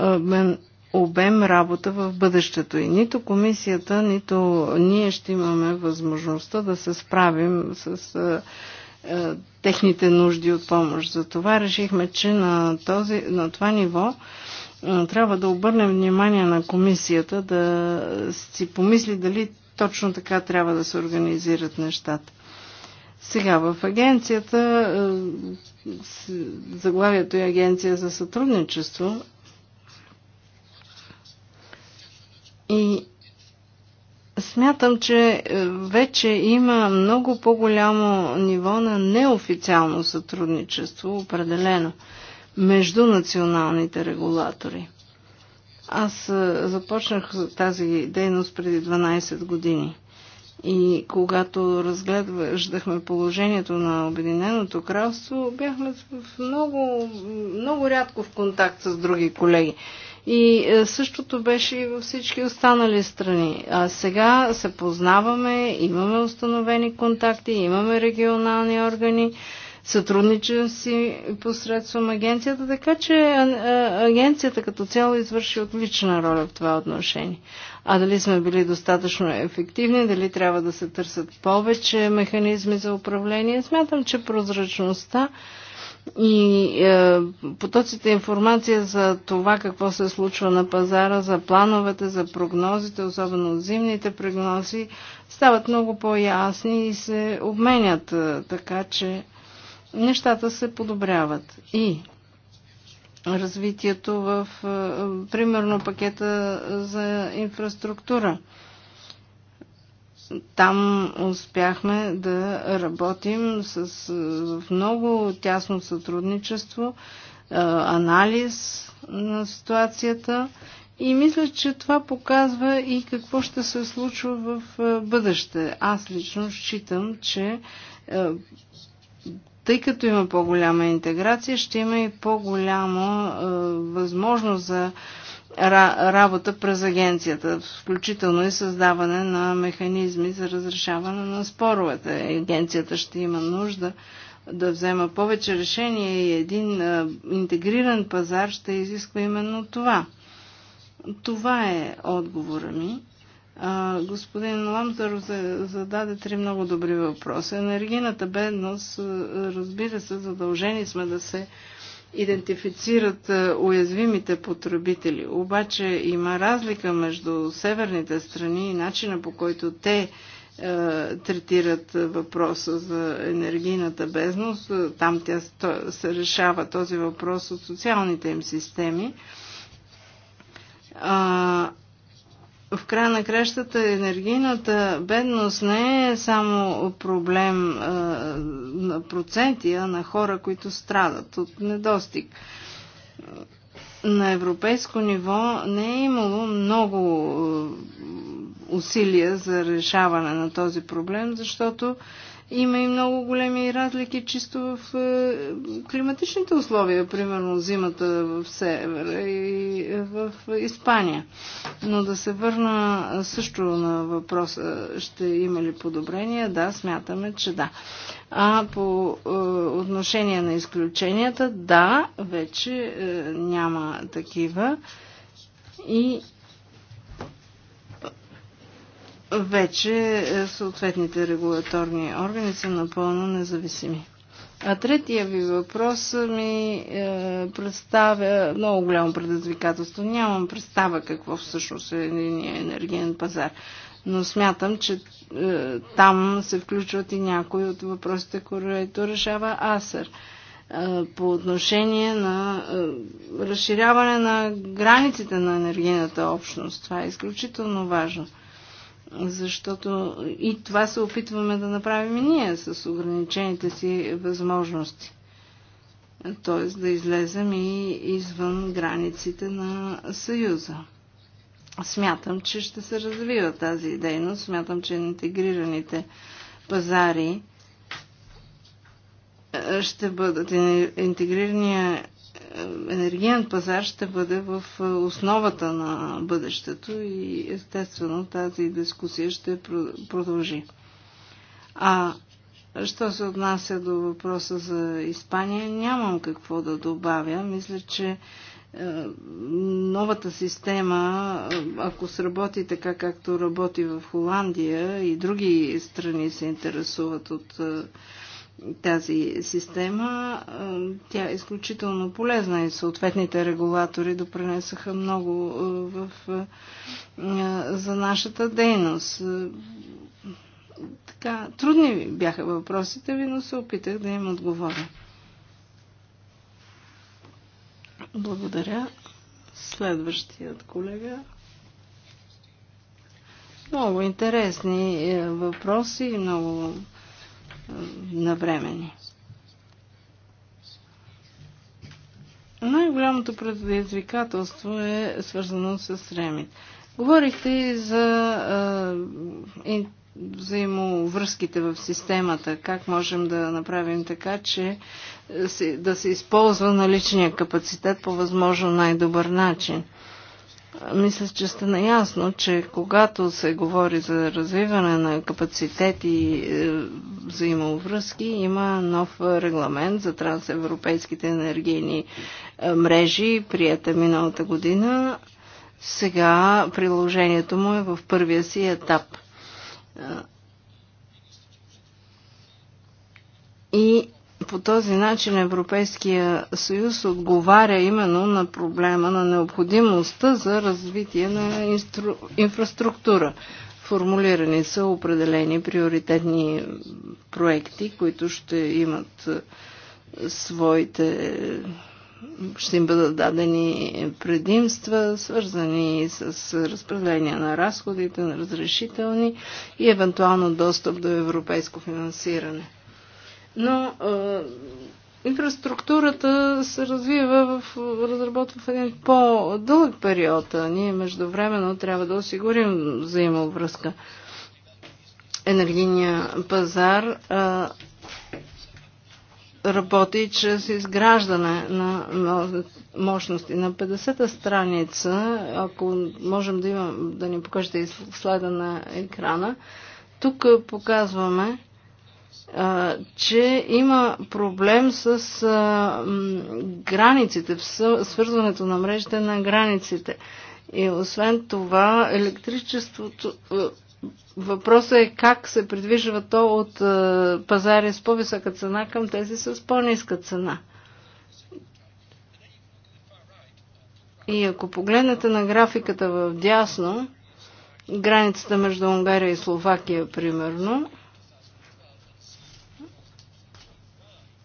обем работа в бъдещето. И нито комисията, нито ние ще имаме възможността да се справим с а, а, техните нужди от помощ. Затова решихме, че на, този, на това ниво а, трябва да обърнем внимание на комисията да си помисли дали точно така трябва да се организират нещата. Сега в агенцията, заглавието е агенция за сътрудничество, И смятам, че е, вече има много по-голямо ниво на неофициално сътрудничество, определено, между националните регулатори. Аз е, започнах тази дейност преди 12 години. И когато разглеждахме положението на Обединеното кралство, бяхме в много, много рядко в контакт с други колеги. И е, същото беше и във всички останали страни. А сега се познаваме, имаме установени контакти, имаме регионални органи, сътрудничен си посредством агенцията, така че е, е, агенцията като цяло извърши отлична роля в това отношение. А дали сме били достатъчно ефективни, дали трябва да се търсят повече механизми за управление, смятам, че прозрачността и е, потоците информация за това какво се случва на пазара, за плановете, за прогнозите, особено зимните прогнози, стават много по-ясни и се обменят, е, така че нещата се подобряват. И развитието в, е, примерно, пакета за инфраструктура – там успяхме да работим с, много тясно сътрудничество, анализ на ситуацията и мисля, че това показва и какво ще се случва в бъдеще. Аз лично считам, че тъй като има по-голяма интеграция, ще има и по-голяма възможност за работа през агенцията, включително и създаване на механизми за разрешаване на споровете. Агенцията ще има нужда да взема повече решения и един интегриран пазар ще изисква именно това. Това е отговора ми. господин Ламзар зададе три много добри въпроса. Енергийната бедност, разбира се, задължени сме да се идентифицират е, уязвимите потребители. Обаче има разлика между северните страни и начина по който те е, третират въпроса за енергийната безност. Там тя се решава този въпрос от социалните им системи. А, в края на кращата енергийната бедност не е само проблем а, на проценти, а на хора, които страдат от недостиг. На европейско ниво не е имало много усилия за решаване на този проблем, защото а, има и много големи разлики чисто в е, климатичните условия, примерно зимата в север и е, в Испания. Но да се върна също на въпроса, ще има ли подобрения? Да, смятаме, че да. А по е, отношение на изключенията, да, вече няма такива. И вече е, съответните регулаторни органи са напълно независими. А третия ви въпрос ми е, представя много голямо предизвикателство. Нямам представа какво всъщност е единия енергиен пазар, но смятам, че е, там се включват и някои от въпросите, които решава АСЕР е, по отношение на е, разширяване на границите на енергийната общност. Това е изключително важно. Защото и това се опитваме да направим и ние с ограничените си възможности. Тоест да излезем и извън границите на Съюза. Смятам, че ще се развива тази дейност. Смятам, че интегрираните пазари е, ще бъдат интегрирания енергиен пазар ще бъде в е, основата на бъдещето и естествено тази дискусия ще продължи. А що се отнася до въпроса за Испания, нямам какво да добавя. Мисля, че е, новата система, е, ако сработи така както работи в Холандия и други страни се интересуват от тази система. Тя е изключително полезна и съответните регулатори допринесаха много в, за нашата дейност. Така, трудни бяха въпросите ви, но се опитах да им отговоря. Благодаря. Следващият колега. Много интересни е, въпроси и много навремени. Най-голямото предизвикателство е свързано с ремит. Говорихте и за а, и взаимовръзките в системата, как можем да направим така, че да се използва наличния капацитет по възможно най-добър начин. Мисля, че сте наясно, че когато се говори за развиване на капацитет и е, взаимовръзки, има нов регламент за трансевропейските енергийни е, мрежи, прията е миналата година. Сега приложението му е в първия си етап. И по този начин Европейския съюз отговаря именно на проблема на необходимостта за развитие на инстру... инфраструктура. Формулирани са определени приоритетни проекти, които ще имат е, своите ще им бъдат дадени предимства, свързани с разпределение на разходите, на разрешителни и евентуално достъп до европейско финансиране. Но а, инфраструктурата се развива в, разработва в един по-дълъг период, а ние междувременно трябва да осигурим взаимовръзка. Енергийния пазар а, работи чрез изграждане на мощности. На 50-та страница, ако можем да, имам, да ни покажете и слайда на екрана, тук показваме че има проблем с границите, свързването на мрежите на границите. И освен това, електричеството. Въпросът е как се придвижва то от пазари с по-висока цена към тези с по-ниска цена. И ако погледнете на графиката в дясно, границата между Унгария и Словакия, примерно,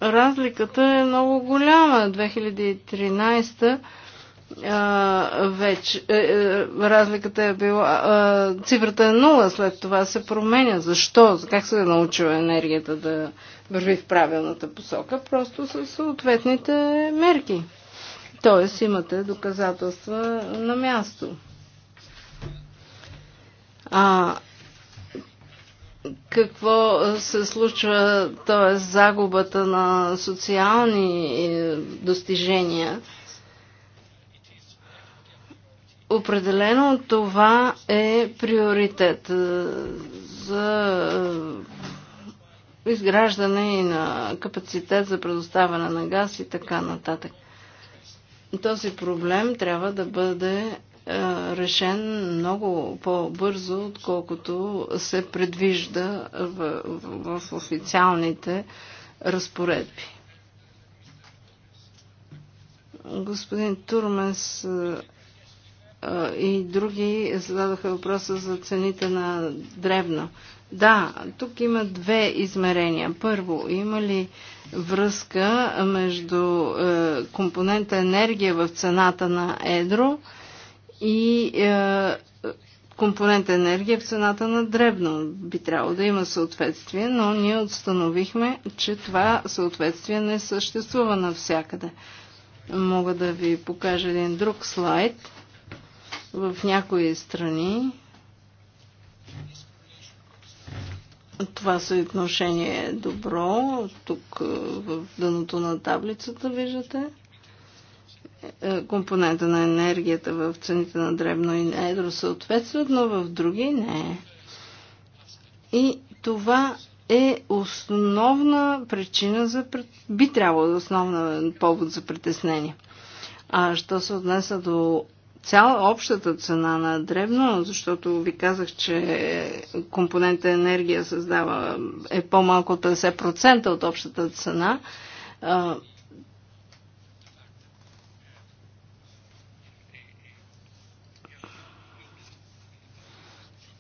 разликата е много голяма. 2013 а, вече а, е, разликата е била, а, цифрата е нула, след това се променя. Защо? Как се е научила енергията да върви в правилната посока? Просто с съответните мерки. Тоест имате доказателства на място. А какво се случва, т.е. загубата на социални е, достижения. Определено това е приоритет за изграждане и на капацитет за предоставяне на газ и така нататък. Този проблем трябва да бъде е, решен много по-бързо, отколкото се предвижда в, в, в официалните разпоредби. Господин Турмес е, е, и други зададоха въпроса за цените на древно. Да, тук има две измерения. Първо, има ли връзка между компонента енергия в цената на едро – и е, компонента енергия в цената на дребно. Би трябвало да има съответствие, но ние установихме, че това съответствие не съществува навсякъде. Мога да ви покажа един друг слайд. В някои страни това съотношение е добро. Тук е, в дъното на таблицата виждате. Е, компонента на енергията в цените на дребно и едро съответстват, но в други не е. И това е основна причина за... би трябвало да е основна повод за притеснение. А що се отнеса до цяла общата цена на дребно, защото ви казах, че компонента енергия създава е по-малко от 50% от общата цена,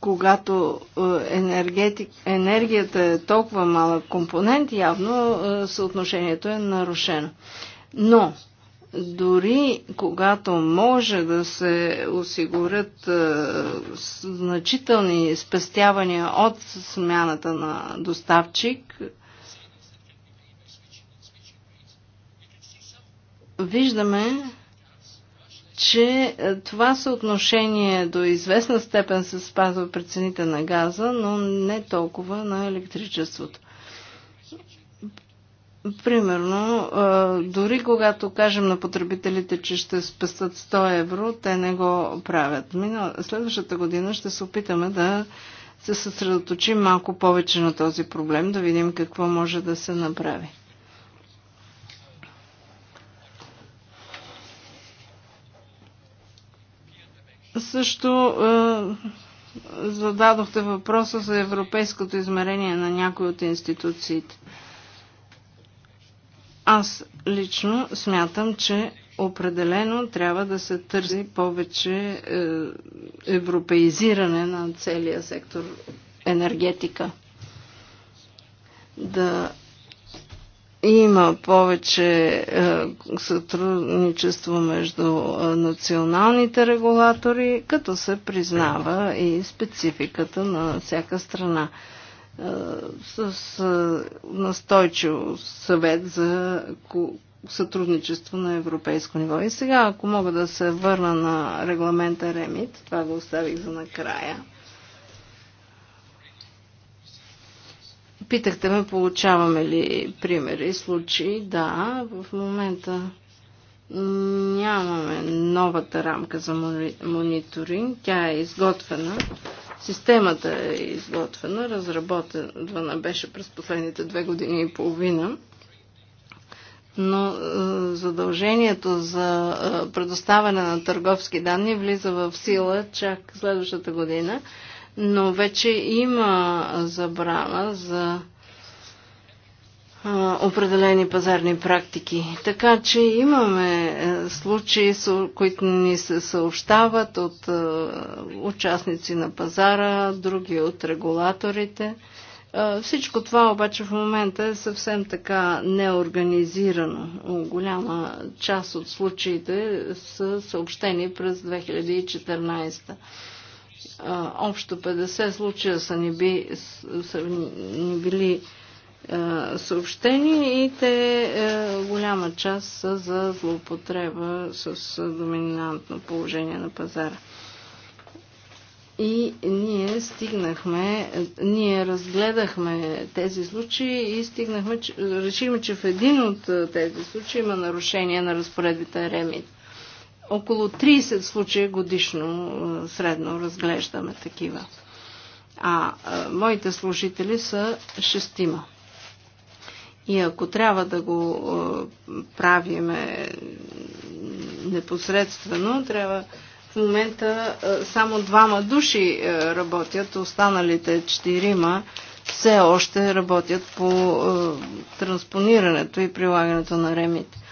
когато е, енергетик, енергията е толкова малък компонент, явно е, съотношението е нарушено. Но дори когато може да се осигурят е, значителни спестявания от смяната на доставчик, виждаме, че е, това съотношение до известна степен се спазва при цените на газа, но не толкова на електричеството. Примерно, е, дори когато кажем на потребителите, че ще спестат 100 евро, те не го правят. следващата година ще се опитаме да се съсредоточим малко повече на този проблем, да видим какво може да се направи. Също е, зададохте въпроса за европейското измерение на някои от институциите. Аз лично смятам, че определено трябва да се търси повече е, европеизиране на целия сектор енергетика. Да има повече е, сътрудничество между е, националните регулатори, като се признава и спецификата на всяка страна е, с настойчив съвет за сътрудничество на европейско ниво. И сега, ако мога да се върна на регламента Ремит, това го оставих за накрая. Питахте ме, получаваме ли примери случаи. Да, в момента нямаме новата рамка за мониторинг. Тя е изготвена. Системата е изготвена, разработена беше през последните две години и половина. Но е, задължението за е, предоставяне на търговски данни влиза в сила чак следващата година но вече има забрана за определени пазарни практики. Така че имаме е, случаи, които ни се съобщават от е, участници на пазара, други от регулаторите. Е, всичко това обаче в момента е съвсем така неорганизирано. Голяма част от случаите са съобщени през 2014 общо 50 случая са ни, би, са ни били съобщени и те е, голяма част са за злоупотреба с доминантно положение на пазара. И ние стигнахме, ние разгледахме тези случаи и стигнахме, решихме, че в един от е, тези случаи има нарушение на разпоредбите Ремит около 30 случая годишно е, средно разглеждаме такива. А, а е, моите служители са шестима. И ако трябва да го а, е, правиме непосредствено, трябва в момента а, само двама души а, работят, останалите четирима все още работят по а, транспонирането и прилагането на ремите.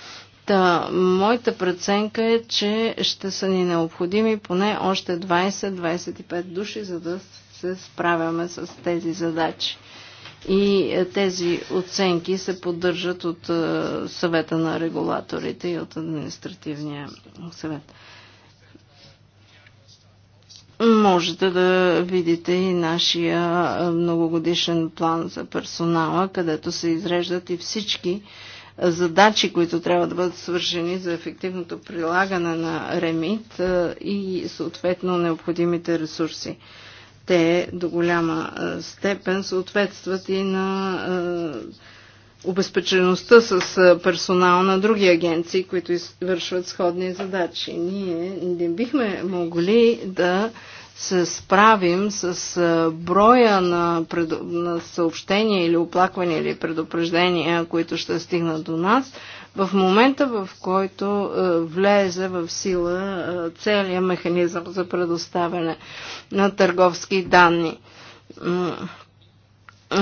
Та, моята преценка е, че ще са ни необходими поне още 20-25 души, за да се справяме с тези задачи. И е, тези оценки се поддържат от е, съвета на регулаторите и от административния съвет. Можете да видите и нашия е, многогодишен план за персонала, където се изреждат и всички задачи, които трябва да бъдат свършени за ефективното прилагане на ремит и съответно необходимите ресурси. Те до голяма степен съответстват и на обезпечеността с персонал на други агенции, които извършват сходни задачи. Ние не бихме могли да се справим с броя на, пред... на съобщения или оплаквания или предупреждения, които ще стигнат до нас, в момента в който влезе в сила целият механизъм за предоставяне на търговски данни.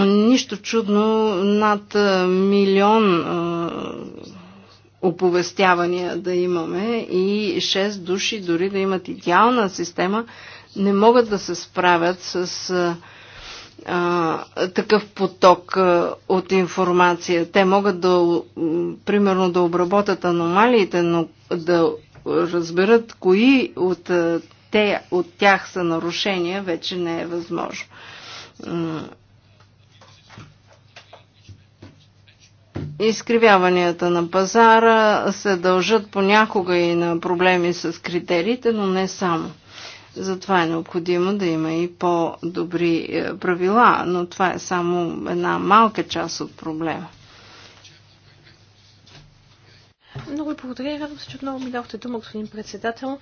Нищо чудно над милион оповестявания да имаме и 6 души дори да имат идеална система, не могат да се справят с а, а, такъв поток а, от информация. Те могат да, примерно, да обработят аномалиите, но да разберат кои от, те, от тях са нарушения, вече не е възможно. Изкривяванията на пазара се дължат понякога и на проблеми с критериите, но не само. Затова е необходимо да има и по-добри е, правила, но това е само една малка част от проблема. Много ви благодаря. Радвам се, че отново ми дадохте дума, господин председател.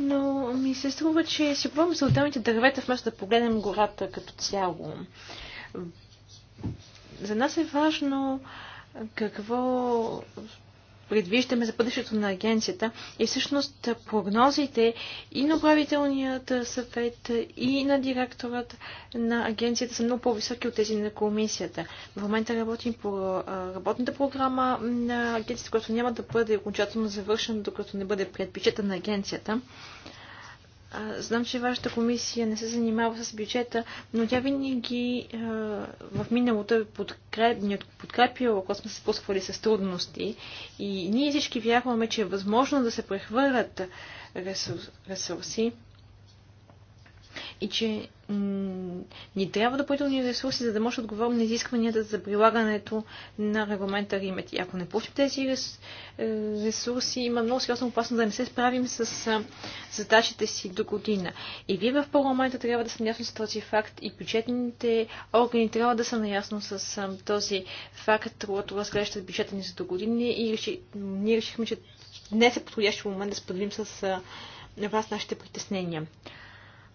Но ми се струва, че си говорим за отделните дървета, вместо да погледнем гората като цяло. За нас е важно какво предвиждаме за бъдещето на агенцията и всъщност прогнозите и на управителният съвет и на директорът на агенцията са много по-високи от тези на комисията. В момента работим по работната програма на агенцията, която няма да бъде окончателно завършена, докато не бъде пред на агенцията. Знам, че вашата комисия не се занимава с бюджета, но тя винаги а, в миналото е подкреп, ни е подкрепила, ако сме се спускали с трудности. И ние всички вярваме, че е възможно да се прехвърлят ресурси и че ни трябва допълнителни ресурси, за да може да отговорим на изискванията за прилагането на регламента Римет. И ако не получим тези е, ресурси, има много сериозна опасност да не се справим с задачите си до година. И вие в парламента трябва да са наясно с този факт и бюджетните органи трябва да са наясно с този факт, когато разглеждат бюджета ни за до години и реши, ние решихме, че днес е подходящ момент да споделим с вас нашите притеснения.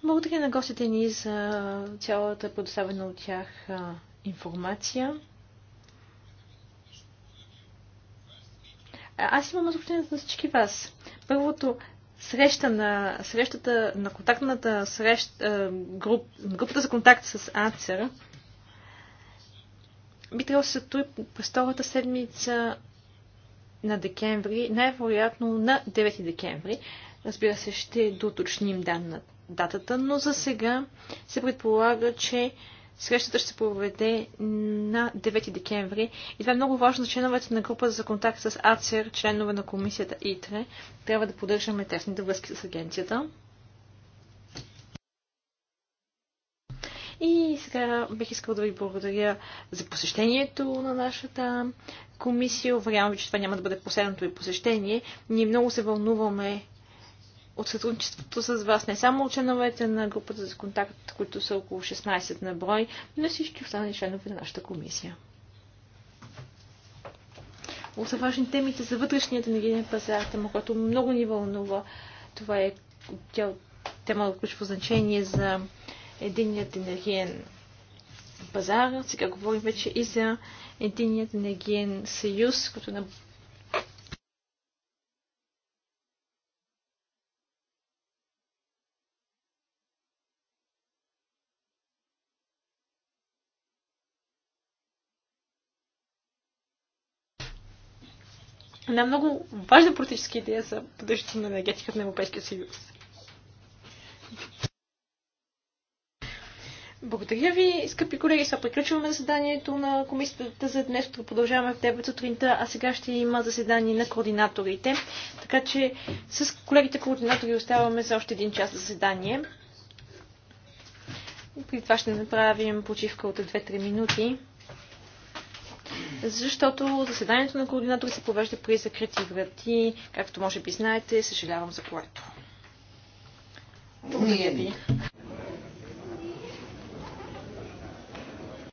Благодаря на гостите ни за цялата предоставена от тях информация. Аз имам съобщение за всички вас. Първото, среща на срещата на контактната среща, груп, групата за контакт с АЦЕР би трябвало да се състои през втората седмица на декември, най-вероятно на 9 декември. Разбира се, ще доточним данната датата, но за сега се предполага, че срещата ще се проведе на 9 декември. И това е много важно за членовете на група за контакт с АЦЕР, членове на комисията ИТРЕ. Трябва да поддържаме тесните връзки с агенцията. И сега бих искал да ви благодаря за посещението на нашата комисия. Уверявам ви, че това няма да бъде последното ви посещение. Ние много се вълнуваме от сътрудничеството с вас, не само членовете на групата за контакт, които са около 16 на брой, но и всички останали членове на нашата комисия. Много важни темите за вътрешният енергиен пазар, тема, която много ни вълнува. Това е тема от ключово значение за единният енергиен пазар. Сега говорим вече и за единният енергиен съюз, като на една много важна политическа идея за бъдещето на енергетиката на Европейския съюз. Благодаря ви, скъпи колеги. Сега приключваме заседанието на комисията за днес. Продължаваме в 9 сутринта, а сега ще има заседание на координаторите. Така че с колегите координатори оставаме за още един час заседание. При това ще направим почивка от 2-3 минути защото заседанието на координатори се провежда при закрити врати, както може би знаете, съжалявам за което. Благодаря ви.